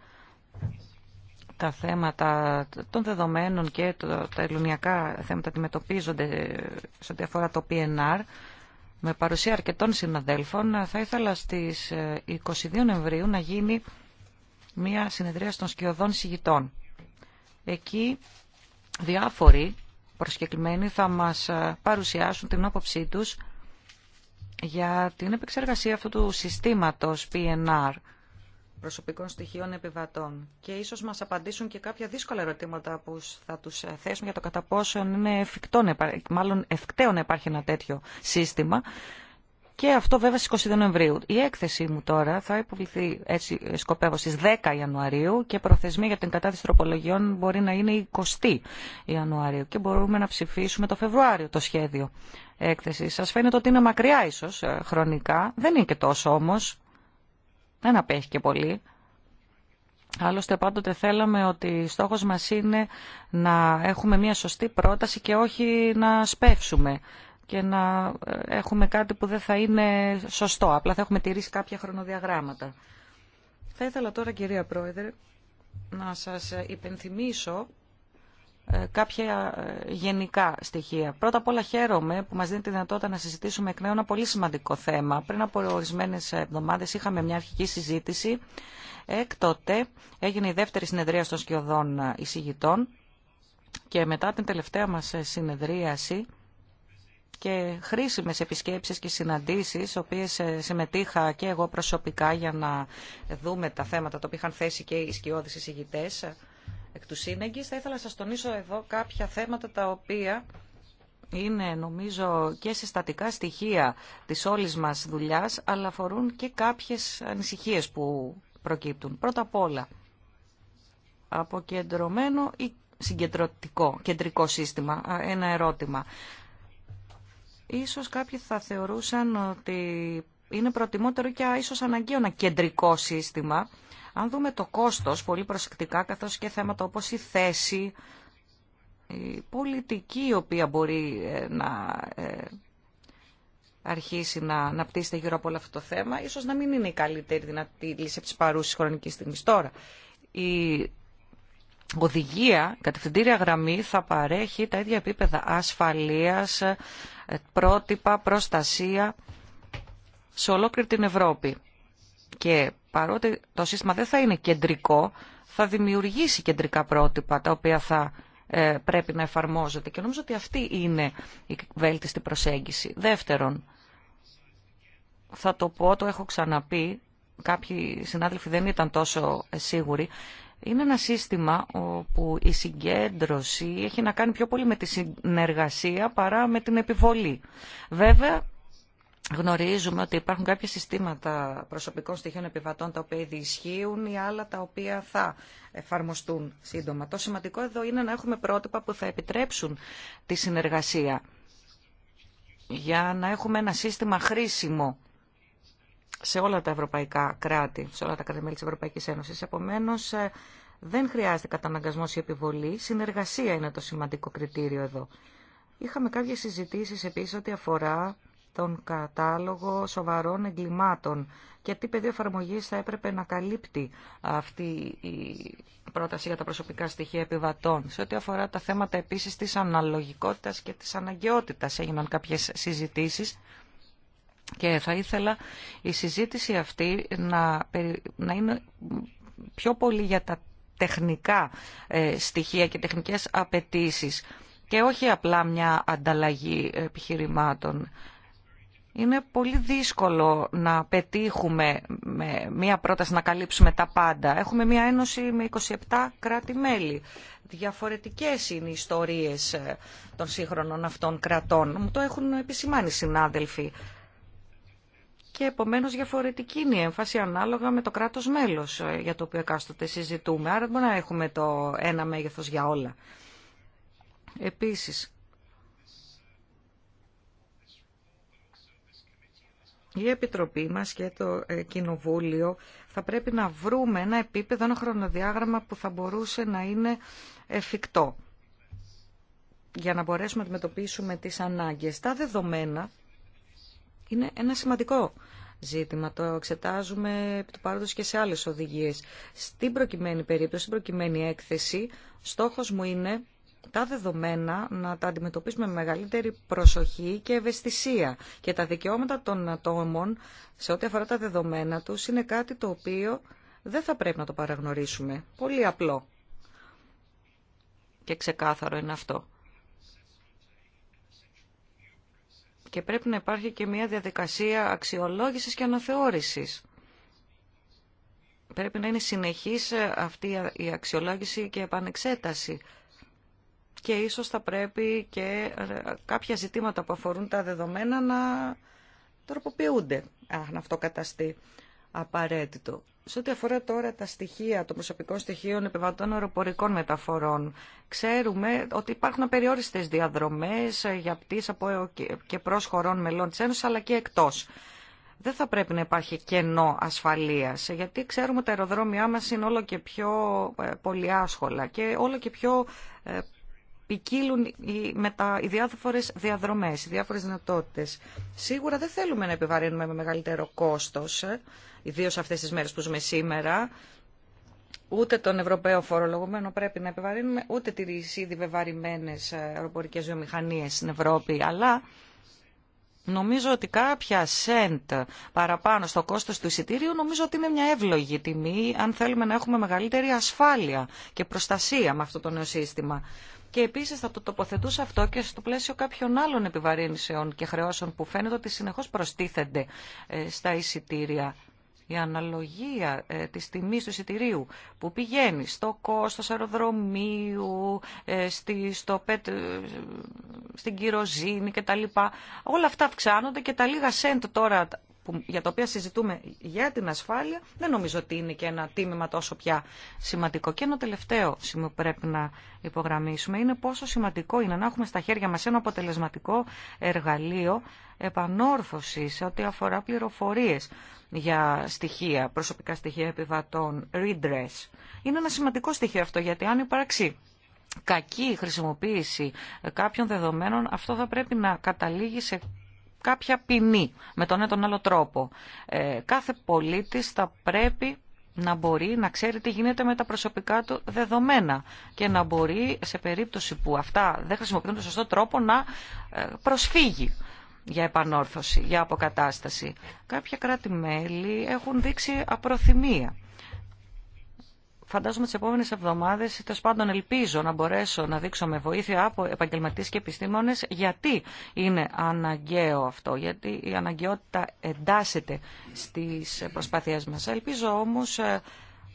τα θέματα των δεδομένων και τα ελληνιακά θέματα αντιμετωπίζονται ε, σε ό,τι αφορά το PNR με παρουσία αρκετών συναδέλφων ε, θα ήθελα στις 22 Νοεμβρίου να γίνει μια συνεδρία των σκιωδών συγητών. Εκεί διάφοροι προσκεκλημένοι θα μας ε, παρουσιάσουν την άποψή τους για την επεξεργασία αυτού του συστήματος PNR προσωπικών στοιχείων επιβατών και ίσως μας απαντήσουν και κάποια δύσκολα ερωτήματα που θα τους ε, θέσουμε για το κατά πόσο είναι εφικτό, μάλλον ευκταίο να υπάρχει ένα τέτοιο σύστημα. Και αυτό βέβαια στις 20 Νοεμβρίου. Η έκθεσή μου τώρα θα υποβληθεί, έτσι σκοπεύω, στις 10 Ιανουαρίου και προθεσμία για την κατάθεση τροπολογιών μπορεί να είναι 20 Ιανουαρίου και μπορούμε να ψηφίσουμε το Φεβρουάριο το σχέδιο έκθεση. Σας φαίνεται ότι είναι μακριά ίσως ε, χρονικά, δεν είναι και τόσο όμως, δεν απέχει και πολύ. Άλλωστε πάντοτε θέλαμε ότι στόχος μας είναι να έχουμε μια σωστή πρόταση και όχι να σπεύσουμε και να ε, έχουμε κάτι που δεν θα είναι σωστό. Απλά θα έχουμε τηρήσει κάποια χρονοδιαγράμματα. Θα ήθελα τώρα, κυρία Πρόεδρε, να σας ε, υπενθυμίσω ε, κάποια γενικά στοιχεία. Πρώτα απ' όλα χαίρομαι που μας δίνει τη δυνατότητα να συζητήσουμε εκ νέου ένα πολύ σημαντικό θέμα. Πριν από ορισμένες εβδομάδες είχαμε μια αρχική συζήτηση. Έκτοτε έγινε η δεύτερη συνεδρία των σκιωδών εισηγητών και μετά την τελευταία μας συνεδρίαση και χρήσιμες επισκέψεις και συναντήσεις, οποίες ε, συμμετείχα και εγώ προσωπικά για να δούμε τα θέματα τα οποία είχαν θέσει και οι σκιώδεις εισηγητές ε, εκ του σύνεγγης. Θα ήθελα να σας τονίσω εδώ κάποια θέματα τα οποία είναι νομίζω και συστατικά στοιχεία της όλης μας δουλειάς, αλλά αφορούν και κάποιες ανησυχίες που προκύπτουν. Πρώτα απ' όλα, αποκεντρωμένο ή συγκεντρωτικό, κεντρικό σύστημα, ένα ερώτημα. Ίσως κάποιοι θα θεωρούσαν ότι είναι προτιμότερο και ίσως αναγκαίο ένα κεντρικό σύστημα. Αν δούμε το κόστος πολύ προσεκτικά, καθώς και θέματα όπως η θέση, η πολιτική η οποία μπορεί ε, να ε, αρχίσει να αναπτύσσεται γύρω από όλο αυτό το θέμα, ίσως να μην είναι η καλύτερη δυνατή λύση από τις παρούσεις χρονικής στιγμής. Τώρα, η οδηγία, κατευθυντήρια γραμμή, θα παρέχει τα ίδια επίπεδα ασφαλείας, πρότυπα, προστασία σε ολόκληρη την Ευρώπη. Και παρότι το σύστημα δεν θα είναι κεντρικό, θα δημιουργήσει κεντρικά πρότυπα τα οποία θα ε, πρέπει να εφαρμόζονται. Και νομίζω ότι αυτή είναι η βέλτιστη προσέγγιση. Δεύτερον, θα το πω, το έχω ξαναπεί, κάποιοι συνάδελφοι δεν ήταν τόσο σίγουροι, είναι ένα σύστημα όπου η συγκέντρωση έχει να κάνει πιο πολύ με τη συνεργασία παρά με την επιβολή. Βέβαια, γνωρίζουμε ότι υπάρχουν κάποια συστήματα προσωπικών στοιχείων επιβατών τα οποία ήδη ισχύουν ή άλλα τα οποία θα εφαρμοστούν σύντομα. Το σημαντικό εδώ είναι να έχουμε πρότυπα που θα επιτρέψουν τη συνεργασία για να έχουμε ένα σύστημα χρήσιμο σε όλα τα ευρωπαϊκά κράτη, σε όλα τα κράτη-μέλη της Ευρωπαϊκής Ένωσης. Επομένως, ε, δεν χρειάζεται καταναγκασμός ή επιβολή. Συνεργασία είναι το σημαντικό κριτήριο εδώ. Είχαμε κάποιες συζητήσεις επίσης ό,τι αφορά τον κατάλογο σοβαρών εγκλημάτων και τι πεδίο εφαρμογή θα έπρεπε να καλύπτει αυτή η πρόταση για τα προσωπικά στοιχεία επιβατών. Σε ό,τι αφορά τα θέματα επίσης της αναλογικότητας και της αναγκαιότητας έγιναν κάποιες συζητήσεις και θα ήθελα η συζήτηση αυτή να, είναι πιο πολύ για τα τεχνικά ε, στοιχεία και τεχνικές απαιτήσεις και όχι απλά μια ανταλλαγή επιχειρημάτων. Είναι πολύ δύσκολο να πετύχουμε με μία πρόταση να καλύψουμε τα πάντα. Έχουμε μία ένωση με 27 κράτη-μέλη. Διαφορετικές είναι οι ιστορίες ε, των σύγχρονων αυτών κρατών. Μου το έχουν επισημάνει συνάδελφοι και επομένως διαφορετική είναι η έμφαση ανάλογα με το κράτος μέλος ε, για το οποίο εκάστοτε συζητούμε. Άρα μπορούμε να έχουμε το ένα μέγεθος για όλα. Επίσης, η Επιτροπή μας και το ε, Κοινοβούλιο θα πρέπει να βρούμε ένα επίπεδο, ένα χρονοδιάγραμμα που θα μπορούσε να είναι εφικτό για να μπορέσουμε να αντιμετωπίσουμε τις ανάγκες. Τα δεδομένα είναι ένα σημαντικό ζήτημα. Το εξετάζουμε επί του παρόντος και σε άλλες οδηγίες. Στην προκειμένη περίπτωση, στην προκειμένη έκθεση, στόχος μου είναι τα δεδομένα να τα αντιμετωπίσουμε με μεγαλύτερη προσοχή και ευαισθησία. Και τα δικαιώματα των ατόμων σε ό,τι αφορά τα δεδομένα τους είναι κάτι το οποίο δεν θα πρέπει να το παραγνωρίσουμε. Πολύ απλό. Και ξεκάθαρο είναι αυτό. και πρέπει να υπάρχει και μια διαδικασία αξιολόγησης και αναθεώρησης. Πρέπει να είναι συνεχής αυτή η αξιολόγηση και επανεξέταση. Και ίσως θα πρέπει και κάποια ζητήματα που αφορούν τα δεδομένα να τροποποιούνται, αν αυτό καταστεί απαραίτητο. Σε ό,τι αφορά τώρα τα στοιχεία των προσωπικών στοιχείων επιβατών αεροπορικών μεταφορών, ξέρουμε ότι υπάρχουν απεριόριστε διαδρομέ ε, για πτήσει από ε, και προ χωρών μελών τη Ένωση αλλά και εκτό. Δεν θα πρέπει να υπάρχει κενό ασφαλεία, γιατί ξέρουμε ότι τα αεροδρόμια μα είναι όλο και πιο ε, πολυάσχολα και όλο και πιο ποικίλουν οι, μετα, οι διάφορες διαδρομές, οι διάφορες δυνατότητες. Σίγουρα δεν θέλουμε να επιβαρύνουμε με μεγαλύτερο κόστος Ιδίω αυτέ τι μέρε που ζούμε σήμερα, ούτε τον Ευρωπαίο φορολογούμενο πρέπει να επιβαρύνουμε, ούτε τι ήδη βεβαρημένε ε, αεροπορικές βιομηχανίε στην Ευρώπη, αλλά νομίζω ότι κάποια σέντ παραπάνω στο κόστο του εισιτήριου νομίζω ότι είναι μια εύλογη τιμή αν θέλουμε να έχουμε μεγαλύτερη ασφάλεια και προστασία με αυτό το νέο σύστημα. Και επίση θα το τοποθετούσα αυτό και στο πλαίσιο κάποιων άλλων επιβαρύνσεων και χρεώσεων που φαίνεται ότι συνεχώ προστίθενται ε, στα εισιτήρια η αναλογία ε, της τιμής του εισιτηρίου που πηγαίνει στο κόστος αεροδρομίου, ε, στη, στο πετ, ε, στην κυροζήνη κτλ. Όλα αυτά αυξάνονται και τα λίγα σέντ τώρα που, για τα οποία συζητούμε για την ασφάλεια δεν νομίζω ότι είναι και ένα τίμημα τόσο πια σημαντικό. Και ένα τελευταίο σημείο που πρέπει να υπογραμμίσουμε είναι πόσο σημαντικό είναι να έχουμε στα χέρια μας ένα αποτελεσματικό εργαλείο επανόρθωση σε ό,τι αφορά πληροφορίες για στοιχεία, προσωπικά στοιχεία επιβατών, redress. Είναι ένα σημαντικό στοιχείο αυτό γιατί αν υπάρξει κακή χρησιμοποίηση κάποιων δεδομένων, αυτό θα πρέπει να καταλήγει σε κάποια ποινή με τον έναν άλλο τρόπο. Ε, κάθε πολίτης θα πρέπει να μπορεί να ξέρει τι γίνεται με τα προσωπικά του δεδομένα και να μπορεί σε περίπτωση που αυτά δεν χρησιμοποιούν τον σωστό τρόπο να ε, προσφύγει για επανόρθωση, για αποκατάσταση. Κάποια κράτη-μέλη έχουν δείξει απροθυμία. Φαντάζομαι τι επόμενε εβδομάδε, τέλο πάντων ελπίζω να μπορέσω να δείξω με βοήθεια από επαγγελματίε και επιστήμονε γιατί είναι αναγκαίο αυτό, γιατί η αναγκαιότητα εντάσσεται στι προσπάθειέ μα. Ελπίζω όμω ε,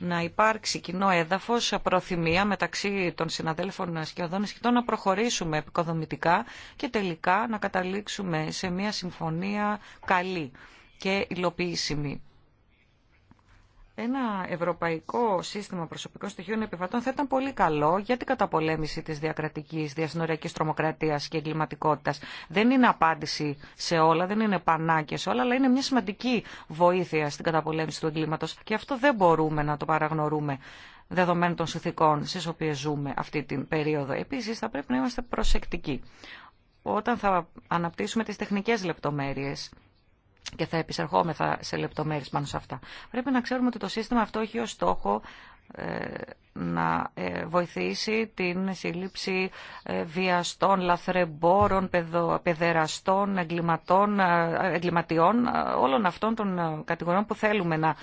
να υπάρξει κοινό έδαφος, προθυμία μεταξύ των συναδέλφων σχεδόν και να προχωρήσουμε επικοδομητικά και τελικά να καταλήξουμε σε μια συμφωνία καλή και υλοποιήσιμη. Ένα ευρωπαϊκό σύστημα προσωπικών στοιχείων επιβατών θα ήταν πολύ καλό για την καταπολέμηση της διακρατικής διασυνοριακής τρομοκρατίας και εγκληματικότητας. Δεν είναι απάντηση σε όλα, δεν είναι πανάκια σε όλα, αλλά είναι μια σημαντική βοήθεια στην καταπολέμηση του εγκλήματος και αυτό δεν μπορούμε να το παραγνωρούμε δεδομένων των συνθήκων στι οποίε ζούμε αυτή την περίοδο. Επίσης θα πρέπει να είμαστε προσεκτικοί όταν θα αναπτύσσουμε τις τεχνικές λεπτομέρειες και θα επισερχόμεθα σε λεπτομέρειες πάνω σε αυτά. Πρέπει να ξέρουμε ότι το σύστημα αυτό έχει ως στόχο ε, να ε, βοηθήσει την σύλληψη ε, βιαστών, λαθρεμπόρων, παιδεραστών, εγκληματών, εγκληματιών, όλων αυτών των κατηγοριών που θέλουμε να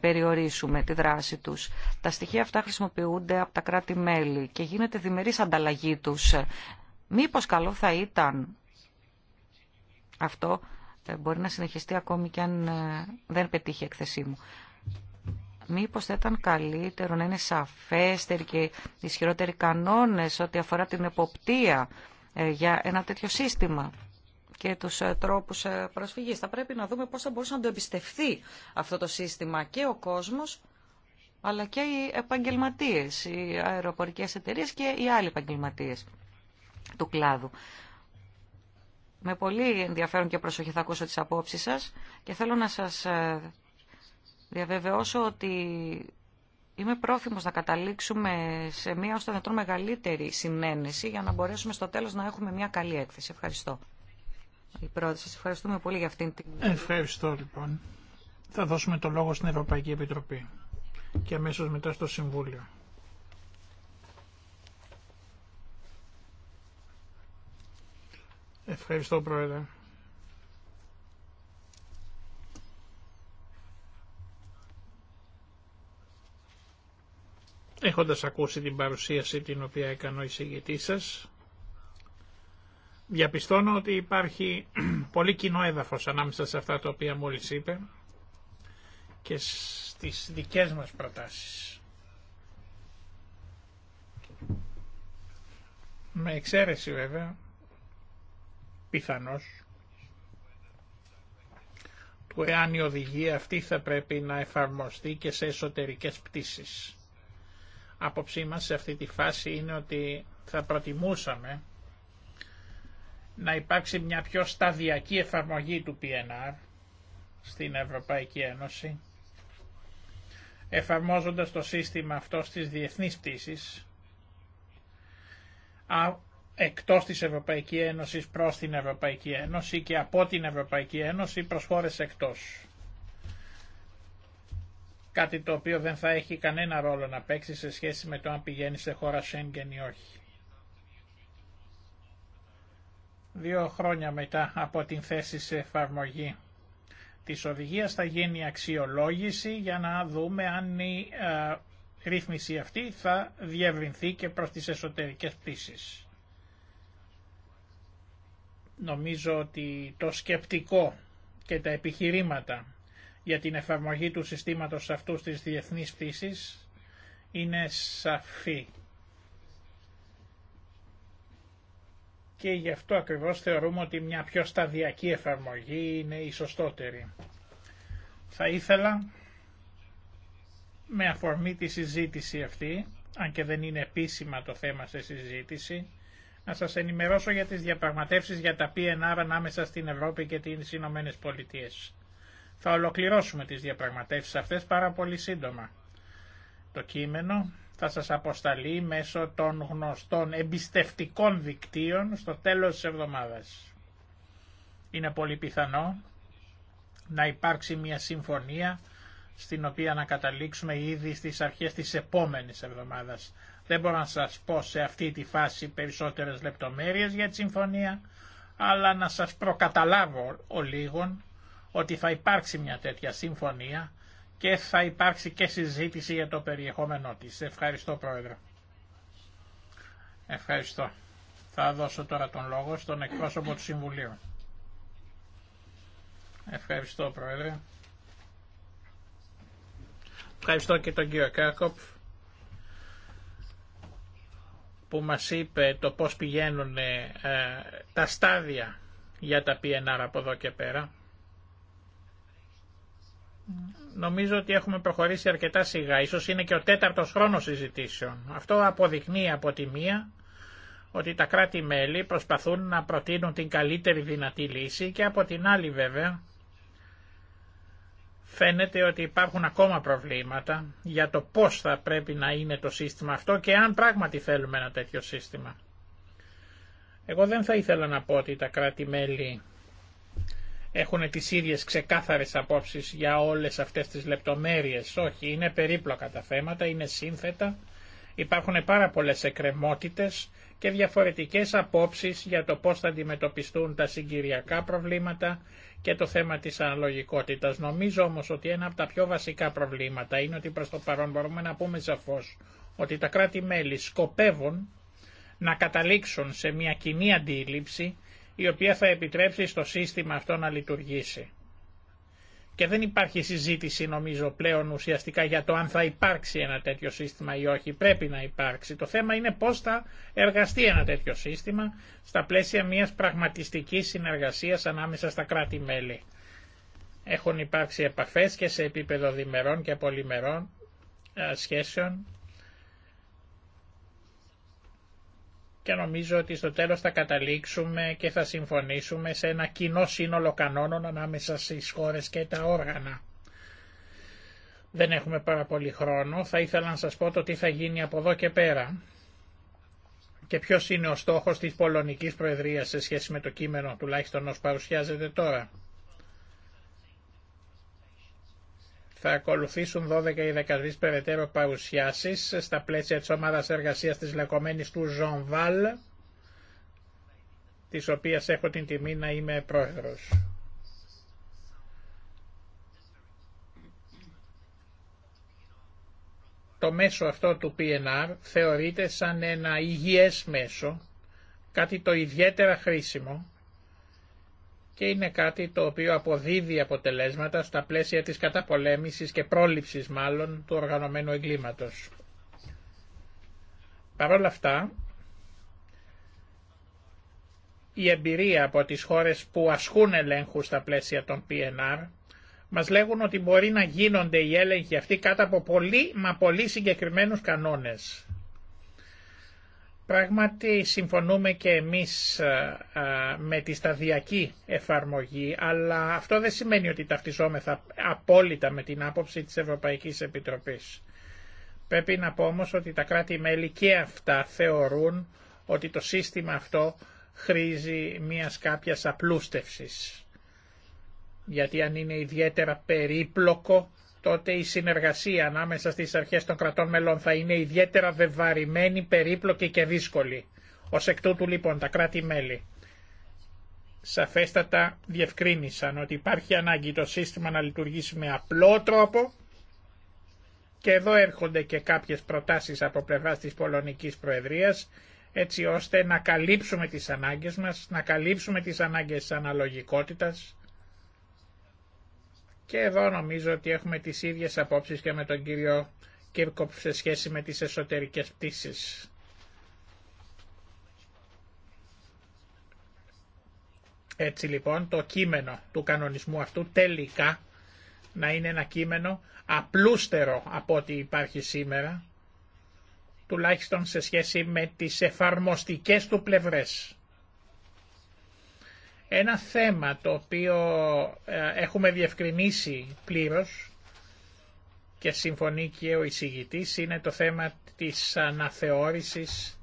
περιορίσουμε τη δράση τους. Τα στοιχεία αυτά χρησιμοποιούνται από τα κράτη-μέλη και γίνεται διμερής ανταλλαγή τους. Μήπως καλό θα ήταν αυτό ε, μπορεί να συνεχιστεί ακόμη και αν ε, δεν πετύχει η έκθεσή μου. Μήπως θα ήταν καλύτερο να είναι σαφέστεροι και ισχυρότεροι κανόνες ό,τι αφορά την εποπτεία ε, για ένα τέτοιο σύστημα και τους τρόπους προσφυγής. Θα πρέπει να δούμε πώς θα μπορούσε να το εμπιστευτεί αυτό το σύστημα και ο κόσμος, αλλά και οι επαγγελματίες, οι αεροπορικές εταιρείες και οι άλλοι επαγγελματίες του κλάδου. Με πολύ ενδιαφέρον και προσοχή θα ακούσω τις απόψεις σας και θέλω να σας ε, διαβεβαιώσω ότι είμαι πρόθυμος να καταλήξουμε σε μια ως το μεγαλύτερη συνένεση για να μπορέσουμε στο τέλος να έχουμε μια καλή έκθεση. Ευχαριστώ. Η πρώτη σας ευχαριστούμε πολύ για αυτήν την... Ευχαριστώ λοιπόν. Θα δώσουμε το λόγο στην Ευρωπαϊκή Επιτροπή και αμέσως μετά στο Συμβούλιο. Ευχαριστώ Πρόεδρε. Έχοντας ακούσει την παρουσίαση την οποία έκανε ο εισηγητής σας, διαπιστώνω ότι υπάρχει πολύ κοινό έδαφος ανάμεσα σε αυτά τα οποία μόλις είπε και στις δικές μας προτάσεις. Με εξαίρεση βέβαια πιθανώς του εάν η οδηγία αυτή θα πρέπει να εφαρμοστεί και σε εσωτερικές πτήσεις. Απόψή μας σε αυτή τη φάση είναι ότι θα προτιμούσαμε να υπάρξει μια πιο σταδιακή εφαρμογή του PNR στην Ευρωπαϊκή Ένωση, εφαρμόζοντας το σύστημα αυτό στις διεθνείς πτήσεις, εκτός της Ευρωπαϊκής Ένωσης προς την Ευρωπαϊκή Ένωση και από την Ευρωπαϊκή Ένωση προς χώρες εκτός. Κάτι το οποίο δεν θα έχει κανένα ρόλο να παίξει σε σχέση με το αν πηγαίνει σε χώρα Σέγγεν ή όχι. Δύο χρόνια μετά από την θέση σε εφαρμογή της οδηγίας θα γίνει αξιολόγηση για να δούμε αν η ε, ρύθμιση αυτή θα διευρυνθεί και προς τις εσωτερικές πτήσεις. Νομίζω ότι το σκεπτικό και τα επιχειρήματα για την εφαρμογή του συστήματος αυτού στις διεθνείς πτήσεις είναι σαφή. Και γι' αυτό ακριβώς θεωρούμε ότι μια πιο σταδιακή εφαρμογή είναι η σωστότερη. Θα ήθελα με αφορμή τη συζήτηση αυτή, αν και δεν είναι επίσημα το θέμα σε συζήτηση, να σα ενημερώσω για τις διαπραγματεύσεις για τα PNR ανάμεσα στην Ευρώπη και τι Ηνωμένε Πολιτείε. Θα ολοκληρώσουμε τις διαπραγματεύσεις αυτές πάρα πολύ σύντομα. Το κείμενο θα σας αποσταλεί μέσω των γνωστών εμπιστευτικών δικτύων στο τέλος της εβδομάδας. Είναι πολύ πιθανό να υπάρξει μια συμφωνία στην οποία να καταλήξουμε ήδη στις αρχές της επόμενης εβδομάδας. Δεν μπορώ να σας πω σε αυτή τη φάση περισσότερες λεπτομέρειες για τη συμφωνία, αλλά να σας προκαταλάβω ο λίγων ότι θα υπάρξει μια τέτοια συμφωνία και θα υπάρξει και συζήτηση για το περιεχόμενό της. Ευχαριστώ Πρόεδρε. Ευχαριστώ. Θα δώσω τώρα τον λόγο στον εκπρόσωπο του Συμβουλίου. Ευχαριστώ Πρόεδρε. Ευχαριστώ και τον κύριο Κάκοπ που μας είπε το πώς πηγαίνουν ε, τα στάδια για τα PNR από εδώ και πέρα. Νομίζω ότι έχουμε προχωρήσει αρκετά σιγά. Ίσως είναι και ο τέταρτος χρόνος συζητήσεων. Αυτό αποδεικνύει από τη μία ότι τα κράτη-μέλη προσπαθούν να προτείνουν την καλύτερη δυνατή λύση και από την άλλη βέβαια φαίνεται ότι υπάρχουν ακόμα προβλήματα για το πώς θα πρέπει να είναι το σύστημα αυτό και αν πράγματι θέλουμε ένα τέτοιο σύστημα. Εγώ δεν θα ήθελα να πω ότι τα κράτη-μέλη έχουν τις ίδιες ξεκάθαρες απόψεις για όλες αυτές τις λεπτομέρειες. Όχι, είναι περίπλοκα τα θέματα, είναι σύνθετα, υπάρχουν πάρα πολλές εκκρεμότητες και διαφορετικές απόψεις για το πώς θα αντιμετωπιστούν τα συγκυριακά προβλήματα και το θέμα της αναλογικότητας. Νομίζω όμως ότι ένα από τα πιο βασικά προβλήματα είναι ότι προς το παρόν μπορούμε να πούμε σαφώς ότι τα κράτη-μέλη σκοπεύουν να καταλήξουν σε μια κοινή αντίληψη η οποία θα επιτρέψει στο σύστημα αυτό να λειτουργήσει και δεν υπάρχει συζήτηση νομίζω πλέον ουσιαστικά για το αν θα υπάρξει ένα τέτοιο σύστημα ή όχι. Πρέπει να υπάρξει. Το θέμα είναι πώς θα εργαστεί ένα τέτοιο σύστημα στα πλαίσια μιας πραγματιστικής συνεργασίας ανάμεσα στα κράτη-μέλη. Έχουν υπάρξει επαφές και σε επίπεδο διμερών και πολυμερών ε, σχέσεων και νομίζω ότι στο τέλος θα καταλήξουμε και θα συμφωνήσουμε σε ένα κοινό σύνολο κανόνων ανάμεσα στις χώρες και τα όργανα. Δεν έχουμε πάρα πολύ χρόνο. Θα ήθελα να σας πω το τι θα γίνει από εδώ και πέρα και ποιος είναι ο στόχος της Πολωνικής Προεδρίας σε σχέση με το κείμενο τουλάχιστον ως παρουσιάζεται τώρα. Θα ακολουθήσουν 12 ή 13 περαιτέρω παρουσιάσεις στα πλαίσια τη ομάδα εργασίας της λεγόμενης του Ζων Βαλ, της οποίας έχω την τιμή να είμαι πρόεδρο. Το μέσο αυτό του PNR θεωρείται σαν ένα υγιές μέσο, κάτι το ιδιαίτερα χρήσιμο, και είναι κάτι το οποίο αποδίδει αποτελέσματα στα πλαίσια της καταπολέμησης και πρόληψης μάλλον του οργανωμένου εγκλήματος. Παρ' όλα αυτά, η εμπειρία από τις χώρες που ασχούν ελέγχου στα πλαίσια των PNR μας λέγουν ότι μπορεί να γίνονται οι έλεγχοι αυτοί κάτω από πολύ, μα πολύ συγκεκριμένους κανόνες. Πράγματι συμφωνούμε και εμείς ε, ε, με τη σταδιακή εφαρμογή, αλλά αυτό δεν σημαίνει ότι ταυτιζόμεθα απόλυτα με την άποψη της Ευρωπαϊκής Επιτροπής. Πρέπει να πω όμως ότι τα κράτη-μέλη και αυτά θεωρούν ότι το σύστημα αυτό χρήζει μιας κάποιας απλούστευσης. Γιατί αν είναι ιδιαίτερα περίπλοκο τότε η συνεργασία ανάμεσα στις αρχές των κρατών μελών θα είναι ιδιαίτερα βεβαρημένη, περίπλοκη και δύσκολη. Ως εκ τούτου λοιπόν τα κράτη-μέλη σαφέστατα διευκρίνησαν ότι υπάρχει ανάγκη το σύστημα να λειτουργήσει με απλό τρόπο και εδώ έρχονται και κάποιες προτάσεις από πλευράς της Πολωνικής Προεδρίας έτσι ώστε να καλύψουμε τις ανάγκες μας, να καλύψουμε τις ανάγκες αναλογικότητας, και εδώ νομίζω ότι έχουμε τις ίδιες απόψεις και με τον κύριο Κύρκοπ σε σχέση με τις εσωτερικές πτήσεις. Έτσι λοιπόν το κείμενο του κανονισμού αυτού τελικά να είναι ένα κείμενο απλούστερο από ό,τι υπάρχει σήμερα, τουλάχιστον σε σχέση με τις εφαρμοστικές του πλευρές. Ένα θέμα το οποίο ε, έχουμε διευκρινίσει πλήρως και συμφωνεί και ο εισηγητής είναι το θέμα της αναθεώρησης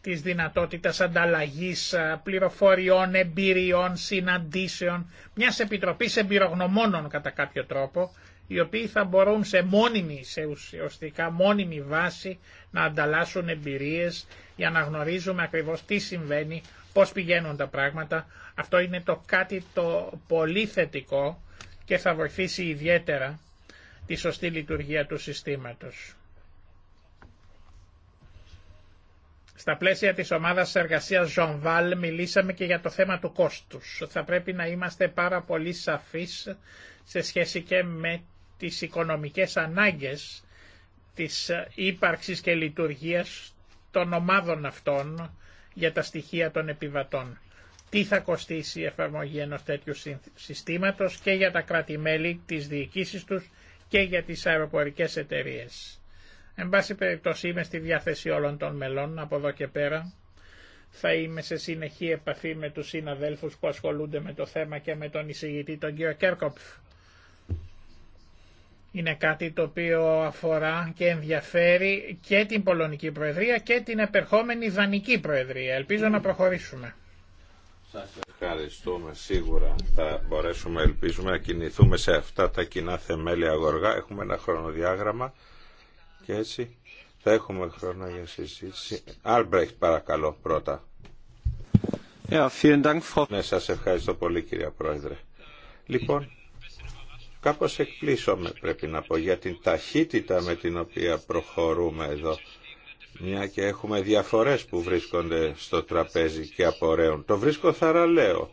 της δυνατότητας ανταλλαγής ε, πληροφοριών, εμπειριών, συναντήσεων, μιας επιτροπής εμπειρογνωμόνων κατά κάποιο τρόπο, οι οποίοι θα μπορούν σε μόνιμη, σε ουσιαστικά μόνιμη βάση να ανταλλάσσουν εμπειρίες για να γνωρίζουμε ακριβώς τι συμβαίνει, πώς πηγαίνουν τα πράγματα. Αυτό είναι το κάτι το πολύ θετικό και θα βοηθήσει ιδιαίτερα τη σωστή λειτουργία του συστήματος. Στα πλαίσια της ομάδας εργασίας Val μιλήσαμε και για το θέμα του κόστους. Θα πρέπει να είμαστε πάρα πολύ σαφείς σε σχέση και με τις οικονομικές ανάγκες της ε, ύπαρξης και λειτουργίας των ομάδων αυτών για τα στοιχεία των επιβατών. Τι θα κοστίσει η εφαρμογή ενός τέτοιου συστήματος και για τα κράτη-μέλη, τις τους και για τις αεροπορικές εταιρείες. Εν πάση περιπτώσει είμαι στη διάθεση όλων των μελών από εδώ και πέρα. Θα είμαι σε συνεχή επαφή με τους συναδέλφους που ασχολούνται με το θέμα και με τον εισηγητή τον κύριο Κέρκοπφ είναι κάτι το οποίο αφορά και ενδιαφέρει και την Πολωνική Προεδρία και την επερχόμενη Δανική Προεδρία. Ελπίζω να προχωρήσουμε. Σας ευχαριστούμε. Σίγουρα θα μπορέσουμε, ελπίζουμε, να κινηθούμε σε αυτά τα κοινά θεμέλια αγοργά. Έχουμε ένα χρονοδιάγραμμα και έτσι θα έχουμε χρόνο για συζήτηση. Άλμπρεχτ παρακαλώ πρώτα. Ναι, σας ευχαριστώ πολύ κυρία Πρόεδρε. Λοιπόν, Κάπως εκπλήσωμε πρέπει να πω για την ταχύτητα με την οποία προχωρούμε εδώ. Μια και έχουμε διαφορές που βρίσκονται στο τραπέζι και απορρέουν. Το βρίσκω θαραλέο.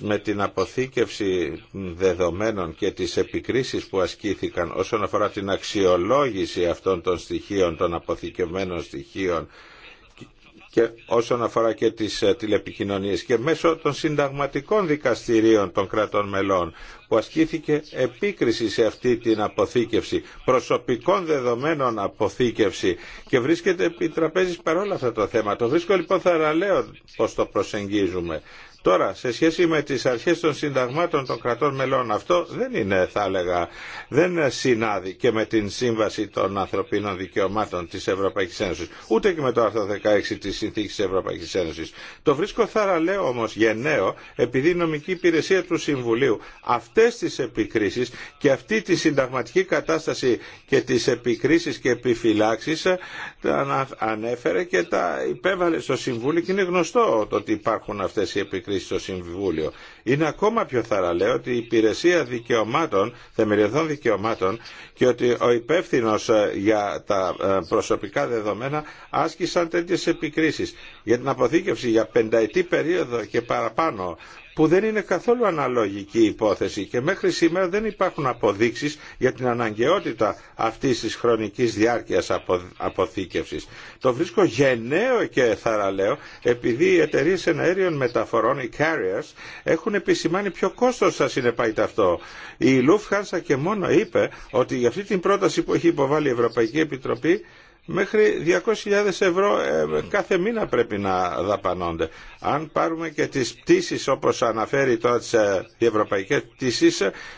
Με την αποθήκευση δεδομένων και τις επικρίσεις που ασκήθηκαν όσον αφορά την αξιολόγηση αυτών των στοιχείων, των αποθηκευμένων στοιχείων και όσον αφορά και τις ε, τηλεπικοινωνίες και μέσω των συνταγματικών δικαστηρίων των κρατών μελών που ασκήθηκε επίκριση σε αυτή την αποθήκευση, προσωπικών δεδομένων αποθήκευση και βρίσκεται επί τραπέζης παρόλα αυτά το θέμα. Το βρίσκω λοιπόν θαραλέο πώς το προσεγγίζουμε. Τώρα, σε σχέση με τις αρχές των συνταγμάτων των κρατών μελών, αυτό δεν είναι, θα έλεγα, δεν συνάδει και με την Σύμβαση των Ανθρωπίνων Δικαιωμάτων της Ευρωπαϊκής Ένωσης, ούτε και με το άρθρο 16 της Συνθήκης της Ευρωπαϊκής Ένωσης. Το βρίσκω θαραλέο όμως γενναίο, επειδή η νομική υπηρεσία του Συμβουλίου αυτές τις επικρίσεις και αυτή τη συνταγματική κατάσταση και τις επικρίσεις και επιφυλάξεις ε, ανέφερε και τα υπέβαλε στο Συμβούλιο και είναι γνωστό ότι υπάρχουν αυτές οι επικρίσεις στο Συμβούλιο. Είναι ακόμα πιο θαραλέο ότι η υπηρεσία δικαιωμάτων, θεμελιωδών δικαιωμάτων και ότι ο υπεύθυνο ε, για τα ε, προσωπικά δεδομένα άσκησαν τέτοιε επικρίσεις για την αποθήκευση για πενταετή περίοδο και παραπάνω που δεν είναι καθόλου αναλογική υπόθεση και μέχρι σήμερα δεν υπάρχουν αποδείξεις για την αναγκαιότητα αυτής της χρονικής διάρκειας αποθήκευσης. Το βρίσκω γενναίο και θαραλέο επειδή οι εταιρείε εναέριων μεταφορών, οι carriers, έχουν επισημάνει ποιο κόστος θα συνεπάγεται αυτό. Η Lufthansa και μόνο είπε ότι για αυτή την πρόταση που έχει υποβάλει η Ευρωπαϊκή Επιτροπή μέχρι 200.000 ευρώ ε, κάθε μήνα πρέπει να δαπανώνται. Αν πάρουμε και τις πτήσεις όπως αναφέρει τώρα τις, ε, οι ευρωπαϊκές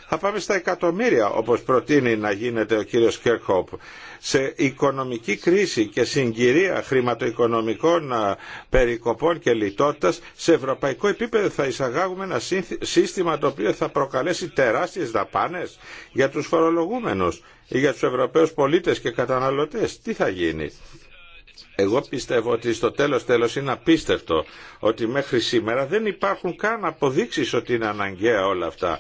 θα πάμε στα εκατομμύρια όπως προτείνει να γίνεται ο κύριος Κέρκοπ σε οικονομική κρίση και συγκυρία χρηματοοικονομικών περικοπών και λιτότητας σε ευρωπαϊκό επίπεδο θα εισαγάγουμε ένα σύστημα το οποίο θα προκαλέσει τεράστιες δαπάνες για τους φορολογούμενους ή για τους Ευρωπαίους πολίτες και καταναλωτές. Τι θα γίνει. Εγώ πιστεύω ότι στο τέλος τέλος είναι απίστευτο ότι μέχρι σήμερα δεν υπάρχουν καν αποδείξεις ότι είναι αναγκαία όλα αυτά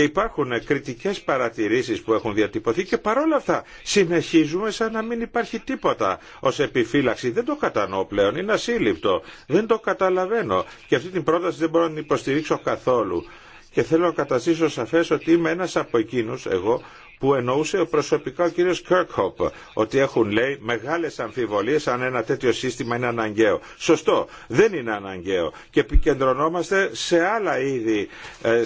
και υπάρχουν κριτικές παρατηρήσεις που έχουν διατυπωθεί και παρόλα αυτά συνεχίζουμε σαν να μην υπάρχει τίποτα ως επιφύλαξη. Δεν το κατανοώ πλέον, είναι ασύλληπτο, δεν το καταλαβαίνω και αυτή την πρόταση δεν μπορώ να την υποστηρίξω καθόλου. Και θέλω να καταστήσω σαφές ότι είμαι ένας από εκείνους εγώ που εννοούσε προσωπικά ο κύριος Κέρκοπ, ότι έχουν λέει μεγάλες αμφιβολίες αν ένα τέτοιο σύστημα είναι αναγκαίο. Σωστό, δεν είναι αναγκαίο και επικεντρωνόμαστε σε άλλα είδη ε, ε,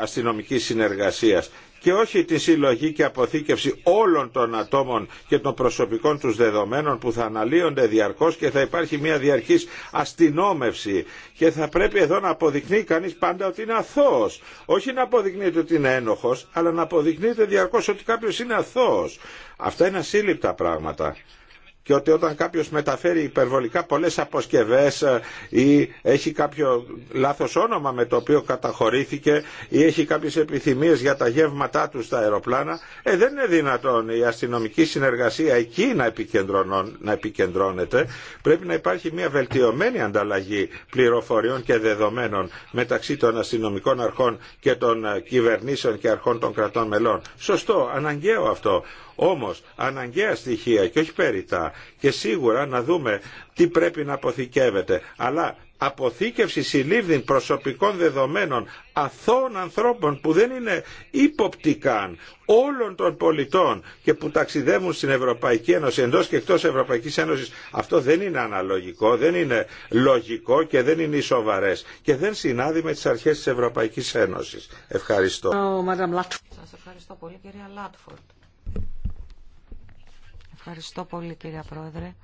αστυνομικής συνεργασίας και όχι τη συλλογή και αποθήκευση όλων των ατόμων και των προσωπικών τους δεδομένων που θα αναλύονται διαρκώς και θα υπάρχει μια διαρκής αστυνόμευση και θα πρέπει εδώ να αποδεικνύει κανείς πάντα ότι είναι αθώος όχι να αποδεικνύεται ότι είναι ένοχος αλλά να αποδεικνύεται διαρκώς ότι κάποιος είναι αθώος αυτά είναι ασύλληπτα πράγματα και ότι όταν κάποιος μεταφέρει υπερβολικά πολλές αποσκευές ε, ή έχει κάποιο λάθος όνομα με το οποίο καταχωρήθηκε ή έχει κάποιες επιθυμίες για τα γεύματά του στα αεροπλάνα, ε, δεν είναι δυνατόν η αστυνομική συνεργασία εκεί να, να επικεντρώνεται. Πρέπει να υπάρχει μια βελτιωμένη ανταλλαγή πληροφοριών και δεδομένων μεταξύ των αστυνομικών αρχών και των ε, κυβερνήσεων και αρχών των κρατών μελών. Σωστό, αναγκαίο αυτό. Όμως αναγκαία στοιχεία και όχι περιτά και σίγουρα να δούμε τι πρέπει να αποθηκεύεται. Αλλά αποθήκευση συλλήβδην προσωπικών δεδομένων αθώων ανθρώπων που δεν είναι ύποπτοι όλων των πολιτών και που ταξιδεύουν στην Ευρωπαϊκή Ένωση εντός και εκτός Ευρωπαϊκής Ένωσης αυτό δεν είναι αναλογικό, δεν είναι λογικό και δεν είναι ισοβαρές και δεν συνάδει με τις αρχές της Ευρωπαϊκής Ένωσης. Ευχαριστώ. Σας Ευχαριστώ πολύ κυρία Πρόεδρε.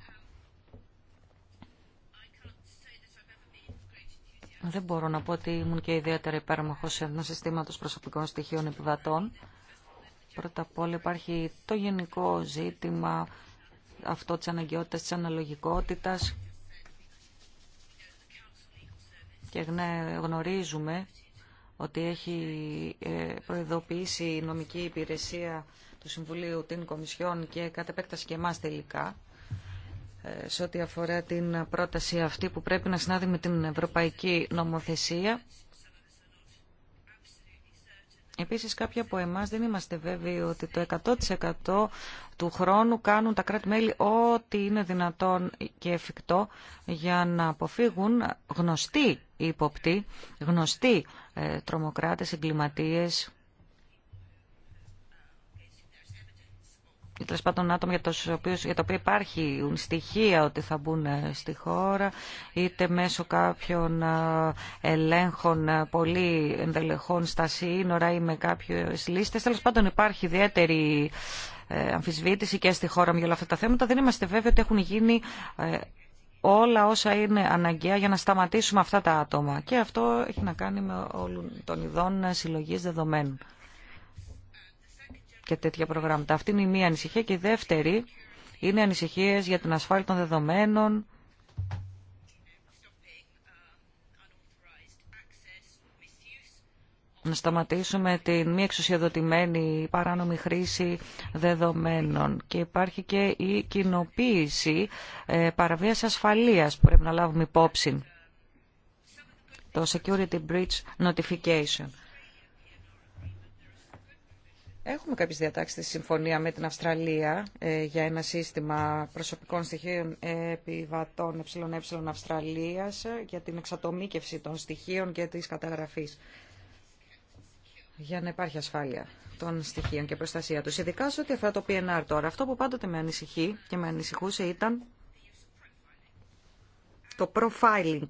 Δεν μπορώ να πω ότι ήμουν και ιδιαίτερα υπέρμαχος ενός συστήματος προσωπικών στοιχείων επιβατών. Πρώτα απ' όλα υπάρχει το γενικό ζήτημα, αυτό της αναγκαιότητας, της αναλογικότητας και γνωρίζουμε ότι έχει ε, προειδοποιήσει η νομική υπηρεσία του Συμβουλίου την Κομισιόν και κατ' επέκταση και εμάς τελικά ε, σε ό,τι αφορά την πρόταση αυτή που πρέπει να συνάδει με την Ευρωπαϊκή Νομοθεσία. Επίσης κάποιοι από εμάς δεν είμαστε βέβαιοι ότι το 100% του χρόνου κάνουν τα κράτη-μέλη ό,τι είναι δυνατόν και εφικτό για να αποφύγουν γνωστή υποπτή, γνωστή ε, τρομοκράτες, εγκληματίες τέλο πάντων άτομα για, για τα οποία υπάρχουν στοιχεία ότι θα μπουν ε, στη χώρα, είτε μέσω κάποιων ε, ελέγχων πολύ ενδελεχών στα σύνορα ή με κάποιες λίστες. Τέλο πάντων υπάρχει ιδιαίτερη αμφισβήτηση και στη χώρα με όλα αυτά τα θέματα. Δεν είμαστε βέβαιοι ότι έχουν γίνει όλα όσα είναι αναγκαία για να σταματήσουμε αυτά τα άτομα. Και αυτό έχει να κάνει με όλων των ειδών συλλογής δεδομένων και τέτοια προγράμματα. Αυτή είναι η μία ανησυχία και η δεύτερη είναι ανησυχίες για την ασφάλεια των δεδομένων, να σταματήσουμε την μη εξουσιοδοτημένη παράνομη χρήση δεδομένων. Και υπάρχει και η κοινοποίηση ε, ασφαλείας που πρέπει να λάβουμε υπόψη. Το Security Breach Notification. Έχουμε κάποιες διατάξεις στη συμφωνία με την Αυστραλία για ένα σύστημα προσωπικών στοιχείων επιβατών ε, Αυστραλίας για την εξατομίκευση των στοιχείων και της καταγραφής για να υπάρχει ασφάλεια των στοιχείων και προστασία του. Ειδικά σε ό,τι αφορά το PNR τώρα. Αυτό που πάντοτε με ανησυχεί και με ανησυχούσε ήταν το profiling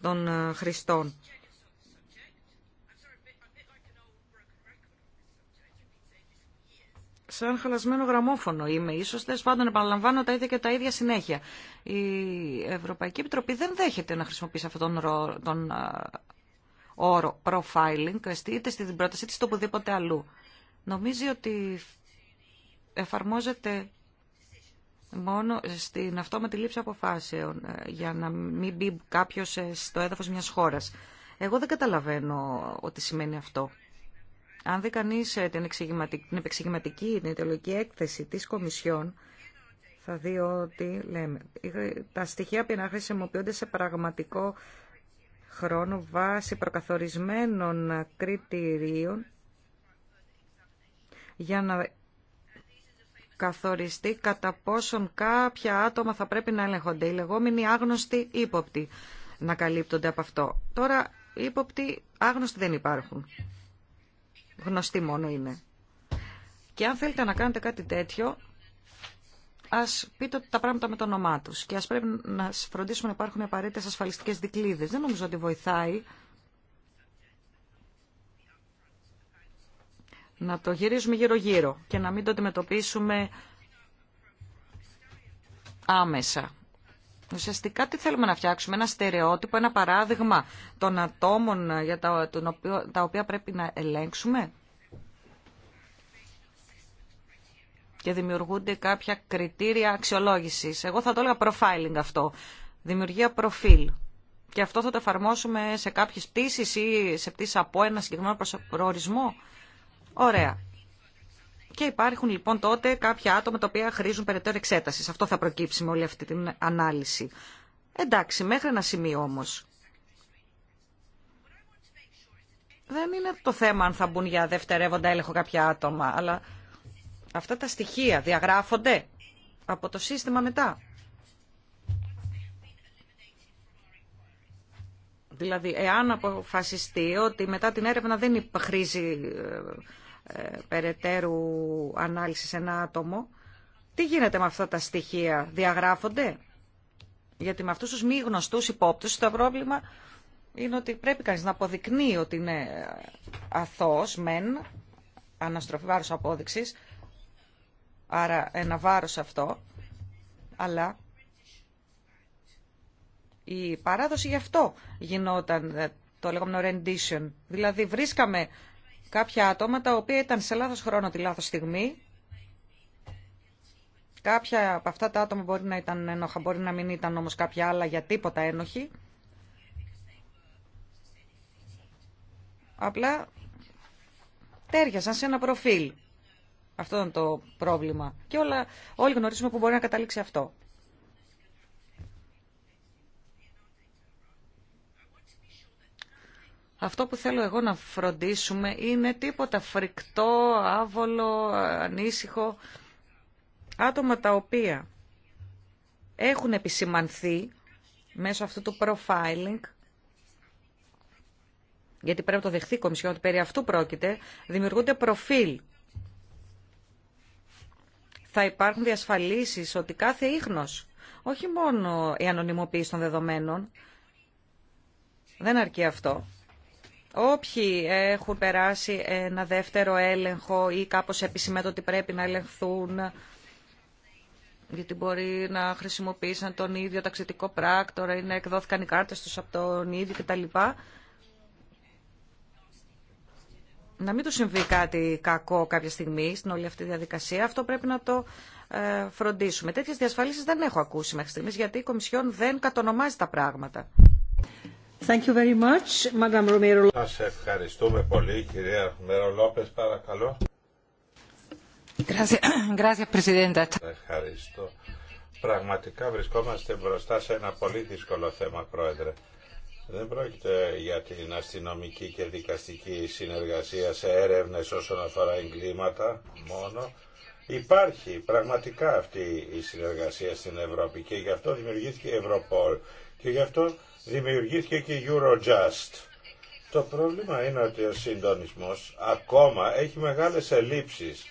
των ε, χρηστών. σαν χαλασμένο γραμμόφωνο είμαι. Ίσως τέλο πάντων επαναλαμβάνω τα ίδια και τα ίδια συνέχεια. Η Ευρωπαϊκή Επιτροπή δεν δέχεται να χρησιμοποιήσει αυτόν τον, τον ε, όρο profiling, είτε στην πρόταση είτε στο οπουδήποτε αλλού. Νομίζει ότι εφαρμόζεται μόνο στην αυτόματη λήψη αποφάσεων ε, για να μην μπει κάποιος ε, στο έδαφος μιας χώρας. Εγώ δεν καταλαβαίνω ότι σημαίνει αυτό. Αν δει κανεί ε, την, την επεξηγηματική, την ιδεολογική έκθεση της Κομισιόν, θα δει ότι λέμε, τα στοιχεία που χρησιμοποιούνται σε πραγματικό Χρόνο βάσει προκαθορισμένων κριτηρίων για να καθοριστεί κατά πόσον κάποια άτομα θα πρέπει να ελεγχονται. Οι λεγόμενοι άγνωστοι ύποπτοι να καλύπτονται από αυτό. Τώρα ύποπτοι άγνωστοι δεν υπάρχουν. Γνωστοί μόνο είναι. Και αν θέλετε να κάνετε κάτι τέτοιο, ας πείτε τα πράγματα με το όνομά του. και ας πρέπει να φροντίσουμε να υπάρχουν απαραίτητε ασφαλιστικές δικλείδε. Δεν νομίζω ότι βοηθάει να το γυρίζουμε γύρω-γύρω και να μην το αντιμετωπίσουμε άμεσα. Ουσιαστικά τι θέλουμε να φτιάξουμε, ένα στερεότυπο, ένα παράδειγμα των ατόμων για τα, τα οποία πρέπει να ελέγξουμε. και δημιουργούνται κάποια κριτήρια αξιολόγηση. Εγώ θα το έλεγα profiling αυτό, δημιουργία προφίλ. Και αυτό θα το εφαρμόσουμε σε κάποιε πτήσει ή σε πτήσει από ένα συγκεκριμένο προορισμό. Ωραία. Και υπάρχουν λοιπόν τότε κάποια άτομα τα οποία χρήζουν περαιτέρω εξέταση. Αυτό θα προκύψει με όλη αυτή την ανάλυση. Εντάξει, μέχρι ένα σημείο όμω. Δεν είναι το θέμα αν θα μπουν για δευτερεύοντα έλεγχο κάποια άτομα, αλλά Αυτά τα στοιχεία διαγράφονται από το σύστημα μετά. Δηλαδή, εάν αποφασιστεί ότι μετά την έρευνα δεν ε, ε, περαιτέρου ανάλυση σε ένα άτομο, τι γίνεται με αυτά τα στοιχεία, διαγράφονται. Γιατί με αυτούς τους μη γνωστούς υπόπτους το πρόβλημα είναι ότι πρέπει κανείς να αποδεικνύει ότι είναι αθώος, μεν, αναστροφή βάρους απόδειξης, άρα ένα βάρος αυτό, αλλά η παράδοση γι' αυτό γινόταν ε, το λεγόμενο rendition. Δηλαδή βρίσκαμε κάποια άτομα τα οποία ήταν σε λάθος χρόνο τη λάθος στιγμή. Κάποια από αυτά τα άτομα μπορεί να ήταν ένοχα, μπορεί να μην ήταν όμως κάποια άλλα για τίποτα ένοχη. Απλά τέριασαν σε ένα προφίλ αυτό ήταν το πρόβλημα. Και όλα, όλοι γνωρίζουμε που μπορεί να καταλήξει αυτό. Αυτό που θέλω εγώ να φροντίσουμε είναι τίποτα φρικτό, άβολο, ανήσυχο. Άτομα τα οποία έχουν επισημανθεί μέσω αυτού του profiling, γιατί πρέπει να το δεχθεί η Κομισιόν ότι περί αυτού πρόκειται, δημιουργούνται προφίλ θα υπάρχουν διασφαλίσεις ότι κάθε ίχνος, όχι μόνο η ανωνυμοποίηση των δεδομένων, δεν αρκεί αυτό. Όποιοι έχουν περάσει ένα δεύτερο έλεγχο ή κάπως επισημαίνονται ότι πρέπει να ελεγχθούν γιατί μπορεί να χρησιμοποίησαν τον ίδιο ταξιτικό πράκτορα ή να εκδόθηκαν οι κάρτες τους από τον ίδιο κτλ να μην του συμβεί κάτι κακό κάποια στιγμή στην όλη αυτή τη διαδικασία. Αυτό πρέπει να το ε, φροντίσουμε. Τέτοιε διασφαλίσει δεν έχω ακούσει μέχρι στιγμή γιατί η Κομισιόν δεν κατονομάζει τα πράγματα. Thank you very much, Romero. Σας ευχαριστούμε πολύ, κυρία Ρομέρο παρακαλώ. Ευχαριστώ. Πραγματικά βρισκόμαστε μπροστά σε ένα πολύ δύσκολο θέμα, Πρόεδρε. Δεν πρόκειται για την αστυνομική και δικαστική συνεργασία σε έρευνες όσον αφορά εγκλήματα μόνο. Υπάρχει πραγματικά αυτή η συνεργασία στην Ευρώπη και γι' αυτό δημιουργήθηκε η Ευρωπόλ και γι' αυτό δημιουργήθηκε και η Eurojust. Το πρόβλημα είναι ότι ο συντονισμός ακόμα έχει μεγάλες ελλείψεις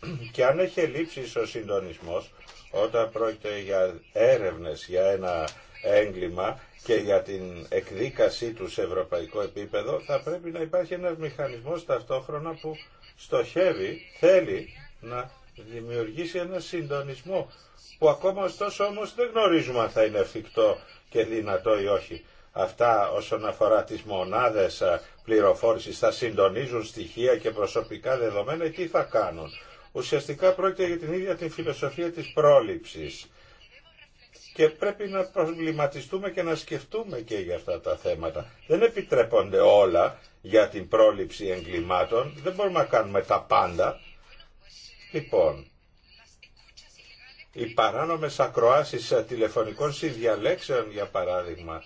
και αν έχει ελλείψεις ο συντονισμός όταν πρόκειται για έρευνες για ένα έγκλημα και για την εκδίκασή του σε ευρωπαϊκό επίπεδο θα πρέπει να υπάρχει ένας μηχανισμός ταυτόχρονα που στοχεύει, θέλει να δημιουργήσει ένα συντονισμό που ακόμα ωστόσο όμως δεν γνωρίζουμε αν θα είναι εφικτό και δυνατό ή όχι. Αυτά όσον αφορά τις μονάδες πληροφόρησης θα συντονίζουν στοιχεία και προσωπικά δεδομένα ή τι θα κάνουν. Ουσιαστικά πρόκειται για την ίδια την φιλοσοφία της πρόληψης και πρέπει να προβληματιστούμε και να σκεφτούμε και για αυτά τα θέματα. Δεν επιτρέπονται όλα για την πρόληψη εγκλημάτων, δεν μπορούμε να κάνουμε τα πάντα. Λοιπόν, οι παράνομες ακροάσεις τηλεφωνικών συνδιαλέξεων για παράδειγμα,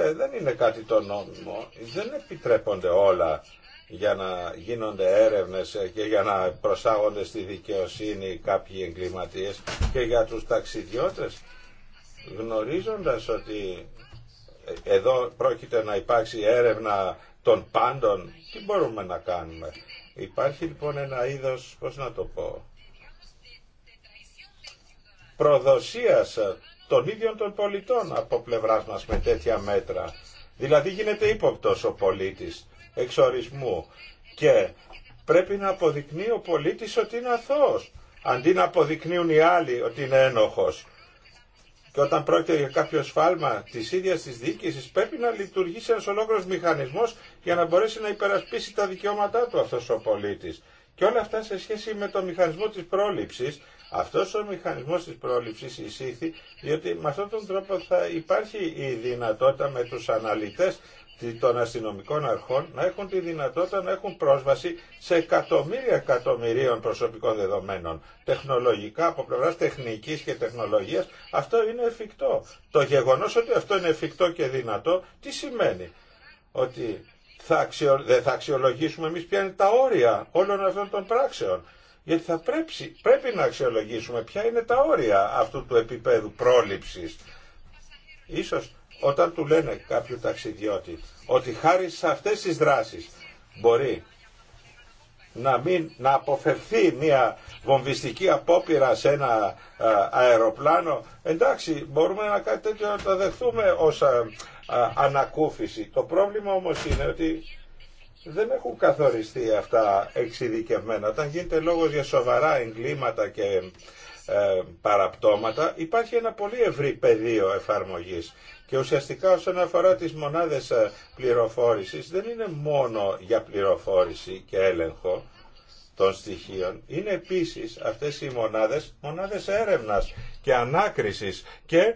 ε, δεν είναι κάτι το νόμιμο, δεν επιτρέπονται όλα για να γίνονται έρευνες και για να προσάγονται στη δικαιοσύνη κάποιοι εγκληματίες και για τους ταξιδιώτες γνωρίζοντας ότι ε, εδώ πρόκειται να υπάρξει έρευνα των πάντων, τι μπορούμε να κάνουμε. Υπάρχει λοιπόν ένα είδος, πώς να το πω, προδοσίας των ίδιων των πολιτών από πλευράς μας με τέτοια μέτρα. Δηλαδή γίνεται ύποπτος ο πολίτης εξορισμού και πρέπει να αποδεικνύει ο πολίτης ότι είναι αθώος αντί να αποδεικνύουν οι άλλοι ότι είναι ένοχος. Και όταν πρόκειται για κάποιο σφάλμα τη ίδια τη διοίκηση, πρέπει να λειτουργήσει ένα ολόκληρο μηχανισμό για να μπορέσει να υπερασπίσει τα δικαιώματά του αυτό ο πολίτη. Και όλα αυτά σε σχέση με το μηχανισμό τη πρόληψη. Αυτό ο μηχανισμό τη πρόληψη εισήχθη, διότι με αυτόν τον τρόπο θα υπάρχει η δυνατότητα με του αναλυτέ των αστυνομικών αρχών να έχουν τη δυνατότητα να έχουν πρόσβαση σε εκατομμύρια εκατομμυρίων προσωπικών δεδομένων. Τεχνολογικά, από πλευρά τεχνική και τεχνολογία, αυτό είναι εφικτό. Το γεγονό ότι αυτό είναι εφικτό και δυνατό, τι σημαίνει. Ότι δεν θα αξιολογήσουμε εμεί ποια είναι τα όρια όλων αυτών των πράξεων. Γιατί θα πρέπει, πρέπει να αξιολογήσουμε ποια είναι τα όρια αυτού του επίπεδου πρόληψης. Ίσως όταν του λένε κάποιου ταξιδιώτη ότι χάρη σε αυτές τις δράσεις μπορεί να, μην, να αποφευθεί μια βομβιστική απόπειρα σε ένα ε, αεροπλάνο εντάξει μπορούμε να κάτι τέτοιο να το δεχθούμε ως ε, ε, ανακούφιση το πρόβλημα όμως είναι ότι δεν έχουν καθοριστεί αυτά εξειδικευμένα όταν γίνεται λόγο για σοβαρά εγκλήματα και παραπτώματα υπάρχει ένα πολύ ευρύ πεδίο εφαρμογής και ουσιαστικά όσον αφορά τις μονάδες ε, πληροφόρησης δεν είναι μόνο για πληροφόρηση και έλεγχο των στοιχείων. Είναι επίσης αυτές οι μονάδες, μονάδες έρευνας και ανάκρισης και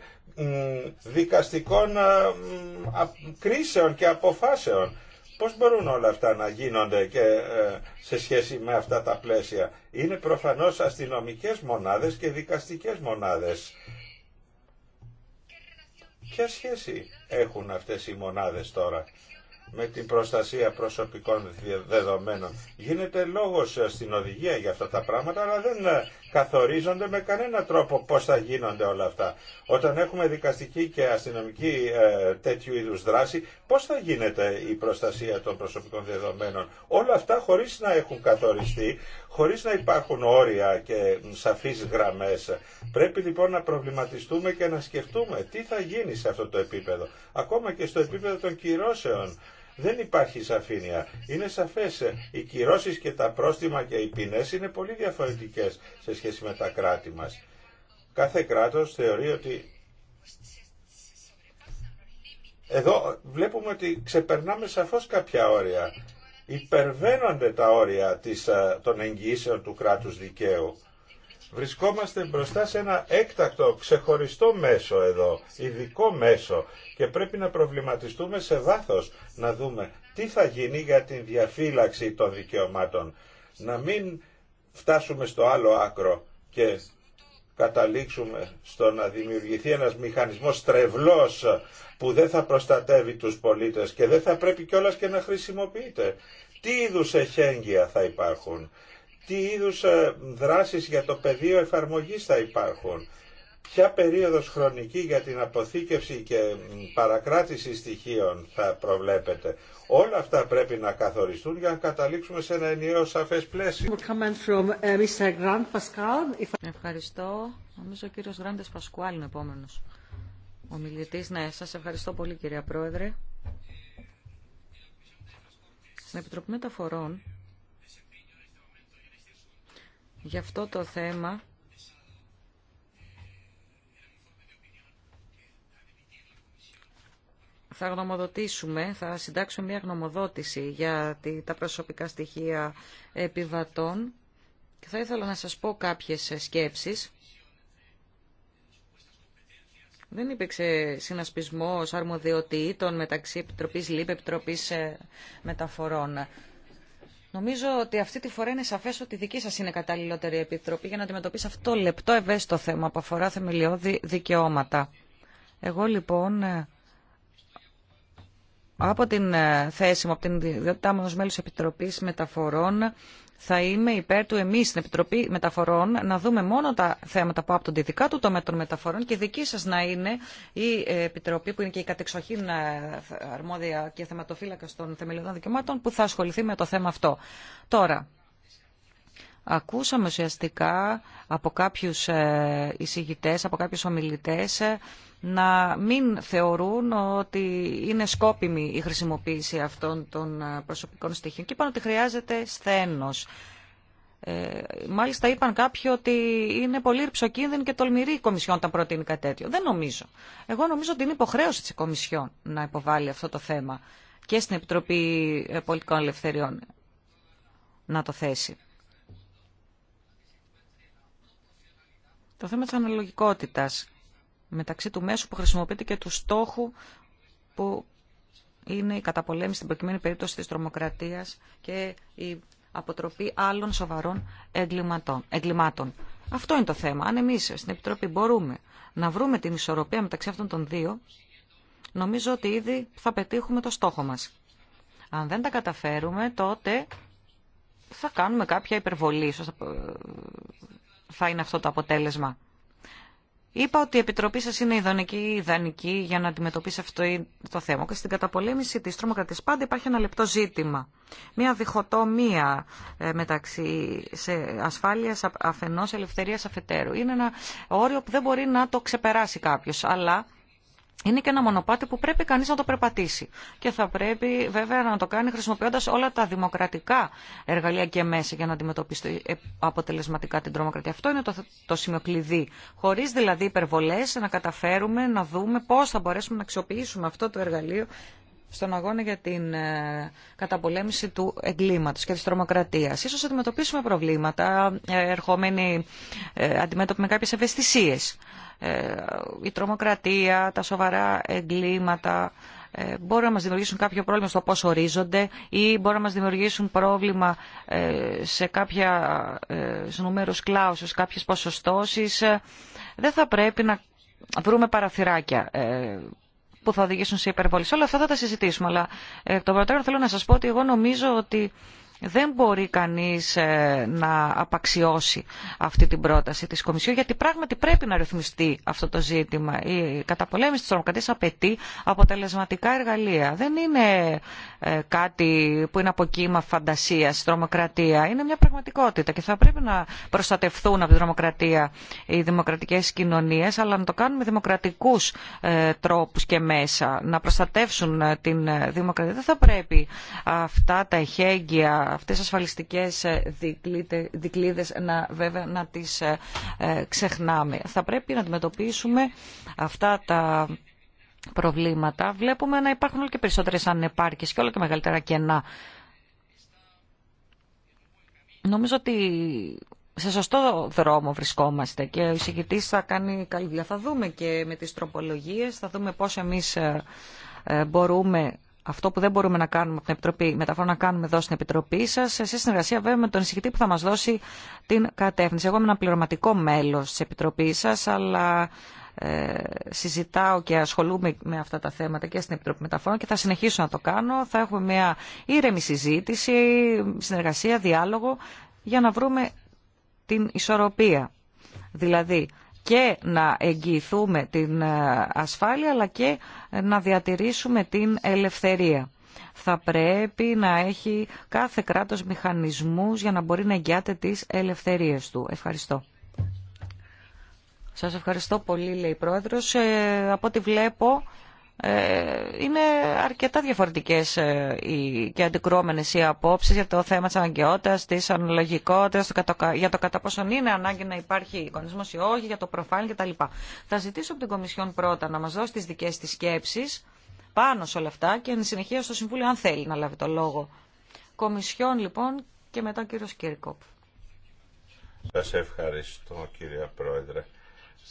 δικαστικών ε, κρίσεων και αποφάσεων. Πώς μπορούν όλα αυτά να γίνονται και ε, σε σχέση με αυτά τα πλαίσια. Είναι προφανώς αστυνομικές μονάδες και δικαστικές μονάδες Ποια σχέση έχουν αυτές οι μονάδες τώρα με την προστασία προσωπικών δεδομένων. Γίνεται λόγος στην οδηγία για αυτά τα πράγματα, αλλά δεν καθορίζονται με κανένα τρόπο πώς θα γίνονται όλα αυτά. Όταν έχουμε δικαστική και αστυνομική ε, τέτοιου είδους δράση, πώς θα γίνεται η προστασία των προσωπικών δεδομένων. Όλα αυτά χωρίς να έχουν καθοριστεί, χωρίς να υπάρχουν όρια και σαφείς γραμμές. Πρέπει λοιπόν να προβληματιστούμε και να σκεφτούμε τι θα γίνει σε αυτό το επίπεδο. Ακόμα και στο επίπεδο των κυρώσεων δεν υπάρχει σαφήνεια. Είναι σαφέ. οι κυρώσει και τα πρόστιμα και οι ποινέ είναι πολύ διαφορετικές σε σχέση με τα κράτη μα. Κάθε κράτος θεωρεί ότι εδώ βλέπουμε ότι ξεπερνάμε σαφώς κάποια όρια. Υπερβαίνονται τα όρια της, ε, των εγγυήσεων του κράτους δικαίου. Βρισκόμαστε μπροστά σε ένα έκτακτο, ξεχωριστό μέσο εδώ, ειδικό μέσο και πρέπει να προβληματιστούμε σε βάθος να δούμε τι θα γίνει για την διαφύλαξη των δικαιωμάτων. Να μην φτάσουμε στο άλλο άκρο και καταλήξουμε στο να δημιουργηθεί ένας μηχανισμός τρευλός που δεν θα προστατεύει τους πολίτες και δεν θα πρέπει κιόλας και να χρησιμοποιείται. Τι είδους εχέγγυα θα υπάρχουν, τι είδους ε, δράσεις για το πεδίο εφαρμογής θα υπάρχουν. Ποια περίοδος χρονική για την αποθήκευση και παρακράτηση στοιχείων θα προβλέπετε. Όλα αυτά πρέπει να καθοριστούν για να καταλήξουμε σε ένα ενιαίο σαφές πλαίσιο. Ε, ευχαριστώ. Νομίζω ο κύριος Γράντες Πασκουάλ είναι επόμενος. Ο μιλητής, ναι, σας ευχαριστώ πολύ κυρία Πρόεδρε. Στην Επιτροπή Μεταφορών για αυτό το θέμα θα γνωμοδοτήσουμε, θα συντάξουμε μια γνωμοδότηση για τα προσωπικά στοιχεία επιβατών και θα ήθελα να σας πω κάποιες σκέψεις. Δεν υπήρξε συνασπισμός αρμοδιοτήτων μεταξύ Επιτροπής ΛΥΠ, Επιτροπής ε, Μεταφορών. Νομίζω ότι αυτή τη φορά είναι σαφέ ότι δική σα είναι καταλληλότερη επιτροπή για να αντιμετωπίσει αυτό το λεπτό ευαίσθητο θέμα που αφορά θεμελιώδη δικαιώματα. Εγώ λοιπόν ε, από την ε, θέση μου, από την ιδιότητά μου ως μέλος Επιτροπής Μεταφορών θα είμαι υπέρ του εμείς στην Επιτροπή Μεταφορών να δούμε μόνο τα θέματα που άπτονται ειδικά του τομέα των μεταφορών και δική σας να είναι η ε, Επιτροπή που είναι και η κατεξοχήν ε, αρμόδια και θεματοφύλακα των θεμελιωδών δικαιωμάτων που θα ασχοληθεί με το θέμα αυτό. Τώρα, ακούσαμε ουσιαστικά από κάποιους ε, εισηγητέ, από κάποιους ομιλητέ, να μην θεωρούν ότι είναι σκόπιμη η χρησιμοποίηση αυτών των ε, προσωπικών στοιχείων και είπαν ότι χρειάζεται σθένος. Ε, μάλιστα είπαν κάποιοι ότι είναι πολύ ρηψοκίνδυνη και τολμηρή η Κομισιόν όταν προτείνει κάτι τέτοιο. Δεν νομίζω. Εγώ νομίζω ότι είναι υποχρέωση της Κομισιόν να υποβάλει αυτό το θέμα και στην Επιτροπή ε, Πολιτικών Ελευθεριών να το θέσει. Το θέμα της αναλογικότητας μεταξύ του μέσου που χρησιμοποιείται και του στόχου που είναι η καταπολέμηση στην προκειμένη περίπτωση της τρομοκρατίας και η αποτροπή άλλων σοβαρών εγκλημάτων. Αυτό είναι το θέμα. Αν εμείς στην Επιτροπή μπορούμε να βρούμε την ισορροπία μεταξύ αυτών των δύο, νομίζω ότι ήδη θα πετύχουμε το στόχο μας. Αν δεν τα καταφέρουμε, τότε θα κάνουμε κάποια υπερβολή. Ίσως θα ε, είναι αυτό το αποτέλεσμα. Είπα ότι η Επιτροπή σα είναι ιδανική ιδανική για να αντιμετωπίσει αυτό το θέμα. Και στην καταπολέμηση της τρομοκρατίας πάντα υπάρχει ένα λεπτό ζήτημα. Μία διχοτομία ε, μεταξύ ασφάλεια, αφενό, αφενός ελευθερίας αφετέρου. Είναι ένα όριο που δεν μπορεί να το ξεπεράσει κάποιο, Αλλά είναι και ένα μονοπάτι που πρέπει κανείς να το περπατήσει. Και θα πρέπει βέβαια να το κάνει χρησιμοποιώντας όλα τα δημοκρατικά εργαλεία και μέσα για να αντιμετωπίσει αποτελεσματικά την τρομοκρατία. Αυτό είναι το, το σημείο κλειδί. Χωρίς δηλαδή υπερβολές να καταφέρουμε να δούμε πώς θα μπορέσουμε να αξιοποιήσουμε αυτό το εργαλείο στον αγώνα για την ε, καταπολέμηση του εγκλήματος και της τρομοκρατίας. Ίσως αντιμετωπίσουμε προβλήματα ε, ερχόμενοι ε, αντιμέτωποι με κάποιες ευαισθησίες. Ε, η τρομοκρατία, τα σοβαρά εγκλήματα ε, μπορούν να μας δημιουργήσουν κάποιο πρόβλημα στο πώς ορίζονται ή μπορούν να μας δημιουργήσουν πρόβλημα ε, σε κάποια σε νούμερους σε κάποιες ποσοστώσεις. Δεν θα πρέπει να βρούμε παραθυράκια που θα οδηγήσουν σε υπερβολή. Όλα αυτά θα τα συζητήσουμε, αλλά το των θέλω να σας πω ότι εγώ νομίζω ότι δεν μπορεί κανείς ε, να απαξιώσει αυτή την πρόταση της Κομισιού γιατί πράγματι πρέπει να ρυθμιστεί αυτό το ζήτημα. Η καταπολέμηση της τρομοκρατίας απαιτεί αποτελεσματικά εργαλεία. Δεν είναι ε, κάτι που είναι από κύμα φαντασίας, τρομοκρατία. Είναι μια πραγματικότητα και θα πρέπει να προστατευτούν από τη τρομοκρατία οι δημοκρατικές κοινωνίες αλλά να το κάνουν με δημοκρατικούς ε, τρόπους και μέσα. Να προστατεύσουν την δημοκρατία. Δεν θα πρέπει αυτά τα εχέγγυα αυτές τις ασφαλιστικές ε, δικλίδες να, βέβαια να τις ε, ε, ξεχνάμε. Θα πρέπει να αντιμετωπίσουμε αυτά τα προβλήματα. Βλέπουμε να υπάρχουν όλο και περισσότερες ανεπάρκειες και όλο και μεγαλύτερα κενά. Νομίζω ότι σε σωστό δρόμο βρισκόμαστε και ο εισηγητής θα κάνει καλή δουλειά. Θα δούμε και με τις τροπολογίες, θα δούμε πώς εμείς μπορούμε αυτό που δεν μπορούμε να κάνουμε από την Επιτροπή Μεταφορών να κάνουμε εδώ στην Επιτροπή σα, σε συνεργασία βέβαια με τον εισηγητή που θα μα δώσει την κατεύθυνση. Εγώ είμαι ένα πληρωματικό μέλο τη Επιτροπή σα, αλλά ε, συζητάω και ασχολούμαι με αυτά τα θέματα και στην Επιτροπή Μεταφορών και θα συνεχίσω να το κάνω. Θα έχουμε μια ήρεμη συζήτηση, συνεργασία, διάλογο για να βρούμε την ισορροπία. Δηλαδή, και να εγγυηθούμε την ε, ασφάλεια αλλά και να διατηρήσουμε την ελευθερία. Θα πρέπει να έχει κάθε κράτος μηχανισμούς για να μπορεί να εγγυάται τις ελευθερίες του. Ευχαριστώ. Σας ευχαριστώ πολύ, λέει η Πρόεδρος. Ε, από ό,τι βλέπω, ε, είναι αρκετά διαφορετικές ε, και αντικρουόμενες οι απόψεις για το θέμα της αναγκαιότητας, της αναλογικότητας, για το κατά πόσον είναι ανάγκη να υπάρχει εικονισμός ή όχι, για το τα κτλ. Θα ζητήσω από την Κομισιόν πρώτα να μας δώσει τις δικές της σκέψεις πάνω σε όλα αυτά και εν συνεχεία στο Συμβούλιο αν θέλει να λάβει το λόγο. Κομισιόν λοιπόν και μετά ο κύριος Κύρκοπ. Σα ευχαριστώ κύριε Πρόεδρε.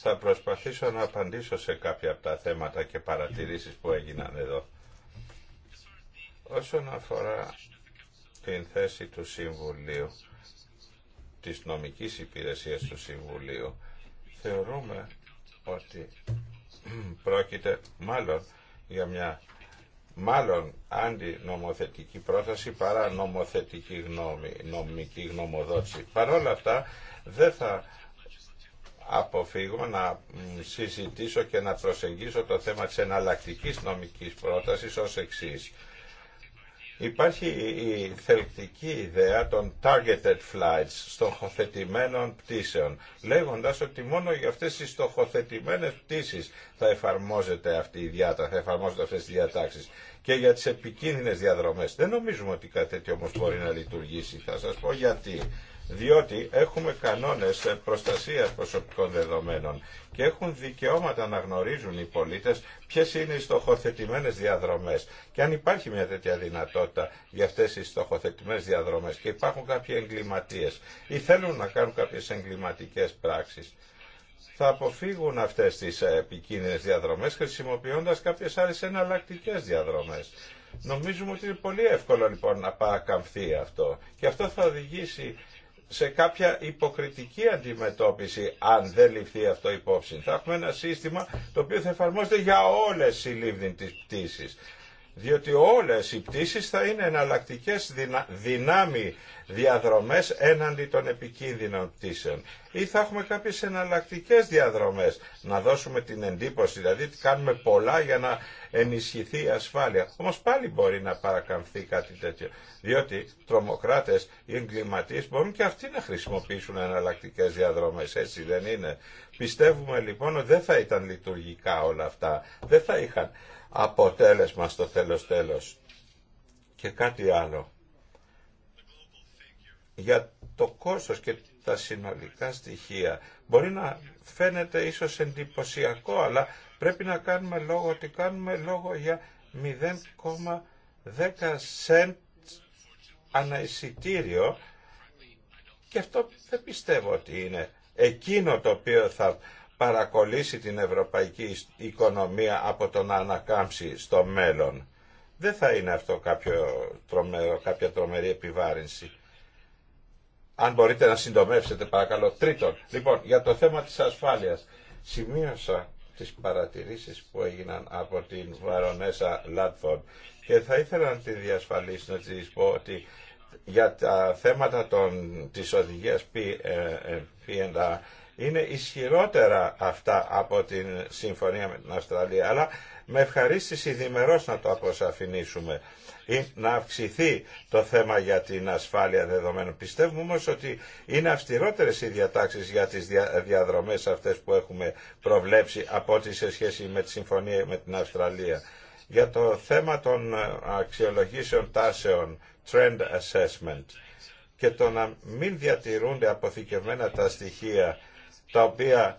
Θα προσπαθήσω να απαντήσω σε κάποια από τα θέματα και παρατηρήσεις που έγιναν εδώ. Όσον αφορά την θέση του Συμβουλίου, της νομικής υπηρεσίας του Συμβουλίου, θεωρούμε ότι πρόκειται μάλλον για μια μάλλον αντινομοθετική πρόταση παρά νομοθετική γνώμη, νομική γνωμοδότηση. Παρ' όλα αυτά δεν θα αποφύγω να συζητήσω και να προσεγγίσω το θέμα της εναλλακτική νομικής πρότασης ως εξή. Υπάρχει η θελκτική ιδέα των targeted flights, στοχοθετημένων πτήσεων, λέγοντας ότι μόνο για αυτές τις στοχοθετημένες πτήσεις θα εφαρμόζεται αυτή η διάταξη, θα εφαρμόζονται αυτές τις διατάξεις και για τις επικίνδυνες διαδρομές. Δεν νομίζουμε ότι κάτι τέτοιο όμως μπορεί να λειτουργήσει. Θα σας πω γιατί διότι έχουμε κανόνες προστασίας προσωπικών δεδομένων και έχουν δικαιώματα να γνωρίζουν οι πολίτες ποιες είναι οι στοχοθετημένες διαδρομές. Και αν υπάρχει μια τέτοια δυνατότητα για αυτές τι στοχοθετημένες διαδρομές και υπάρχουν κάποιοι εγκληματίες ή θέλουν να κάνουν κάποιες εγκληματικές πράξεις, θα αποφύγουν αυτές τις ε, επικίνδυνες διαδρομές χρησιμοποιώντας κάποιες άλλες εναλλακτικέ διαδρομές. Νομίζουμε ότι είναι πολύ εύκολο λοιπόν να παρακαμφθεί αυτό και αυτό θα οδηγήσει σε κάποια υποκριτική αντιμετώπιση αν δεν ληφθεί αυτό υπόψη. Θα έχουμε ένα σύστημα το οποίο θα εφαρμόζεται για όλες οι λίβδιν της πτήσης διότι όλες οι πτήσεις θα είναι εναλλακτικέ δυνάμει διαδρομές έναντι των επικίνδυνων πτήσεων. Ή θα έχουμε κάποιες εναλλακτικέ διαδρομές, να δώσουμε την εντύπωση, δηλαδή κάνουμε πολλά για να ενισχυθεί η ασφάλεια. Όμως πάλι μπορεί να παρακαμφθεί κάτι τέτοιο, διότι τρομοκράτες ή εγκληματίες μπορούν και αυτοί να χρησιμοποιήσουν εναλλακτικέ διαδρομές, έτσι δεν είναι. Πιστεύουμε λοιπόν ότι δεν θα ήταν λειτουργικά όλα αυτά, δεν θα είχαν αποτέλεσμα στο τέλος τέλος. Και κάτι άλλο. Για το κόστος και τα συνολικά στοιχεία. Μπορεί να φαίνεται ίσως εντυπωσιακό, αλλά πρέπει να κάνουμε λόγο ότι κάνουμε λόγο για 0,10 σέντ εισιτήριο και αυτό δεν πιστεύω ότι είναι εκείνο το οποίο θα παρακολύσει την ευρωπαϊκή οικονομία από το να ανακάμψει στο μέλλον. Δεν θα είναι αυτό κάποιο τρομερό, κάποια τρομερή επιβάρυνση. Αν μπορείτε να συντομεύσετε παρακαλώ. Τρίτον, λοιπόν, για το θέμα της ασφάλειας. Σημείωσα τις παρατηρήσεις που έγιναν από την Βαρονέσα Λάτφορντ και θα ήθελα να τη διασφαλίσω να της πω ότι για τα θέματα των, της οδηγίας ε, ε, είναι ισχυρότερα αυτά από την συμφωνία με την Αυστραλία, αλλά με ευχαρίστηση διμερώς να το αποσαφηνίσουμε ή να αυξηθεί το θέμα για την ασφάλεια δεδομένων. Πιστεύουμε όμως ότι είναι αυστηρότερες οι διατάξεις για τις διαδρομές αυτές που έχουμε προβλέψει από ό,τι σε σχέση με τη συμφωνία με την Αυστραλία. Για το θέμα των αξιολογήσεων τάσεων, trend assessment, και το να μην διατηρούνται αποθηκευμένα τα στοιχεία τα οποία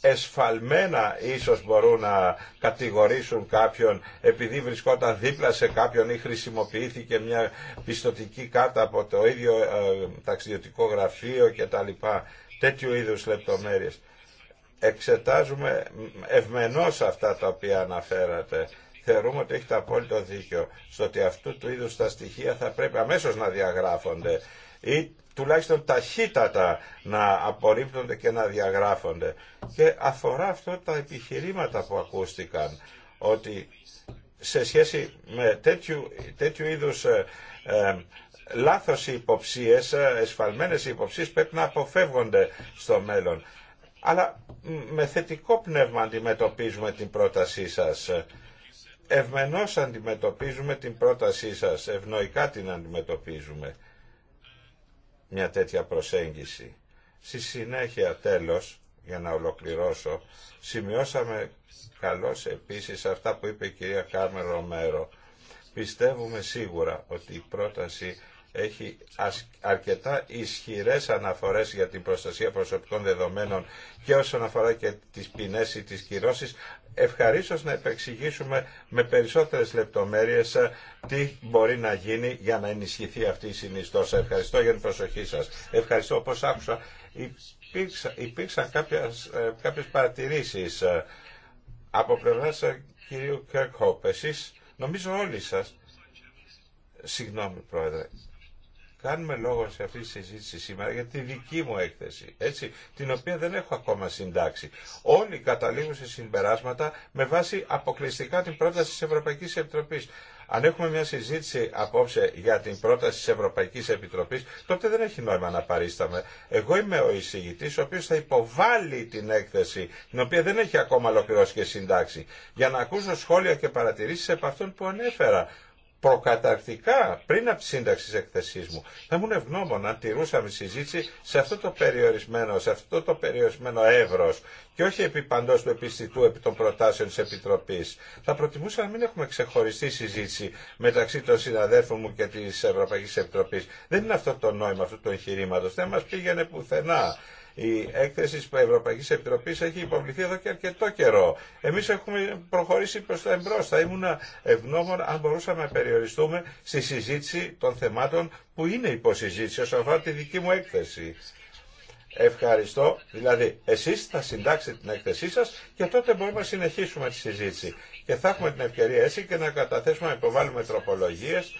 εσφαλμένα ίσως μπορούν να κατηγορήσουν κάποιον επειδή βρισκόταν δίπλα σε κάποιον ή χρησιμοποιήθηκε μια πιστοτική κάρτα από το ίδιο ε, ταξιδιωτικό γραφείο κτλ. Τέτοιου είδους λεπτομέρειες. Εξετάζουμε ευμενώς αυτά τα οποία αναφέρατε. Θεωρούμε ότι έχετε απόλυτο δίκιο στο ότι αυτού του είδους τα στοιχεία θα πρέπει αμέσως να διαγράφονται ή τουλάχιστον ταχύτατα να απορρίπτονται και να διαγράφονται. Και αφορά αυτό τα επιχειρήματα που ακούστηκαν, ότι σε σχέση με τέτοιου, τέτοιου είδους ε, ε, λάθος υποψίες, ε, εσφαλμένες υποψίες πρέπει να αποφεύγονται στο μέλλον. Αλλά με θετικό πνεύμα αντιμετωπίζουμε την πρότασή σας. Ευμενώς αντιμετωπίζουμε την πρότασή σας, ευνοϊκά την αντιμετωπίζουμε μια τέτοια προσέγγιση. Στη συνέχεια τέλος, για να ολοκληρώσω, σημειώσαμε καλώς επίσης αυτά που είπε η κυρία Κάμερο Μέρο. Πιστεύουμε σίγουρα ότι η πρόταση έχει αρκετά ισχυρές αναφορές για την προστασία προσωπικών δεδομένων και όσον αφορά και τις ποινές ή τις κυρώσεις, Ευχαριστώ να επεξηγήσουμε με περισσότερες λεπτομέρειες ε, τι μπορεί να γίνει για να ενισχυθεί αυτή η συνιστόσα. Ευχαριστώ για την προσοχή σας. Ευχαριστώ όπως άκουσα. Υπήρξαν, κάποιε ε, κάποιες, παρατηρήσεις ε, από πλευράς κυρίου Κερκόπ. Εσείς, νομίζω όλοι σας, συγγνώμη πρόεδρε, κάνουμε λόγο σε αυτή τη συζήτηση σήμερα για τη δική μου έκθεση, έτσι, την οποία δεν έχω ακόμα συντάξει. Όλοι καταλήγουν σε συμπεράσματα με βάση αποκλειστικά την πρόταση της Ευρωπαϊκής Επιτροπής. Αν έχουμε μια συζήτηση απόψε για την πρόταση της Ευρωπαϊκής Επιτροπής, τότε δεν έχει νόημα να παρίσταμε. Εγώ είμαι ο εισηγητής ο οποίος θα υποβάλει την έκθεση, την οποία δεν έχει ακόμα ολοκληρώσει και συντάξει, για να ακούσω σχόλια και παρατηρήσεις από αυτόν που ανέφερα προκαταρκτικά πριν από τη σύνταξη τη εκθεσή μου. Θα ήμουν ευγνώμων αν τηρούσαμε συζήτηση σε αυτό το περιορισμένο, σε αυτό το περιορισμένο εύρο και όχι επί παντό του επιστητού επί των προτάσεων τη Επιτροπή. Θα προτιμούσα να μην έχουμε ξεχωριστή συζήτηση μεταξύ των συναδέλφων μου και τη Ευρωπαϊκή Επιτροπή. Δεν είναι αυτό το νόημα αυτού του εγχειρήματο. Δεν μα πήγαινε πουθενά. Η έκθεση τη Ευρωπαϊκή Επιτροπής έχει υποβληθεί εδώ και αρκετό καιρό. Εμεί έχουμε προχωρήσει προς τα εμπρό. Θα ήμουν ευγνώμων αν μπορούσαμε να περιοριστούμε στη συζήτηση των θεμάτων που είναι υποσυζήτηση όσον αφορά τη δική μου έκθεση. Ευχαριστώ. Δηλαδή, εσείς θα συντάξετε την έκθεσή σας και τότε μπορούμε να συνεχίσουμε τη συζήτηση. Και θα έχουμε την ευκαιρία έτσι και να καταθέσουμε να υποβάλουμε τροπολογίες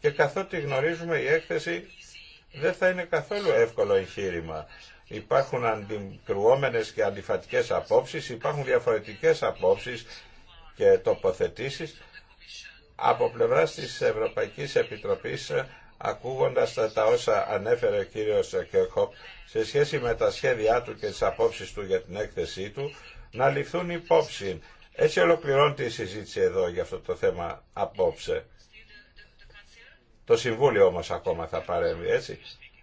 και καθότι γνωρίζουμε η έκθεση δεν θα είναι καθόλου εύκολο εγχείρημα υπάρχουν αντικρουόμενες και αντιφατικές απόψεις, υπάρχουν διαφορετικές απόψεις και τοποθετήσεις. Από πλευράς της Ευρωπαϊκής Επιτροπής, ακούγοντας τα όσα ανέφερε ο κύριος Κέρχοπ σε σχέση με τα σχέδιά του και τις απόψεις του για την έκθεσή του, να ληφθούν υπόψη. Έτσι ολοκληρώνεται η συζήτηση εδώ για αυτό το θέμα απόψε. Το Συμβούλιο όμως ακόμα θα παρέμβει, έτσι.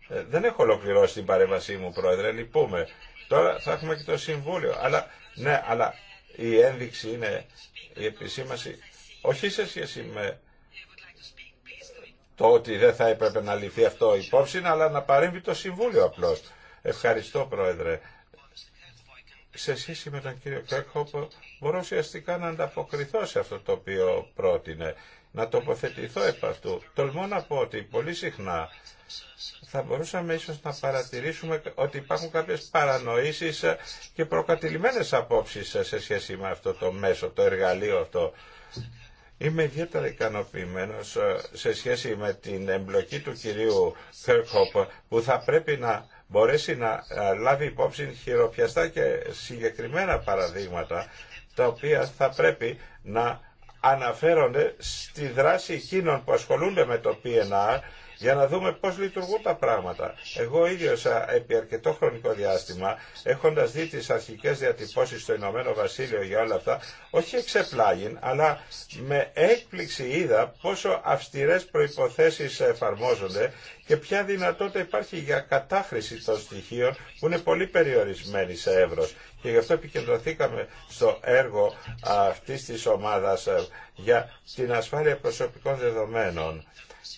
Ε, δεν έχω ολοκληρώσει την παρέμβασή μου, Πρόεδρε, λυπούμε. Τώρα θα έχουμε και το Συμβούλιο. Αλλά, ναι, αλλά η ένδειξη είναι η επισήμαση, όχι σε σχέση με το ότι δεν θα έπρεπε να λυθεί αυτό υπόψη, αλλά να παρέμβει το Συμβούλιο απλώς. Ευχαριστώ, Πρόεδρε. Σε σχέση με τον κύριο Κέρκοπ, μπορώ ουσιαστικά να ανταποκριθώ σε αυτό το οποίο πρότεινε να τοποθετηθώ επ' αυτού. Τολμώ να πω ότι πολύ συχνά θα μπορούσαμε ίσως να παρατηρήσουμε ότι υπάρχουν κάποιες παρανοήσεις και προκατηλημένες απόψεις σε σχέση με αυτό το μέσο, το εργαλείο αυτό. Είμαι ιδιαίτερα ικανοποιημένο ε, σε σχέση με την εμπλοκή του κυρίου Κέρκοπ που θα πρέπει να μπορέσει να ε, λάβει υπόψη χειροπιαστά και συγκεκριμένα παραδείγματα τα οποία θα πρέπει να αναφέρονται στη δράση εκείνων που ασχολούνται με το PNR για να δούμε πώς λειτουργούν τα πράγματα. Εγώ ίδιος επί αρκετό χρονικό διάστημα, έχοντας δει τις αρχικές διατυπώσεις στο Ηνωμένο Βασίλειο για όλα αυτά, όχι εξεπλάγιν, αλλά με έκπληξη είδα πόσο αυστηρές προϋποθέσεις εφαρμόζονται και ποια δυνατότητα υπάρχει για κατάχρηση των στοιχείων που είναι πολύ περιορισμένη σε εύρος και γι' αυτό επικεντρωθήκαμε στο έργο αυτής της ομάδας ε, για την ασφάλεια προσωπικών δεδομένων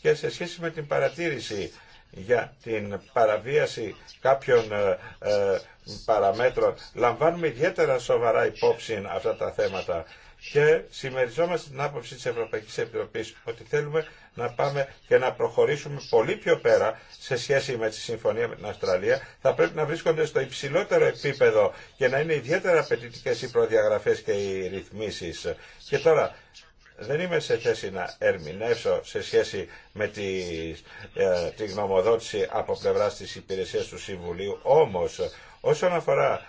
και σε σχέση με την παρατήρηση για την παραβίαση κάποιων ε, ε, παραμέτρων λαμβάνουμε ιδιαίτερα σοβαρά υπόψη αυτά τα θέματα και συμμεριζόμαστε την άποψη της Ευρωπαϊκής Επιτροπής ότι θέλουμε να πάμε και να προχωρήσουμε πολύ πιο πέρα σε σχέση με τη συμφωνία με την Αυστραλία. Θα πρέπει να βρίσκονται στο υψηλότερο επίπεδο και να είναι ιδιαίτερα απαιτητικέ οι προδιαγραφές και οι ρυθμίσεις. Και τώρα, δεν είμαι σε θέση να ερμηνεύσω σε σχέση με τη, ε, τη γνωμοδότηση από πλευράς της υπηρεσίας του Συμβουλίου. Όμως, όσον αφορά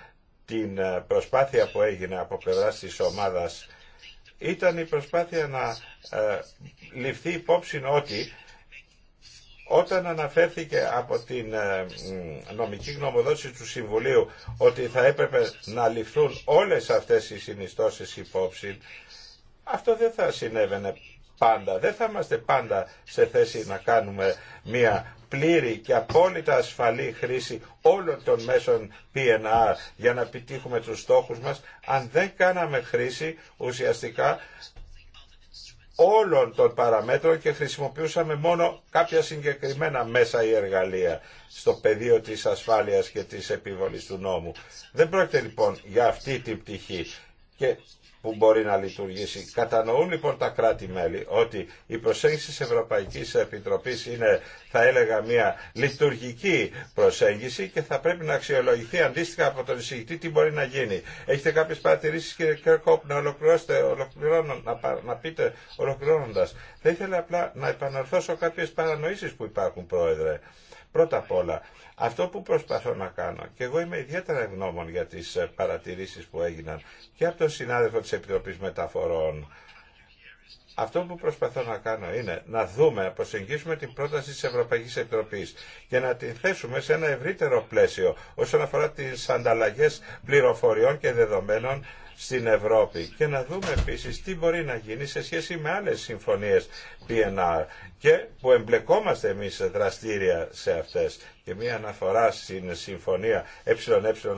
την ε, προσπάθεια που έγινε από πλευράς της ομάδας ήταν η προσπάθεια να ε, ληφθεί υπόψη ότι όταν αναφέρθηκε από την ε, νομική γνωμοδότηση του Συμβουλίου ότι θα έπρεπε να ληφθούν όλες αυτές οι συνιστώσεις υπόψη, αυτό δεν θα συνέβαινε πάντα. Δεν θα είμαστε πάντα σε θέση να κάνουμε μία πλήρη και απόλυτα ασφαλή χρήση όλων των μέσων PNR για να επιτύχουμε τους στόχους μας, αν δεν κάναμε χρήση ουσιαστικά όλων των παραμέτρων και χρησιμοποιούσαμε μόνο κάποια συγκεκριμένα μέσα ή εργαλεία στο πεδίο της ασφάλειας και της επιβολής του νόμου. Δεν πρόκειται λοιπόν για αυτή την πτυχή. Και που μπορεί να λειτουργήσει. Κατανοούν λοιπόν τα κράτη-μέλη ότι η προσέγγιση της Ευρωπαϊκής Επιτροπής είναι θα έλεγα μια λειτουργική προσέγγιση και θα πρέπει να αξιολογηθεί αντίστοιχα από τον εισηγητή τι μπορεί να γίνει. Έχετε κάποιες παρατηρήσεις κύριε Κέρκοπ να ολοκληρώσετε, να, να πείτε ολοκληρώνοντας. Θα ήθελα απλά να επαναρθώσω κάποιες παρανοήσεις που υπάρχουν πρόεδρε. Πρώτα απ' όλα, αυτό που προσπαθώ να κάνω, και εγώ είμαι ιδιαίτερα ευγνώμων για τις ε, παρατηρήσεις που έγιναν και από τον συνάδελφο της Επιτροπής Μεταφορών, αυτό που προσπαθώ να κάνω είναι να δούμε, να προσεγγίσουμε την πρόταση της Ευρωπαϊκής Επιτροπής και να την θέσουμε σε ένα ευρύτερο πλαίσιο όσον αφορά τις ανταλλαγές πληροφοριών και δεδομένων στην Ευρώπη και να δούμε επίσης τι μπορεί να γίνει σε σχέση με άλλες συμφωνίες PNR και που εμπλεκόμαστε εμείς δραστήρια σε αυτές. Και μία αναφορά στην συμφωνία ΕΕ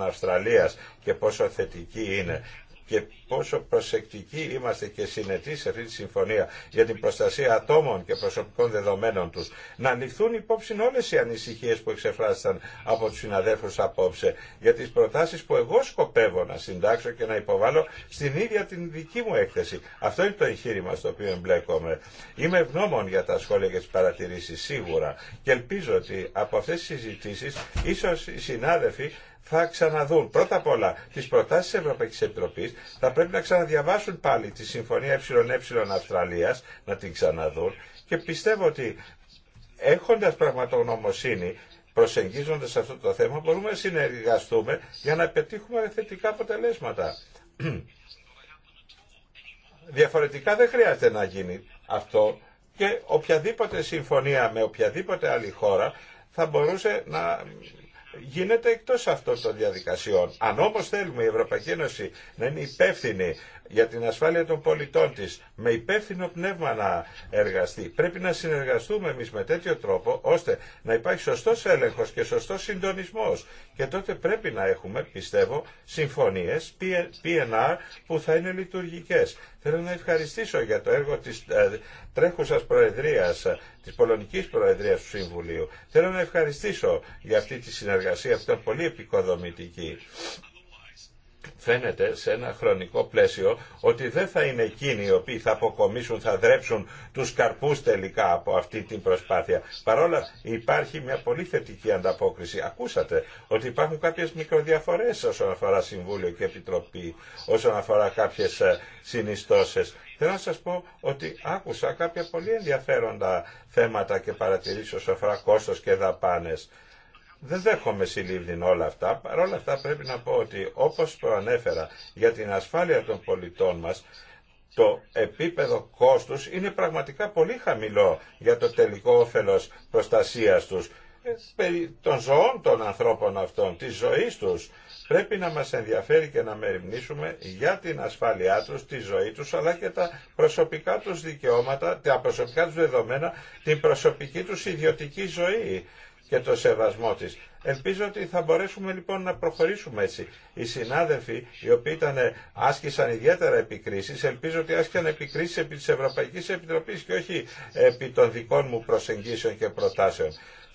Αυστραλίας και πόσο θετική είναι και πόσο προσεκτικοί είμαστε και συνετοί σε αυτή τη συμφωνία για την προστασία ατόμων και προσωπικών δεδομένων τους. Να ληφθούν υπόψη όλες οι ανησυχίες που εξεφράστηκαν από τους συναδέλφους απόψε για τις προτάσεις που εγώ σκοπεύω να συντάξω και να υποβάλω στην ίδια την δική μου έκθεση. Αυτό είναι το εγχείρημα στο οποίο εμπλέκομαι. Είμαι ευγνώμων για τα σχόλια και τις παρατηρήσεις σίγουρα και ελπίζω ότι από αυτές τις συζητήσεις ίσως οι συνάδελφοι θα ξαναδούν πρώτα απ' όλα τις προτάσεις της Ευρωπαϊκής Επιτροπής, θα πρέπει να ξαναδιαβάσουν πάλι τη Συμφωνία ΕΕ Αυστραλίας, να την ξαναδούν και πιστεύω ότι έχοντας πραγματογνωμοσύνη προσεγγίζοντας αυτό το θέμα μπορούμε να συνεργαστούμε για να πετύχουμε θετικά αποτελέσματα. Διαφορετικά δεν χρειάζεται να γίνει αυτό και οποιαδήποτε συμφωνία με οποιαδήποτε άλλη χώρα θα μπορούσε να γίνεται εκτός αυτών των διαδικασιών. Αν όμως θέλουμε η Ευρωπαϊκή Ένωση να είναι υπεύθυνη για την ασφάλεια των πολιτών της με υπεύθυνο πνεύμα να εργαστεί. Πρέπει να συνεργαστούμε εμείς με τέτοιο τρόπο ώστε να υπάρχει σωστός έλεγχος και σωστός συντονισμός και τότε πρέπει να έχουμε, πιστεύω, συμφωνίες PNR που θα είναι λειτουργικές. Θέλω να ευχαριστήσω για το έργο της ε, τρέχουσας προεδρίας, της Πολωνικής Προεδρίας του Συμβουλίου. Θέλω να ευχαριστήσω για αυτή τη συνεργασία που ήταν πολύ επικοδομητική φαίνεται σε ένα χρονικό πλαίσιο ότι δεν θα είναι εκείνοι οι οποίοι θα αποκομίσουν, θα δρέψουν τους καρπούς τελικά από αυτή την προσπάθεια. Παρόλα υπάρχει μια πολύ θετική ανταπόκριση. Ακούσατε ότι υπάρχουν κάποιες μικροδιαφορές όσον αφορά Συμβούλιο και Επιτροπή, όσον αφορά κάποιες ε, συνιστώσεις. Θέλω να σας πω ότι άκουσα κάποια πολύ ενδιαφέροντα θέματα και παρατηρήσεις όσον αφορά κόστος και δαπάνες. Δεν δέχομαι συλλήβδιν όλα αυτά. Παρ' όλα αυτά πρέπει να πω ότι όπως προανέφερα για την ασφάλεια των πολιτών μας, το επίπεδο κόστους είναι πραγματικά πολύ χαμηλό για το τελικό όφελος προστασίας τους, ε, περί των ζωών των ανθρώπων αυτών, της ζωής τους. Πρέπει να μας ενδιαφέρει και να μεριμνήσουμε για την ασφάλειά τους, τη ζωή τους, αλλά και τα προσωπικά τους δικαιώματα, τα προσωπικά τους δεδομένα, την προσωπική τους ιδιωτική ζωή και το σεβασμό της. Ελπίζω ότι θα μπορέσουμε λοιπόν να προχωρήσουμε έτσι. Οι συνάδελφοι οι οποίοι ήταν, άσκησαν ιδιαίτερα επικρίσεις, ελπίζω ότι άσκησαν επικρίσεις επί της Ευρωπαϊκής Επιτροπής και όχι επί των δικών μου προσεγγίσεων και προτάσεων.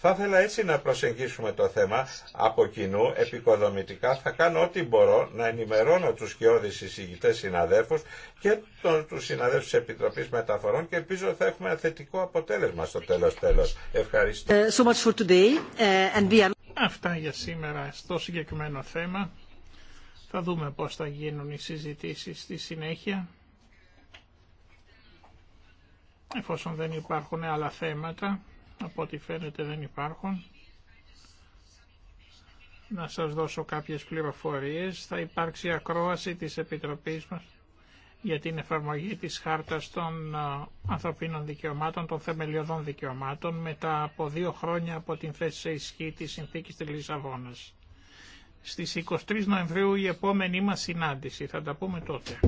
Θα ήθελα έτσι να προσεγγίσουμε το θέμα από κοινού επικοδομητικά. Θα κάνω ό,τι μπορώ να ενημερώνω τους σκιώδεις εισηγητές συναδέλφους και τον, τους συναδέλφους της Επιτροπής Μεταφορών και ελπίζω θα έχουμε θετικό αποτέλεσμα στο τέλος τέλος. Ευχαριστώ. Ε, so much for today. Ε, and are... Αυτά για σήμερα στο συγκεκριμένο θέμα. Θα δούμε πώς θα γίνουν οι συζητήσεις στη συνέχεια. Εφόσον δεν υπάρχουν άλλα θέματα. Από ό,τι φαίνεται δεν υπάρχουν. Να σας δώσω κάποιες πληροφορίες. Θα υπάρξει ακρόαση της Επιτροπής μας για την εφαρμογή της χάρτας των ε, ανθρωπίνων δικαιωμάτων, των θεμελιωδών δικαιωμάτων, μετά από δύο χρόνια από την θέση σε ισχύ της συνθήκης της Λισαβόνας. Στις 23 Νοεμβρίου η επόμενή μας συνάντηση. Θα τα πούμε τότε.